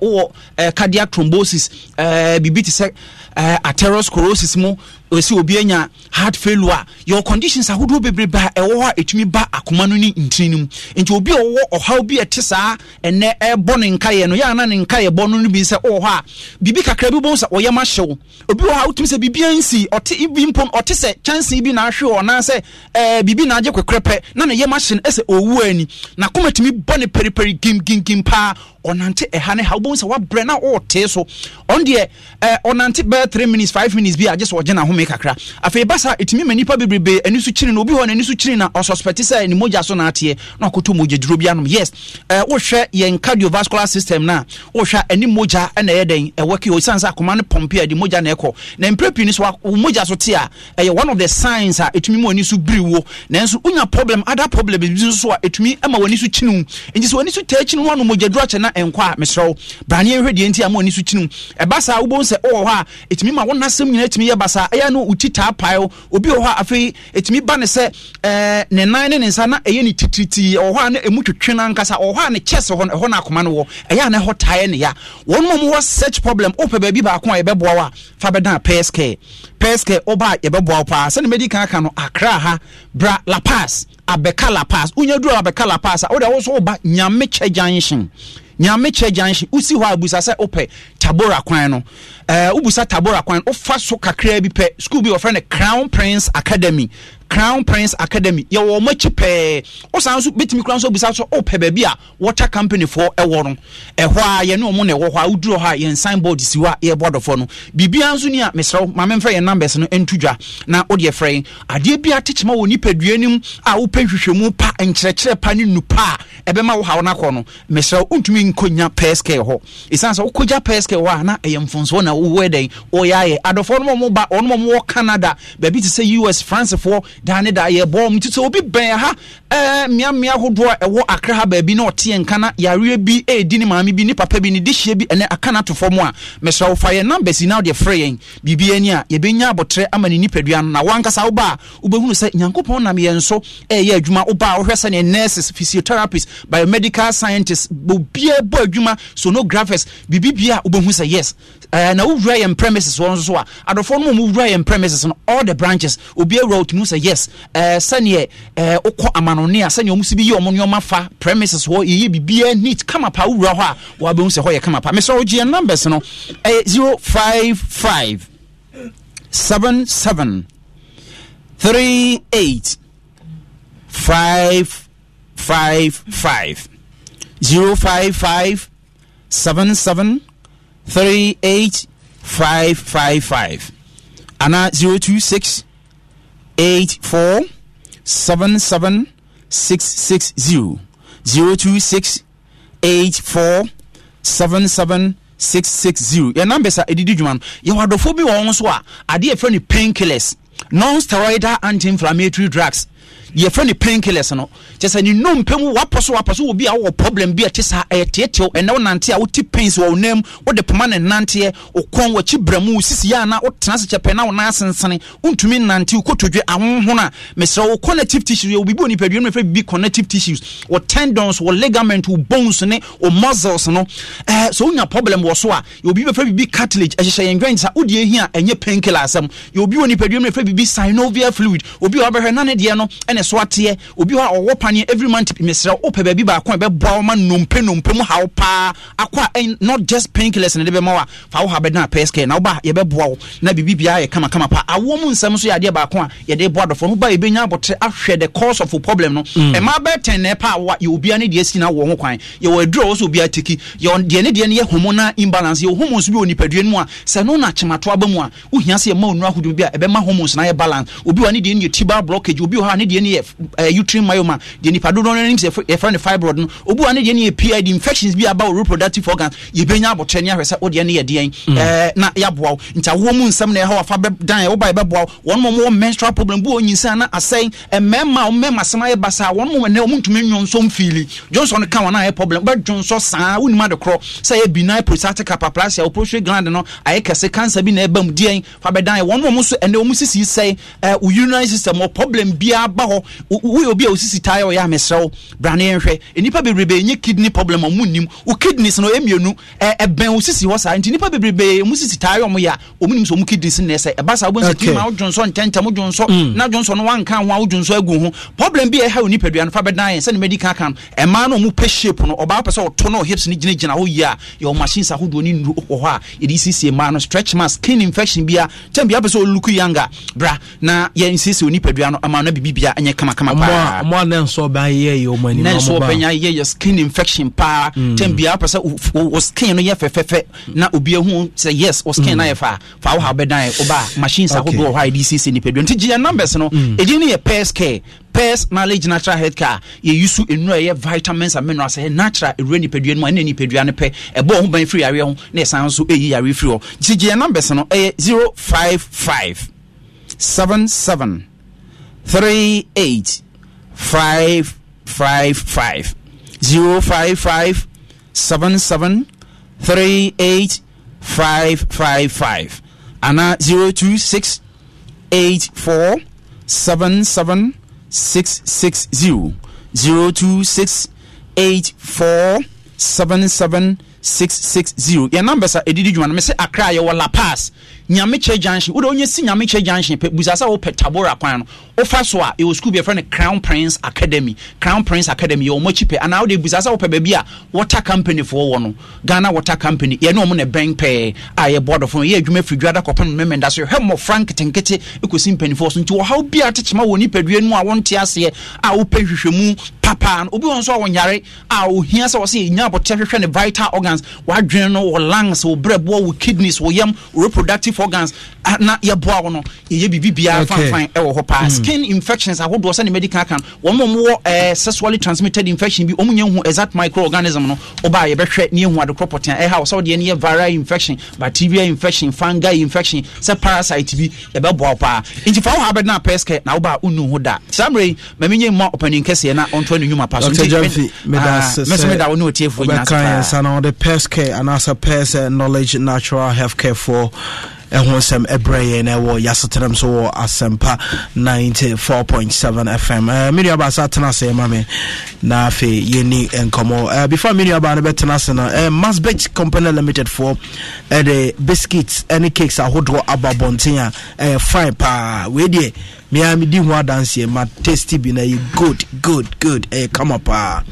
wowɔ cardiac thrombosis biribi te sɛ atherosclerosis mu ɛsɛ obi anya heart failure your conditions ahodoɔ bebrebe a ɛwɔ hɔ a ɛtumi ba akoma no ne ntiri no mu nti obi a ɔwɔ ɔhaw bi ɛte saa ɛnɛ ɛbɔ ne nkaeɛ no yɛana ne nkaeɛ bɔ no no bi sɛ ɔwɔ hɔ a biribi kakra bi bɔ sɛ ɔyɛ ma hyew obi wɔ hɔ a wotumi sɛ biribia nsi ɔte bi mpo ɔte sɛ kyɛnse bi na ahwe wɔ anaasɛ eh, biribi na agye kwekorɛpɛ na ne yɛm ahye no ɛsɛ ɔwu ani na koma tumi bɔ ne periperi gimgimgim paa ɔnante ɛha ne ha wobɛhu sɛ wabrɛ na ɔɔtee so ɔno deɛ ɔnante bɛɛ 3 minutes 5 minutes bi agye sɛ ɔgye nahome ame kakra afei basa ɛtumi ma nnipa bebrebe ani so kyiri no obi hɔ n'ani so kyiri na ɔsuspɛte sɛ ne mogya so naateɛ na ɔkoto mogyaduro bi anom yes uh, wohwɛ yɛn cardiovascular system no wohwɛ ani mogya na ɛyɛ dɛn ɛwɔ ki ɔsiane sɛ akoma no pɔmpe a de mogya na ɛkɔ na mprɛpii no so mogya so te a ɛyɛ one of the signs a ɛtumi ma w'ani so biri wo nanso wonya problem ada problem bi nso so a ɛtumi ma w'ani so kyini wo nti sɛ w'ani so taa kyini wo ano mogyaduro akyɛ na ɛnkɔ a mesrɛ wo braneɛ hwɛ deɛ nti a ma w'ani so kyini wo ɛba saa wobɛhu sɛ hɔ a ɛtumi ma wo nasɛm nyinaa ɛtumi yɛ basa ɛyɛ nan no wokyi taa pae o obi wɔ hɔ a afei ɛtumi ba ne sɛ ɛɛ eh, ne nan ne ne nsa na ɛyɛ ne titiritii ɛwɔ hɔ a na ɛmu twitwi no ɛwɔ hɔ a ne chest hɔ ɛhɔ no no wɔ ɛyɛ a na ɛhɔ taeɛ ne ya wɔn mu wɔ search problem wopɛ baabi baako a yɛbɛboa wo a fa bɛdan pairs care pairs care ɔba a yɛbɛboa wo paa sɛne mɛdi kan aka no akra ha bra la pass abɛka la pass wonya duro abɛka la pass a wode a wo so woba nyame kyɛ junction nyame kyɛ junction wosi hɔ a abusa sɛ wopɛ tabora kwan no ɛɛ uh, eh, ubusa tabora kwan wofa so kakraa bi pɛ school bi wɔfrɛ no crown prince academy crown prince academy yɛwɔ wɔn akyi pɛɛ wosan nso bitumi kura nso busa so ɔpɛ oh, baabi a water company foɔ ɛwɔ no ɛhɔ a yɛne wɔn na ɛwɔ hɔ a woduro hɔ a yɛn sign board si hɔ a yɛbɔ adɔfoɔ no biribiara nso ni a mesrɛw maame mfrɛ yɛn numbers no ntu dwa na wode ɛfrɛ yi adeɛ bi atekyema wɔ nipadua nim a wopɛ hwehwɛmu pa nkyerɛkyerɛ pa ne nu pa a ɛbɛma wo ha wo nakɔ no mesrɛw wontumi nkɔnya pɛɛskɛ basket wɔ na ɛyɛ mfonsoɔ na wowɔ dɛn wɔyɛ ayɛ adɔfoɔ no mu ba ɔno mu wɔ canada baabi te sɛ us francefoɔ daa ne daa yɛbɔ mu nti sɛ obi bɛn ha ɛɛ mmeammea ahodoɔ a ɛwɔ akra ha baabi na ɔteɛ nkana yareɛ bi ɛredi ne maame bi ne papa bi ne dehyeɛ bi ɛnɛ akanatofoɔ mu a mesrɛ wo fa yɛ numbers yi na wode frɛ yɛn biribi ani a yɛbɛnya abɔtrɛ ama ne nipadua no na wankasa woba a wobɛhunu sɛ nyankopɔn nam yɛn so ɛyɛ adwuma woba a wohwɛ sɛneɛ nurses physiotherapists biomedical scientists obiaa bɔ adwuma sonographers biribibia wobɛ bɛhu sɛ yes uh, na wowura yɛn premises wɔ nso so a adɔfoɔ no mu wura yɛn premises no all the branches obi awura wotumi sɛ yes uh, sɛneɛ uh, wokɔ amanone a sɛneɛ ɔmu so bi yɛ ɔmo nneɔma fa premises hɔ yɛyɛ biribiaa neat kama pa wowura hɔ a wɔabɛhu sɛ hɔ yɛ kama pa mesɛ wogye yɛn numbers no ɛyɛ 055 77 38 5 5 5 055 77 three eight five five five ana zero two six eight four seven seven six six zero zero two six eight four seven seven six six zero yɛn nan bɛsa edidi dwuma no yɛwɔ adɔfo bi wɔ wɔn so a adeɛ yɛfrɛ no painkillers non-steroidal anti-inflammatory drugs. yɛfrɛ no painkillers no kyɛ sɛ ne nnompa mu wapɔ so wapɔ so wɔ a wowɔ problem bi a ɛte saa ɛyɛ teɛtew ɛnɛ wonante a wote pains wɔ wo nam wode poma ne nanteɛ wokɔn wakyi brɛ mu wo sisiyɛ a na wotena se kyɛpɛ na wo sensene asensene wontumi nante wokɔtodwe ahonhon a mesrɛ wo connective tissues yɛwɔ biribi onipadua no mefrɛ bibi connective tissues wɔ tendons wɔ ligament wo bones ne wo muscles no eh, sɛ wonya problem wɔ so a yɛwɔ biribi bɛfrɛ biribi cartilage ɛhyehyɛ yɛndwɛn sa wode ɛhi a ɛnyɛ painkiller asɛm yɛwɔ bi wɔ nipadua mu mefrɛ biribi synovial fluid obi a wabɛhwɛ na ne deɛ no ɛne ne so ateɛ obi hɔ a ɔwɔ paneɛ every month mesrɛ wopɛ baabi baako a ɛbɛboa wo ma nnompe nnompe mu haw paa akɔ a not just painkillers ne de bɛma wo a fa wo ha bɛdena pɛs kɛ na woba yɛbɛboa wo na biribibiaa yɛ kamakama paa awoɔ mu nsɛm so yɛ adeɛ baako a yɛde boa dɔfoɔ no woba yɛbɛnya abɔtere ahwɛ the cause of wo problem no mm. ɛma bɛtɛn na ɛpɛ a wo a yɛ obia ne deɛ si na wɔ ho kwan yɛwɔ aduru a wɔ sɛ obia teki yɛ deɛ ne deɛ no yɛ hormonal imbalance yɛ hormones bi wɔ nipadua mu a sɛ no na akyemato aba mu a wohia sɛ yɛma onuru ahodoɔ bi a ɛbɛma hormones na yɛ balance obi wɔ ne deɛ no yɛ tibal blockage obi wɔ hɔ ne deɛ no yɛ eh, uterine myoma deɛ nipa dodoɔ no anim sɛ yɛfrɛ no fibroid no obi wa ne deɛ no yɛ pid infections bi aba wo reproductive organs yɛbɛnya abɔkyerɛ ne ahwɛ sɛ wodeɛ no yɛ mm. eh, na yɛaboa wo nti awoɔ mu nsɛm na ɛhɔ wafa bɛdan woba yɛbɛboa wo wɔn mɔ menstrual problem bi wɔ nyinsɛn na asɛn eh, mmarima a mmarima asɛm ayɛ basa wɔn mɔ ne wɔn ntumi nwɔn nso mfiili johnson ka wɔn a problem bɛ johnson saa wonim ade korɔ sɛ yɛ benign prostatic hyperplasia o prostate gland no ayɛ kɛse cancer bi na ɛbɛm deɛn fa bɛdan wɔn mɔ nso ɛnɛ wɔn sisi sɛn urinary system wɔ problem biara ba hɔ no woyɛ obi a wosisi tae ɔyɛ amesrɛ wo brane yɛnhwɛ nnipa bebrebe ɛnyɛ kidney problem a munim wo kidneys no ɛmmienu ɛbɛn wo sisi hɔ saa nti nnipa bebrebe mu sisi tae ɔmo yɛ a ɔmunim sɛ ɔmu kidneys nnɛ sɛ ɛba saa wobɛhu sɛ tima wodwonsɔ ntɛntɛm wodwonsɔ mm. na dwonsɔ no wanka ho a wodwonsɔ agu ho problem bi a ɛha wo no fa bɛdan yɛn sɛne madi ka ka no ɛmaa no ɔmu pɛ shape no ɔbaa pɛ sɛ ɔto no hips no gyinagyina hɔ yie a yɛwɔ machines ahodoɔ ne nuru wɔ hɔ a yɛde siesie mmaa no stretch mas skin infection bia kyɛn bia pɛ sɛ ɔluku yanga bra na yɛnsiesie onipadua no ama no bibibia ɛnyɛ nyɛ kamakama paamo a na nso ɔbɛyɛ yɛ ɔmo anim na yɛ skin infection paa mm. tɛn bia sɛ o skin no yɛ fɛfɛɛfɛ na obi ehu sɛ yes o skin mm. na yɛ fa fa awo ha bɛdan ɔba machines okay. ahodoɔ hɔ a yɛde siesie nipadua nti gyeɛ numbers no mm. ɛdi ne yɛ pairs care pairs knowledge natural health care yɛyi so nnura ɛyɛ vitamins and minerals ɛyɛ natural ɛwura nipadua no mu ɛna nipadua no pɛ ɛbɔ ɔho ban firi yareɛ ho na ɛsan nso ɛyi yareɛ firi hɔ gyegyeɛ numbers no ɛyɛ 055 77 three eight five five five zero five five seven seven three eight five five five ana zero two six eight four seven seven six six zero zero two six eight four seven seven six six zero yɛn numbers a edidi dwuma no mɛ sɛ akra yɛ wɔ La Paz nyamekyɛ junction wode wonye si nyamekyɛ junction pɛ busa sɛ wopɛ tabora kwan no wofa so a ɛwɔ school bi no crown prince academy crown prince academy yɛwɔ mɔkyi pɛ anaa wode busa sɛ wopɛ baabi a water company foɔ wɔ no ghana water company yɛne ɔmo ne bɛn pɛɛ a yɛbɔ adɔfo no yɛ adwuma firi dwada kɔpɛ no memenda so yɛhwɛ mmɔfra nketenkete ɛkɔsi mpanimfoɔ so nti wɔhaw bia tekyema wɔ nipadua no mu a wonte aseɛ a wopɛ hwehwɛmu papaa no obi wɔn nso a wɔnyare a ohia sɛ wɔsɛ yɛnya abɔteɛ hwehwɛ ne vital organs wadwene no wɔ lungs wɔ brɛboɔ wɔ kidneys wɔ yam reproductive organs na yɛboa wɔ no yɛyɛ biribi biara fanfan ɛwɔ hɔ paa hmm. skin infections ahodoɔ sɛne medical kan wɔn mu wɔ ɛɛ eh, sexually transmitted infection bi wɔn nyɛ hu exact microorganism no ɔbaa yɛbɛhwɛ ne ehu adekorɔ pɔtɛn ɛha wɔsɛ wɔde ne yɛ viral infection bacterial infection fungal infection sɛ parasite bi yɛbɛboa paa nti fa wɔn ha bɛdena pɛskɛ na wɔbaa unu ho da saa mɛmi nye mu a ɔpanin kɛseɛ na ɔntɔ no nwuma pa somɛsmeda ah, wo ne ɔtiefoɔ nyinasɛka yɛnsa na wɔde pers care anaasɛ pers knowledge natural health care foɔ ɛho nsɛm ɛbrɛ yɛn na ɛwɔ yasetrɛm so wɔ asɛmpa 94.7 fm uh, me nuaba sa tena ase ma me na afei yɛni nkɔmmɔ uh, eh, before me nuaba no bɛtena ase no uh, eh, masbech company limited foɔ ɛde eh, uh, biscuits ɛne cakes ahodoɔ aba bɔnten a ɛyɛ uh, fine paa wei deɛ mea medi ho adanseɛ ma tasty bi na yɛ good good good ɛyɛ kama paa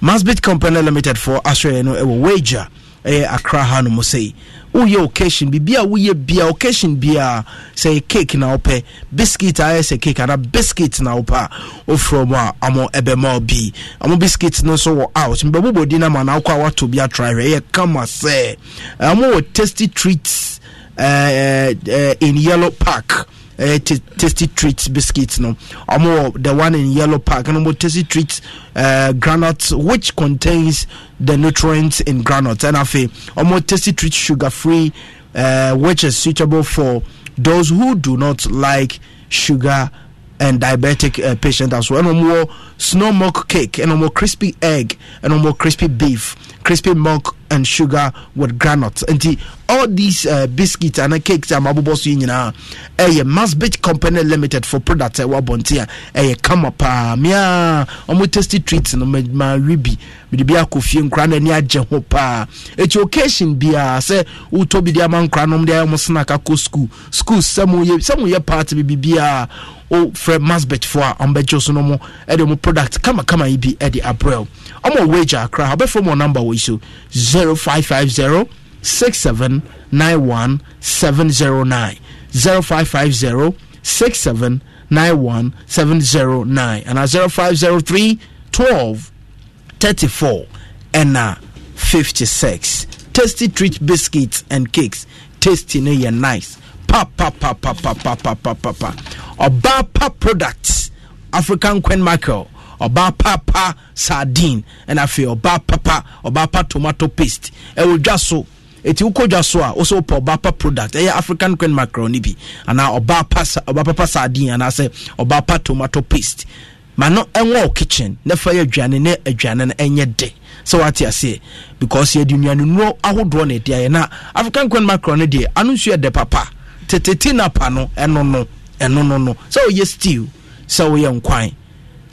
masbech company limited foɔ asɔeɛ no ɛwɔ wager ɛyɛ akra ha no sɛi woyɛ occasion biribi a woyɛ bia occasion biaa sɛ yɛ cake na wopɛ biscuit ayɛ sɛ cake ana biscuit na wopɛ a wofrɛ mu a amo ɛbɛma bi amo biscuit no nso wɔ out mbɛbobɔ di no ma na wokɔ a woato bi atra hwɛ ɛyɛ kama sɛ amo wɔ tasty treats uh, uh, in yellow park eh, tasty treats biscuits no ɔmo the one in yellow pack And mo tasty treats uh, granuts which contains the nutrients in granuts and I afei ɔmo tasty treats sugar free uh, eh, which is suitable for those who do not like sugar and diabetic uh, eh, patients as well ɛna ɔmo wɔ snow milk cake, and more crispy egg, and more crispy beef, crispy milk and sugar with granite. And the, all these uh, biscuits and uh, cakes are about to see now. A Masbit Company Limited for products. I want here. A come up, uh, mia. I'm tasty treats and my ribby. Me the beer coffee and cran and yaja hopa. It's occasion beer. Say, Utobi the amount cranum there almost snack a school. School some way, some way part to be beer. Oh, Fred Masbit for Umbejos no more. Edomo eh, product kamakama yi bi ɛde abrɛw ɔmo wagya akra abɛfo mo number wɔ yi so zero five five zero six seven nine one seven zero nine zero five five zero six seven nine one seven zero nine and zero five zero three twelve thirty four ɛna fifty six tasty treat biscuits and cakes tasty ne yɛ nice pa pa pa pa pa pa pa pa pa ɔbaa pa products african queen Michael. ɔbaa papa sardine ɛna afei ɔbaa papa ɔbaa pa tomato paste ɛwɔ dwa so ɛti wokɔ dwa so a wo sɛ wopɛ ɔbaa pa product ɛyɛ african quen macaroni bi anaa ɔbaa pa ɔbaa papa sardine anaasɛ ɔbaa pa tomato paste ma no ɛwɔ kitchen na fa yɛ aduane ne aduane no ɛnyɛ de sɛ wate aseɛ because yɛde nnuane nnuro ahodoɔ na ɛdi ayɛ na african quen macaroni deɛ ano nso yɛ de papa tetete na pa no ɛno no ɛno no no sɛ woyɛ stew sɛ woyɛ nkwan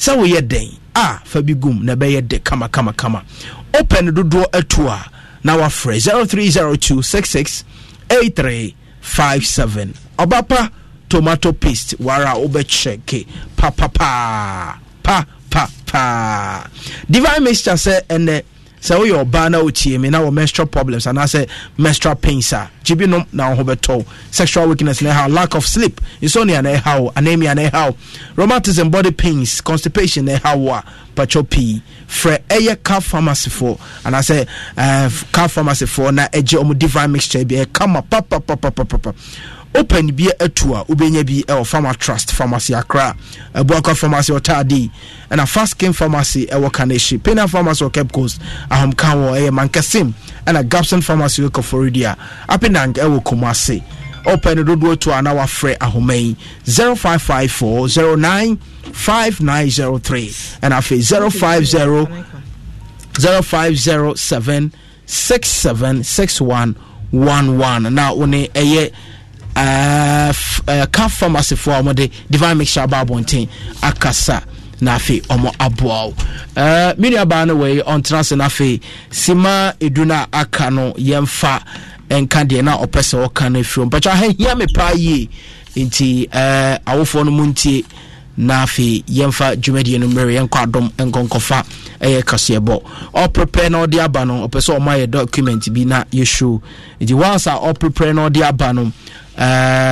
sɛ woyɛ dɛn a fa bi gum na ɛbɛyɛ de kamakamakama open dodoɔ atu a na wafrɛ 0302668357 ɔba pa tomato paste wara a wobɛkyɛke pa pa pa paa divine mixture sɛ ɛnɛ sɛ woyɛ ɔbaa na wotie me na wɔ menstrual problems anaasɛ menstrual pains a gye bi nom na wo ho bɛtɔw sexual weakness na ɛhaw lack of sleep insomnia na ɛhaw anemia na ɛhaw rheumatism body pains constipation na ɛhaw wo a patwɔ pii frɛ ɛyɛ car pharmacy foɔ anaasɛ uh, car pharmacy foɔ na ɛgye ɔmo divine mixture bi pa pa pa open bi atu a wobɛnya bi ɛwɔ farmer trust pharmacy akra abuaka pharmacy ɔtaade ɛna fast king pharmacy ɛwɔ kanehye pena pharmacy ɔcap coast ahomka wɔ ɛyɛ mankasem ɛna gapson pharmacy ɔkɔforidia apenang ɛwɔ kumase ɔpɛ no dodoɔ to a na wafrɛ ahoma yi 0554 09 5903 ɛna afei 050 0507 676111 na wo ne ɛyɛ ka pharmacyfoɔ a wɔde divine mixture aba abɔnten akasa na afei ɔmo aboa wo uh, me nuabaa uh, no wei ɔntena se no afei sima edu no aka no yɛmfa nka deɛ na ɔpɛ sɛ ɔka no afiri mpɛkyɛ ha hia paa yie nti awofoɔ no mu ntie na afei yɛmfa dwumadie no mmerɛ yɛnkɔ adɔm nkɔnkɔfa ɛyɛ kaseɛbɔ ɔprepare na ɔde aba no ɔpɛ sɛ ɔma yɛ document bi na yɛshow nti once a ɔprepare na ɔde aba no Uh,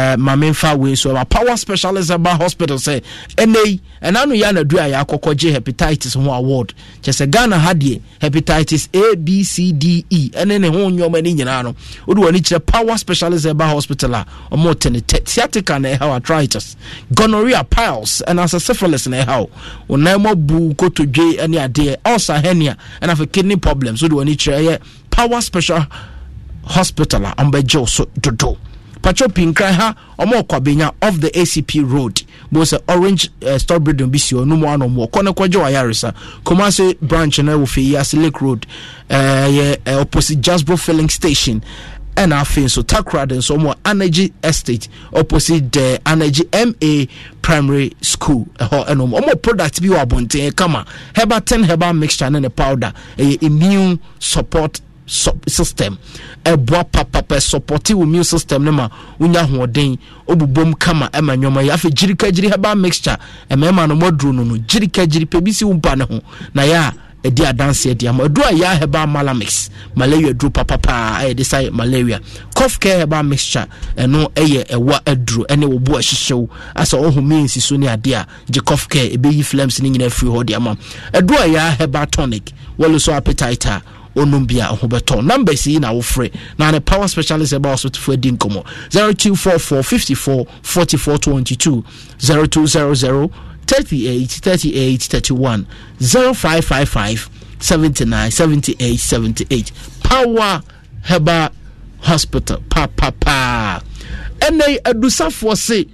eh, mamemfa wei so ma power specialist ba hospital sɛ ɛnɛyi ɛna no yɛ anadu a yɛakɔkɔ gye hepatitis ho award kyɛ sɛ ghana ha deɛ hepatitis abcde ɛne ne ho nnwɔma no nyinaa no wode wɔne kyerɛ power specialist ba hospital a ɔmɔte ne theatica na ɛhaw arthritis gonorrhea piles ɛnasɛ syphilis na ɛhaw wo nan mu abu kotodwe ne adeɛ ulcer hernia ɛna afei kidney problems wode wɔne kyerɛ ɛyɛ power special hospital a ɔmbɛgye wo so dodo patro pinkran ha ɔmo ɔkɔ off the acp road bo sɛ orange uh, eh, store building bi si hɔ numu ano mu ɔkɔ ne kɔgye wayaresa kumase branch na wɔ fɛ yi lake road ɛyɛ uh, uh, opposite jasbro filling station ɛna afei nso takrade nso ɔmo energy estate opposite the eh, energy ma primary school ɛhɔ ɛna ɔmo ɔmo product bi wɔ abɔnten kama herbal ten herbal mixture ne ne powder ɛyɛ immune support system ɛboa papapa sɔpɔte wo immune system no ma wonya ahoɔden wobobom kama ɛma nneɔma yi afei gyirikagyiri herbal mixture ɛmɛma no moaduro no no gyirikagyiri pɛ bi si wo mpa ne ho na yɛ ɛdi adanse adi ama aduro a yɛa herbal malamix malaria aduro papapaa ɛyɛde sa malaria cough care herbal mixture ɛno ɛyɛ ɛwa aduro ɛne wɔbo ahyehyɛw asɛ ɔhome nsi so ne adeɛ a gye cof care ɛbɛyi flames no nyinaa firi hɔ de ama aduro a yɛa herbal tonic wɔle so appetite a onom bia ho bɛtɔ numbers yi na wofrɛ na ne power specialist ɛba hospitalfoɔ adi nkɔmmɔ 0244 54 44 22 0200 38 38 31 0555 79 78 78 power heba hospital papapaa ɛnɛ adusafoɔ se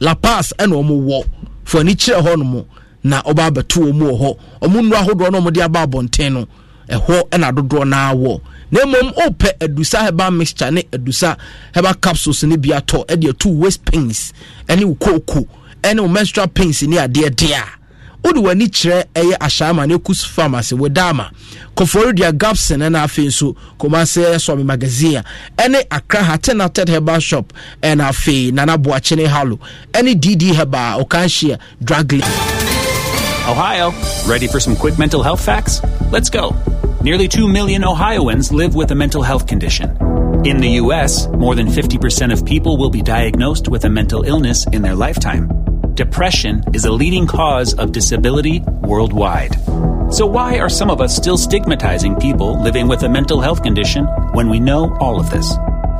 la paz ɛna wɔn wɔ fɔ ani kyerɛ hɔ nom na ɔba abɛto wɔn wɔ hɔ wɔn nnuro ahodoɔ na wɔde aba abɔnten no. ɛhɔ ɛna dodoɔ naa wɔ na mmom opɛ adusa herbal mixture ne adusa herbal capsules ne bi atɔ ɛde atu waist pains ɛne wo kooko ɛne wo menstrual pains ne adeɛ deɛ wode w'ani kyerɛ ɛyɛ ahyɛama ne kus pharmacy wɔdaama kɔfɔridua gapson ɛna afei nso kɔmasɛ sɔme magazine a ɛne akra hatenated herbal shop ɛna afei nanaboakye ne halo ɛne dd herbal ɔkanhyia drugly Ohio, ready for some quick mental health facts? Let's go. Nearly 2 million Ohioans live with a mental health condition. In the U.S., more than 50% of people will be diagnosed with a mental illness in their lifetime. Depression is a leading cause of disability worldwide. So, why are some of us still stigmatizing people living with a mental health condition when we know all of this?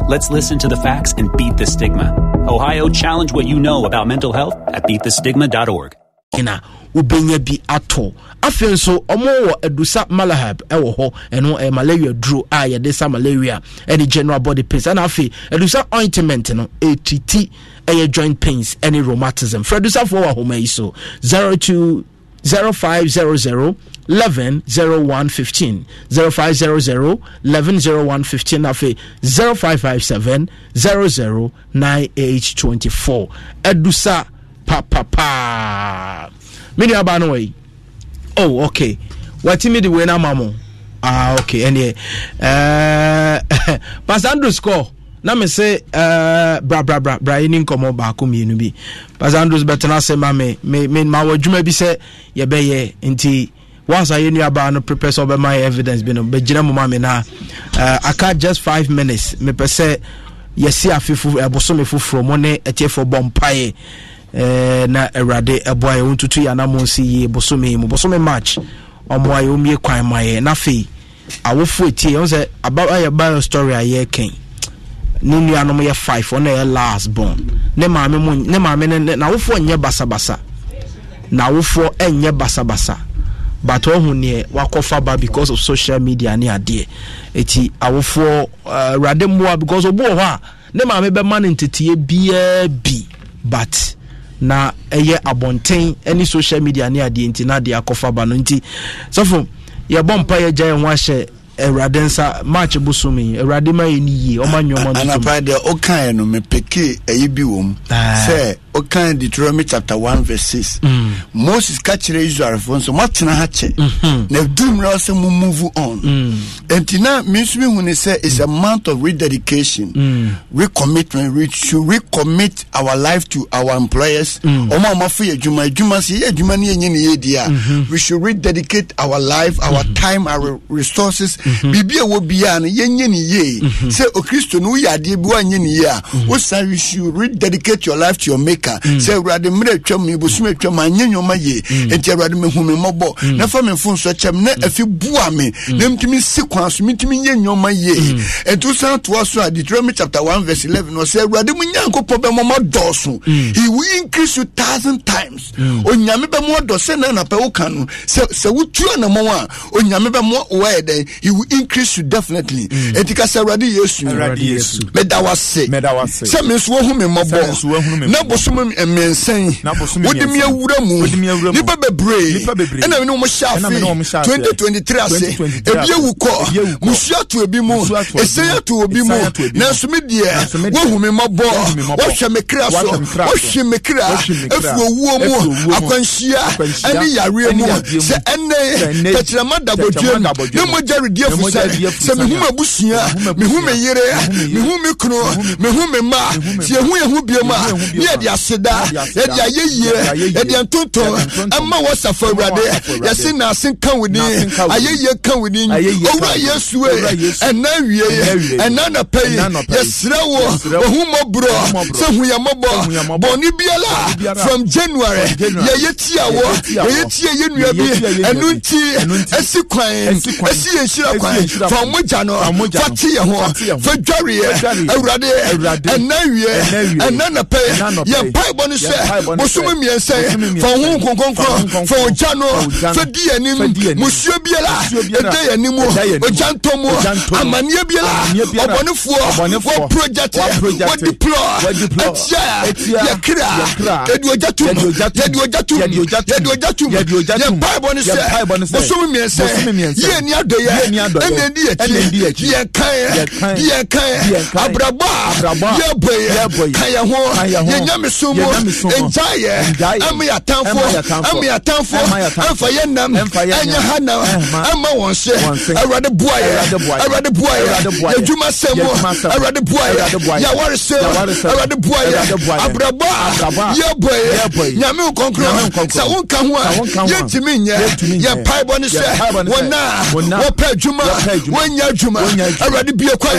Let's listen to the facts and beat the stigma. Ohio, challenge what you know about mental health at beatthestigma.org. nyinaa wobɛnya bi atɔ afei nso ɔmo wɔ adusa malahab ɛwɔ hɔ ɛno ɛyɛ malaria duro a yɛde sa malaria ɛne general body pains ɛna afei adusa ointment no ɛtiti ɛyɛ joint pains ɛne rheumatism frɛ adusafoɔ wɔ ahoma yi so 02 0500 11 01 15 0500 11 01 15 afei 0557 00 9824 adusa papapaa me nua no wɔ oh okay watumi de wei no ama mo ah okay ɛneɛ uh, eh, pastor andrew score na me se uh, bra bra bra bra yi ni nkɔmɔ baako mmienu bi pastor andrew bɛtena ase ma me me me ma wɔ adwuma bi sɛ yɛbɛyɛ nti once ayɛ nua baa no prepare sɛ ɔbɛma yɛ evidence bi no bɛgyina mu ma me na uh, eh, aka just five minutes mepɛ sɛ yɛsi afe fufu ɛbosome foforɔ mo ne ɛtiɛfoɔ bɔ mpaeɛ Eh, na awurade ɛboa yɛ wontutu yɛ anamo nsi yie bosome bosome march ɔmoa yɛ ɔmie kwan ma yɛ na afei awofo etie yɛn sɛ abayɛ bayo story a yɛrekɛn ne nuanom yɛ five ɔno yɛ last born ne maame mu ne maame ne n'awofoɔ nyɛ basabasa n'awofoɔ ɛnyɛ basabasa but ɔhu neɛ wakɔfa ba because of social media ne adeɛ eti eh, awurade because wɔ na ɛyɛ abɔnten ne social media ne adeɛ nti na adeɛ akɔfa ba no nti sɔfo yɛbɔ mpa yɛgya yɛn ho ahyɛ awurade nsa march bosom yi awurade ma yɛ ni yie ɔma nyɔma no anapa deɛ ɔkae no mepeke ɛyi bi wɔ ah. sɛ ɔkae deuteronomy chapter one verse six. Mm. moses ka kyerɛ israelfoɔ nso moatena ha kyɛ mm-hmm. na dummerɛ mo move on mm. enti na me nso mehu ne sɛ is a month of rededication mm. recommitment we should recommit our life to our employers mm. ɔma mm. ɔmafo yɛ adwuma adwuma sɛ yɛ adwuma no yɛnyɛ ne yɛdi a mhm. we should rededicate our life our mhm. time our resources Mm-hmm. biribi a ɛwɔ biara no yɛnyɛ ne yie sɛ okristo no woyɛ adeɛ bi woanyɛ ne yie a mm-hmm. wosan you should rededicate your life to your maker mm-hmm. sɛ awurade mmerɛ atwam yɛbosum atwam anyɛ nneɔma yie enti awurade mehu me mmɔbɔ na fa me mfo nsɔ kyɛm na afi boa me na mtumi si kwan so metumi nyɛ nneɔma yie enti wosan toa so a deuteronomy chapter one verse 11 ɔsɛ awurade mu nyankopɔn bɛmɔ ma dɔɔso he will increase you thousand times onyame bɛmɔ dɔ sɛ na anapɛ woka no sɛ wotua namɔ a onyame bɛmɔ woayɛ dɛn he will increase you definitely mm. eti kasa awurade yesu meda wase sɛ me nso wohu me mmɔbɔ na bosom mmiɛnsa yi wode me awura mu nnipa bebree ɛna mene mo hyɛ afe 2023 ase ebi ewu kɔ musu ato ebi mu esɛn ato obi mu nanso me deɛ wohu me mmɔbɔ wohwɛ me kra so me kra efi wohu mu akwanhyia ɛne yareɛ mu sɛ ɛnɛ tɛkyerɛma dabɔdua mu ne mogya di afusare sɛ mehu mabusua mehu me yere mehu me kunu mehu me mma sɛ yɛhu yɛhu biom a ne yɛde aseda yɛde ayɛyie yɛde ntontom ɛma wɔ safo awurade yɛse naase ka wo din ayɛyie ka wo din e. owura yesu e ɛna wie e. ɛna e. napa yi yɛsrɛ wo ɔhu mmɔborɔ sɛ hu yɛ mmɔbɔ bɔne biara from january yɛyɛ tia wɔ yɛyɛ tia yɛ nnua bi ɛno nti asi kwan asi yɛ nhyira kwan fa mogya no fa te yɛ ho fa dwareɛ awurade ɛna wie ɛna napɛ yɛ mpaebɔ no sɛ bosom mmiɛnsa fa ho nkonkonkron fa ogya no fa di yɛ anim musuo biara ɛda yɛ anim ogya ntɔ mu amanneɛ biara ɔbɔnefoɔ wɔprojɛte wɔdiplɔ ɛtia yɛ kra yɛde ogya tum yɛde ogya tum yɛde ogya tum yɛ mpaebɔ no sɛ bosom mmiɛnsa yie ni adɔyɛ ɛna ɛdi yɛ tie yɛ kan yɛ yɛ kan abrabɔ a yɛ bɔ yɛ kan yɛ ho yɛ nyamesom ɛngya yɛ ɛmi atanfo ɛmi atanfo ɛnfa yɛ nam ɛnyɛ ha nam ɛma wɔn se ɛwurade bua yɛ ɛwurade bua yɛ yɛdwuma sɛm ɛwurade bua yɛ yawari sɛm ɛwurade bua yɛ abrabɔ a yɛ bɔ yɛ nyame nkɔnkɔn sɛ wɔn ka ho a yɛntumi nyɛ yɛ paibɔ ni sɛ wɔn a wɔpɛ adwuma. adwuma wɔnya adwuma awurade bie kwa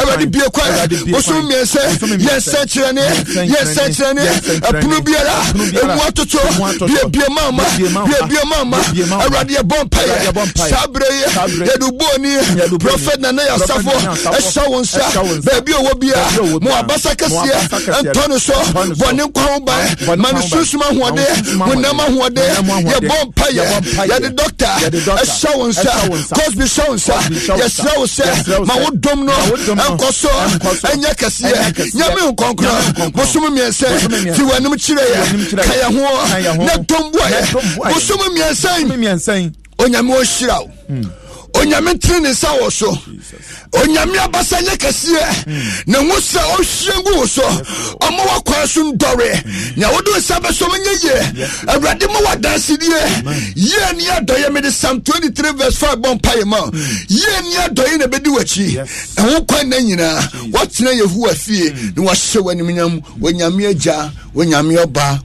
awurade bie kwa bosom mmiɛnsa yɛnsa kyerɛne yɛnsa kyerɛne ɛpono biara ɛmu atoto biebie mama biebie mama awurade yɛbɔ mpaeɛ saa berɛ yi yɛde woboani prɔfɛt nana yɛasafoɔ ɛhyɛ wo nsa baabi ɔwɔ bia ma wabasa kɛseɛ ɛntɔ ne so bɔne nkwa ho ban ma ne sunsum ahoɔden honam ahoɔden yɛbɔ mpaeɛ yɛde dɔkta ɛhyɛ wo nsa cosby hyɛ wo nsa nsa yɛsrɛ wo sɛ ma wo dom no ɛnkɔ so ɛnyɛ kɛseɛ nyame nkɔnkorɔ bosom mmiɛnsɛ fi w'anim kyerɛ ka yɛ ho na dom boa yɛ bosom mmiɛnsɛn onyame ɔhyira wo onyame tiri ne nsa wɔ so onyame abasa nyɛ kɛseɛ ne ho sɛ ɔhyia gu wo so ɔma wakwan so ndɔre nea wode nsa bɛsɔm nyɛ yie awurade ma wadansedie yie ne adɔyɛ mede sam 23 vs 5 bɔ mpaeɛ ma yie ne adɔyɛ na bɛdi w'akyi ɛho kwan na nyinaa woatena yehowa fie na wahyɛ w'animnyam onyame agya onyame ɔba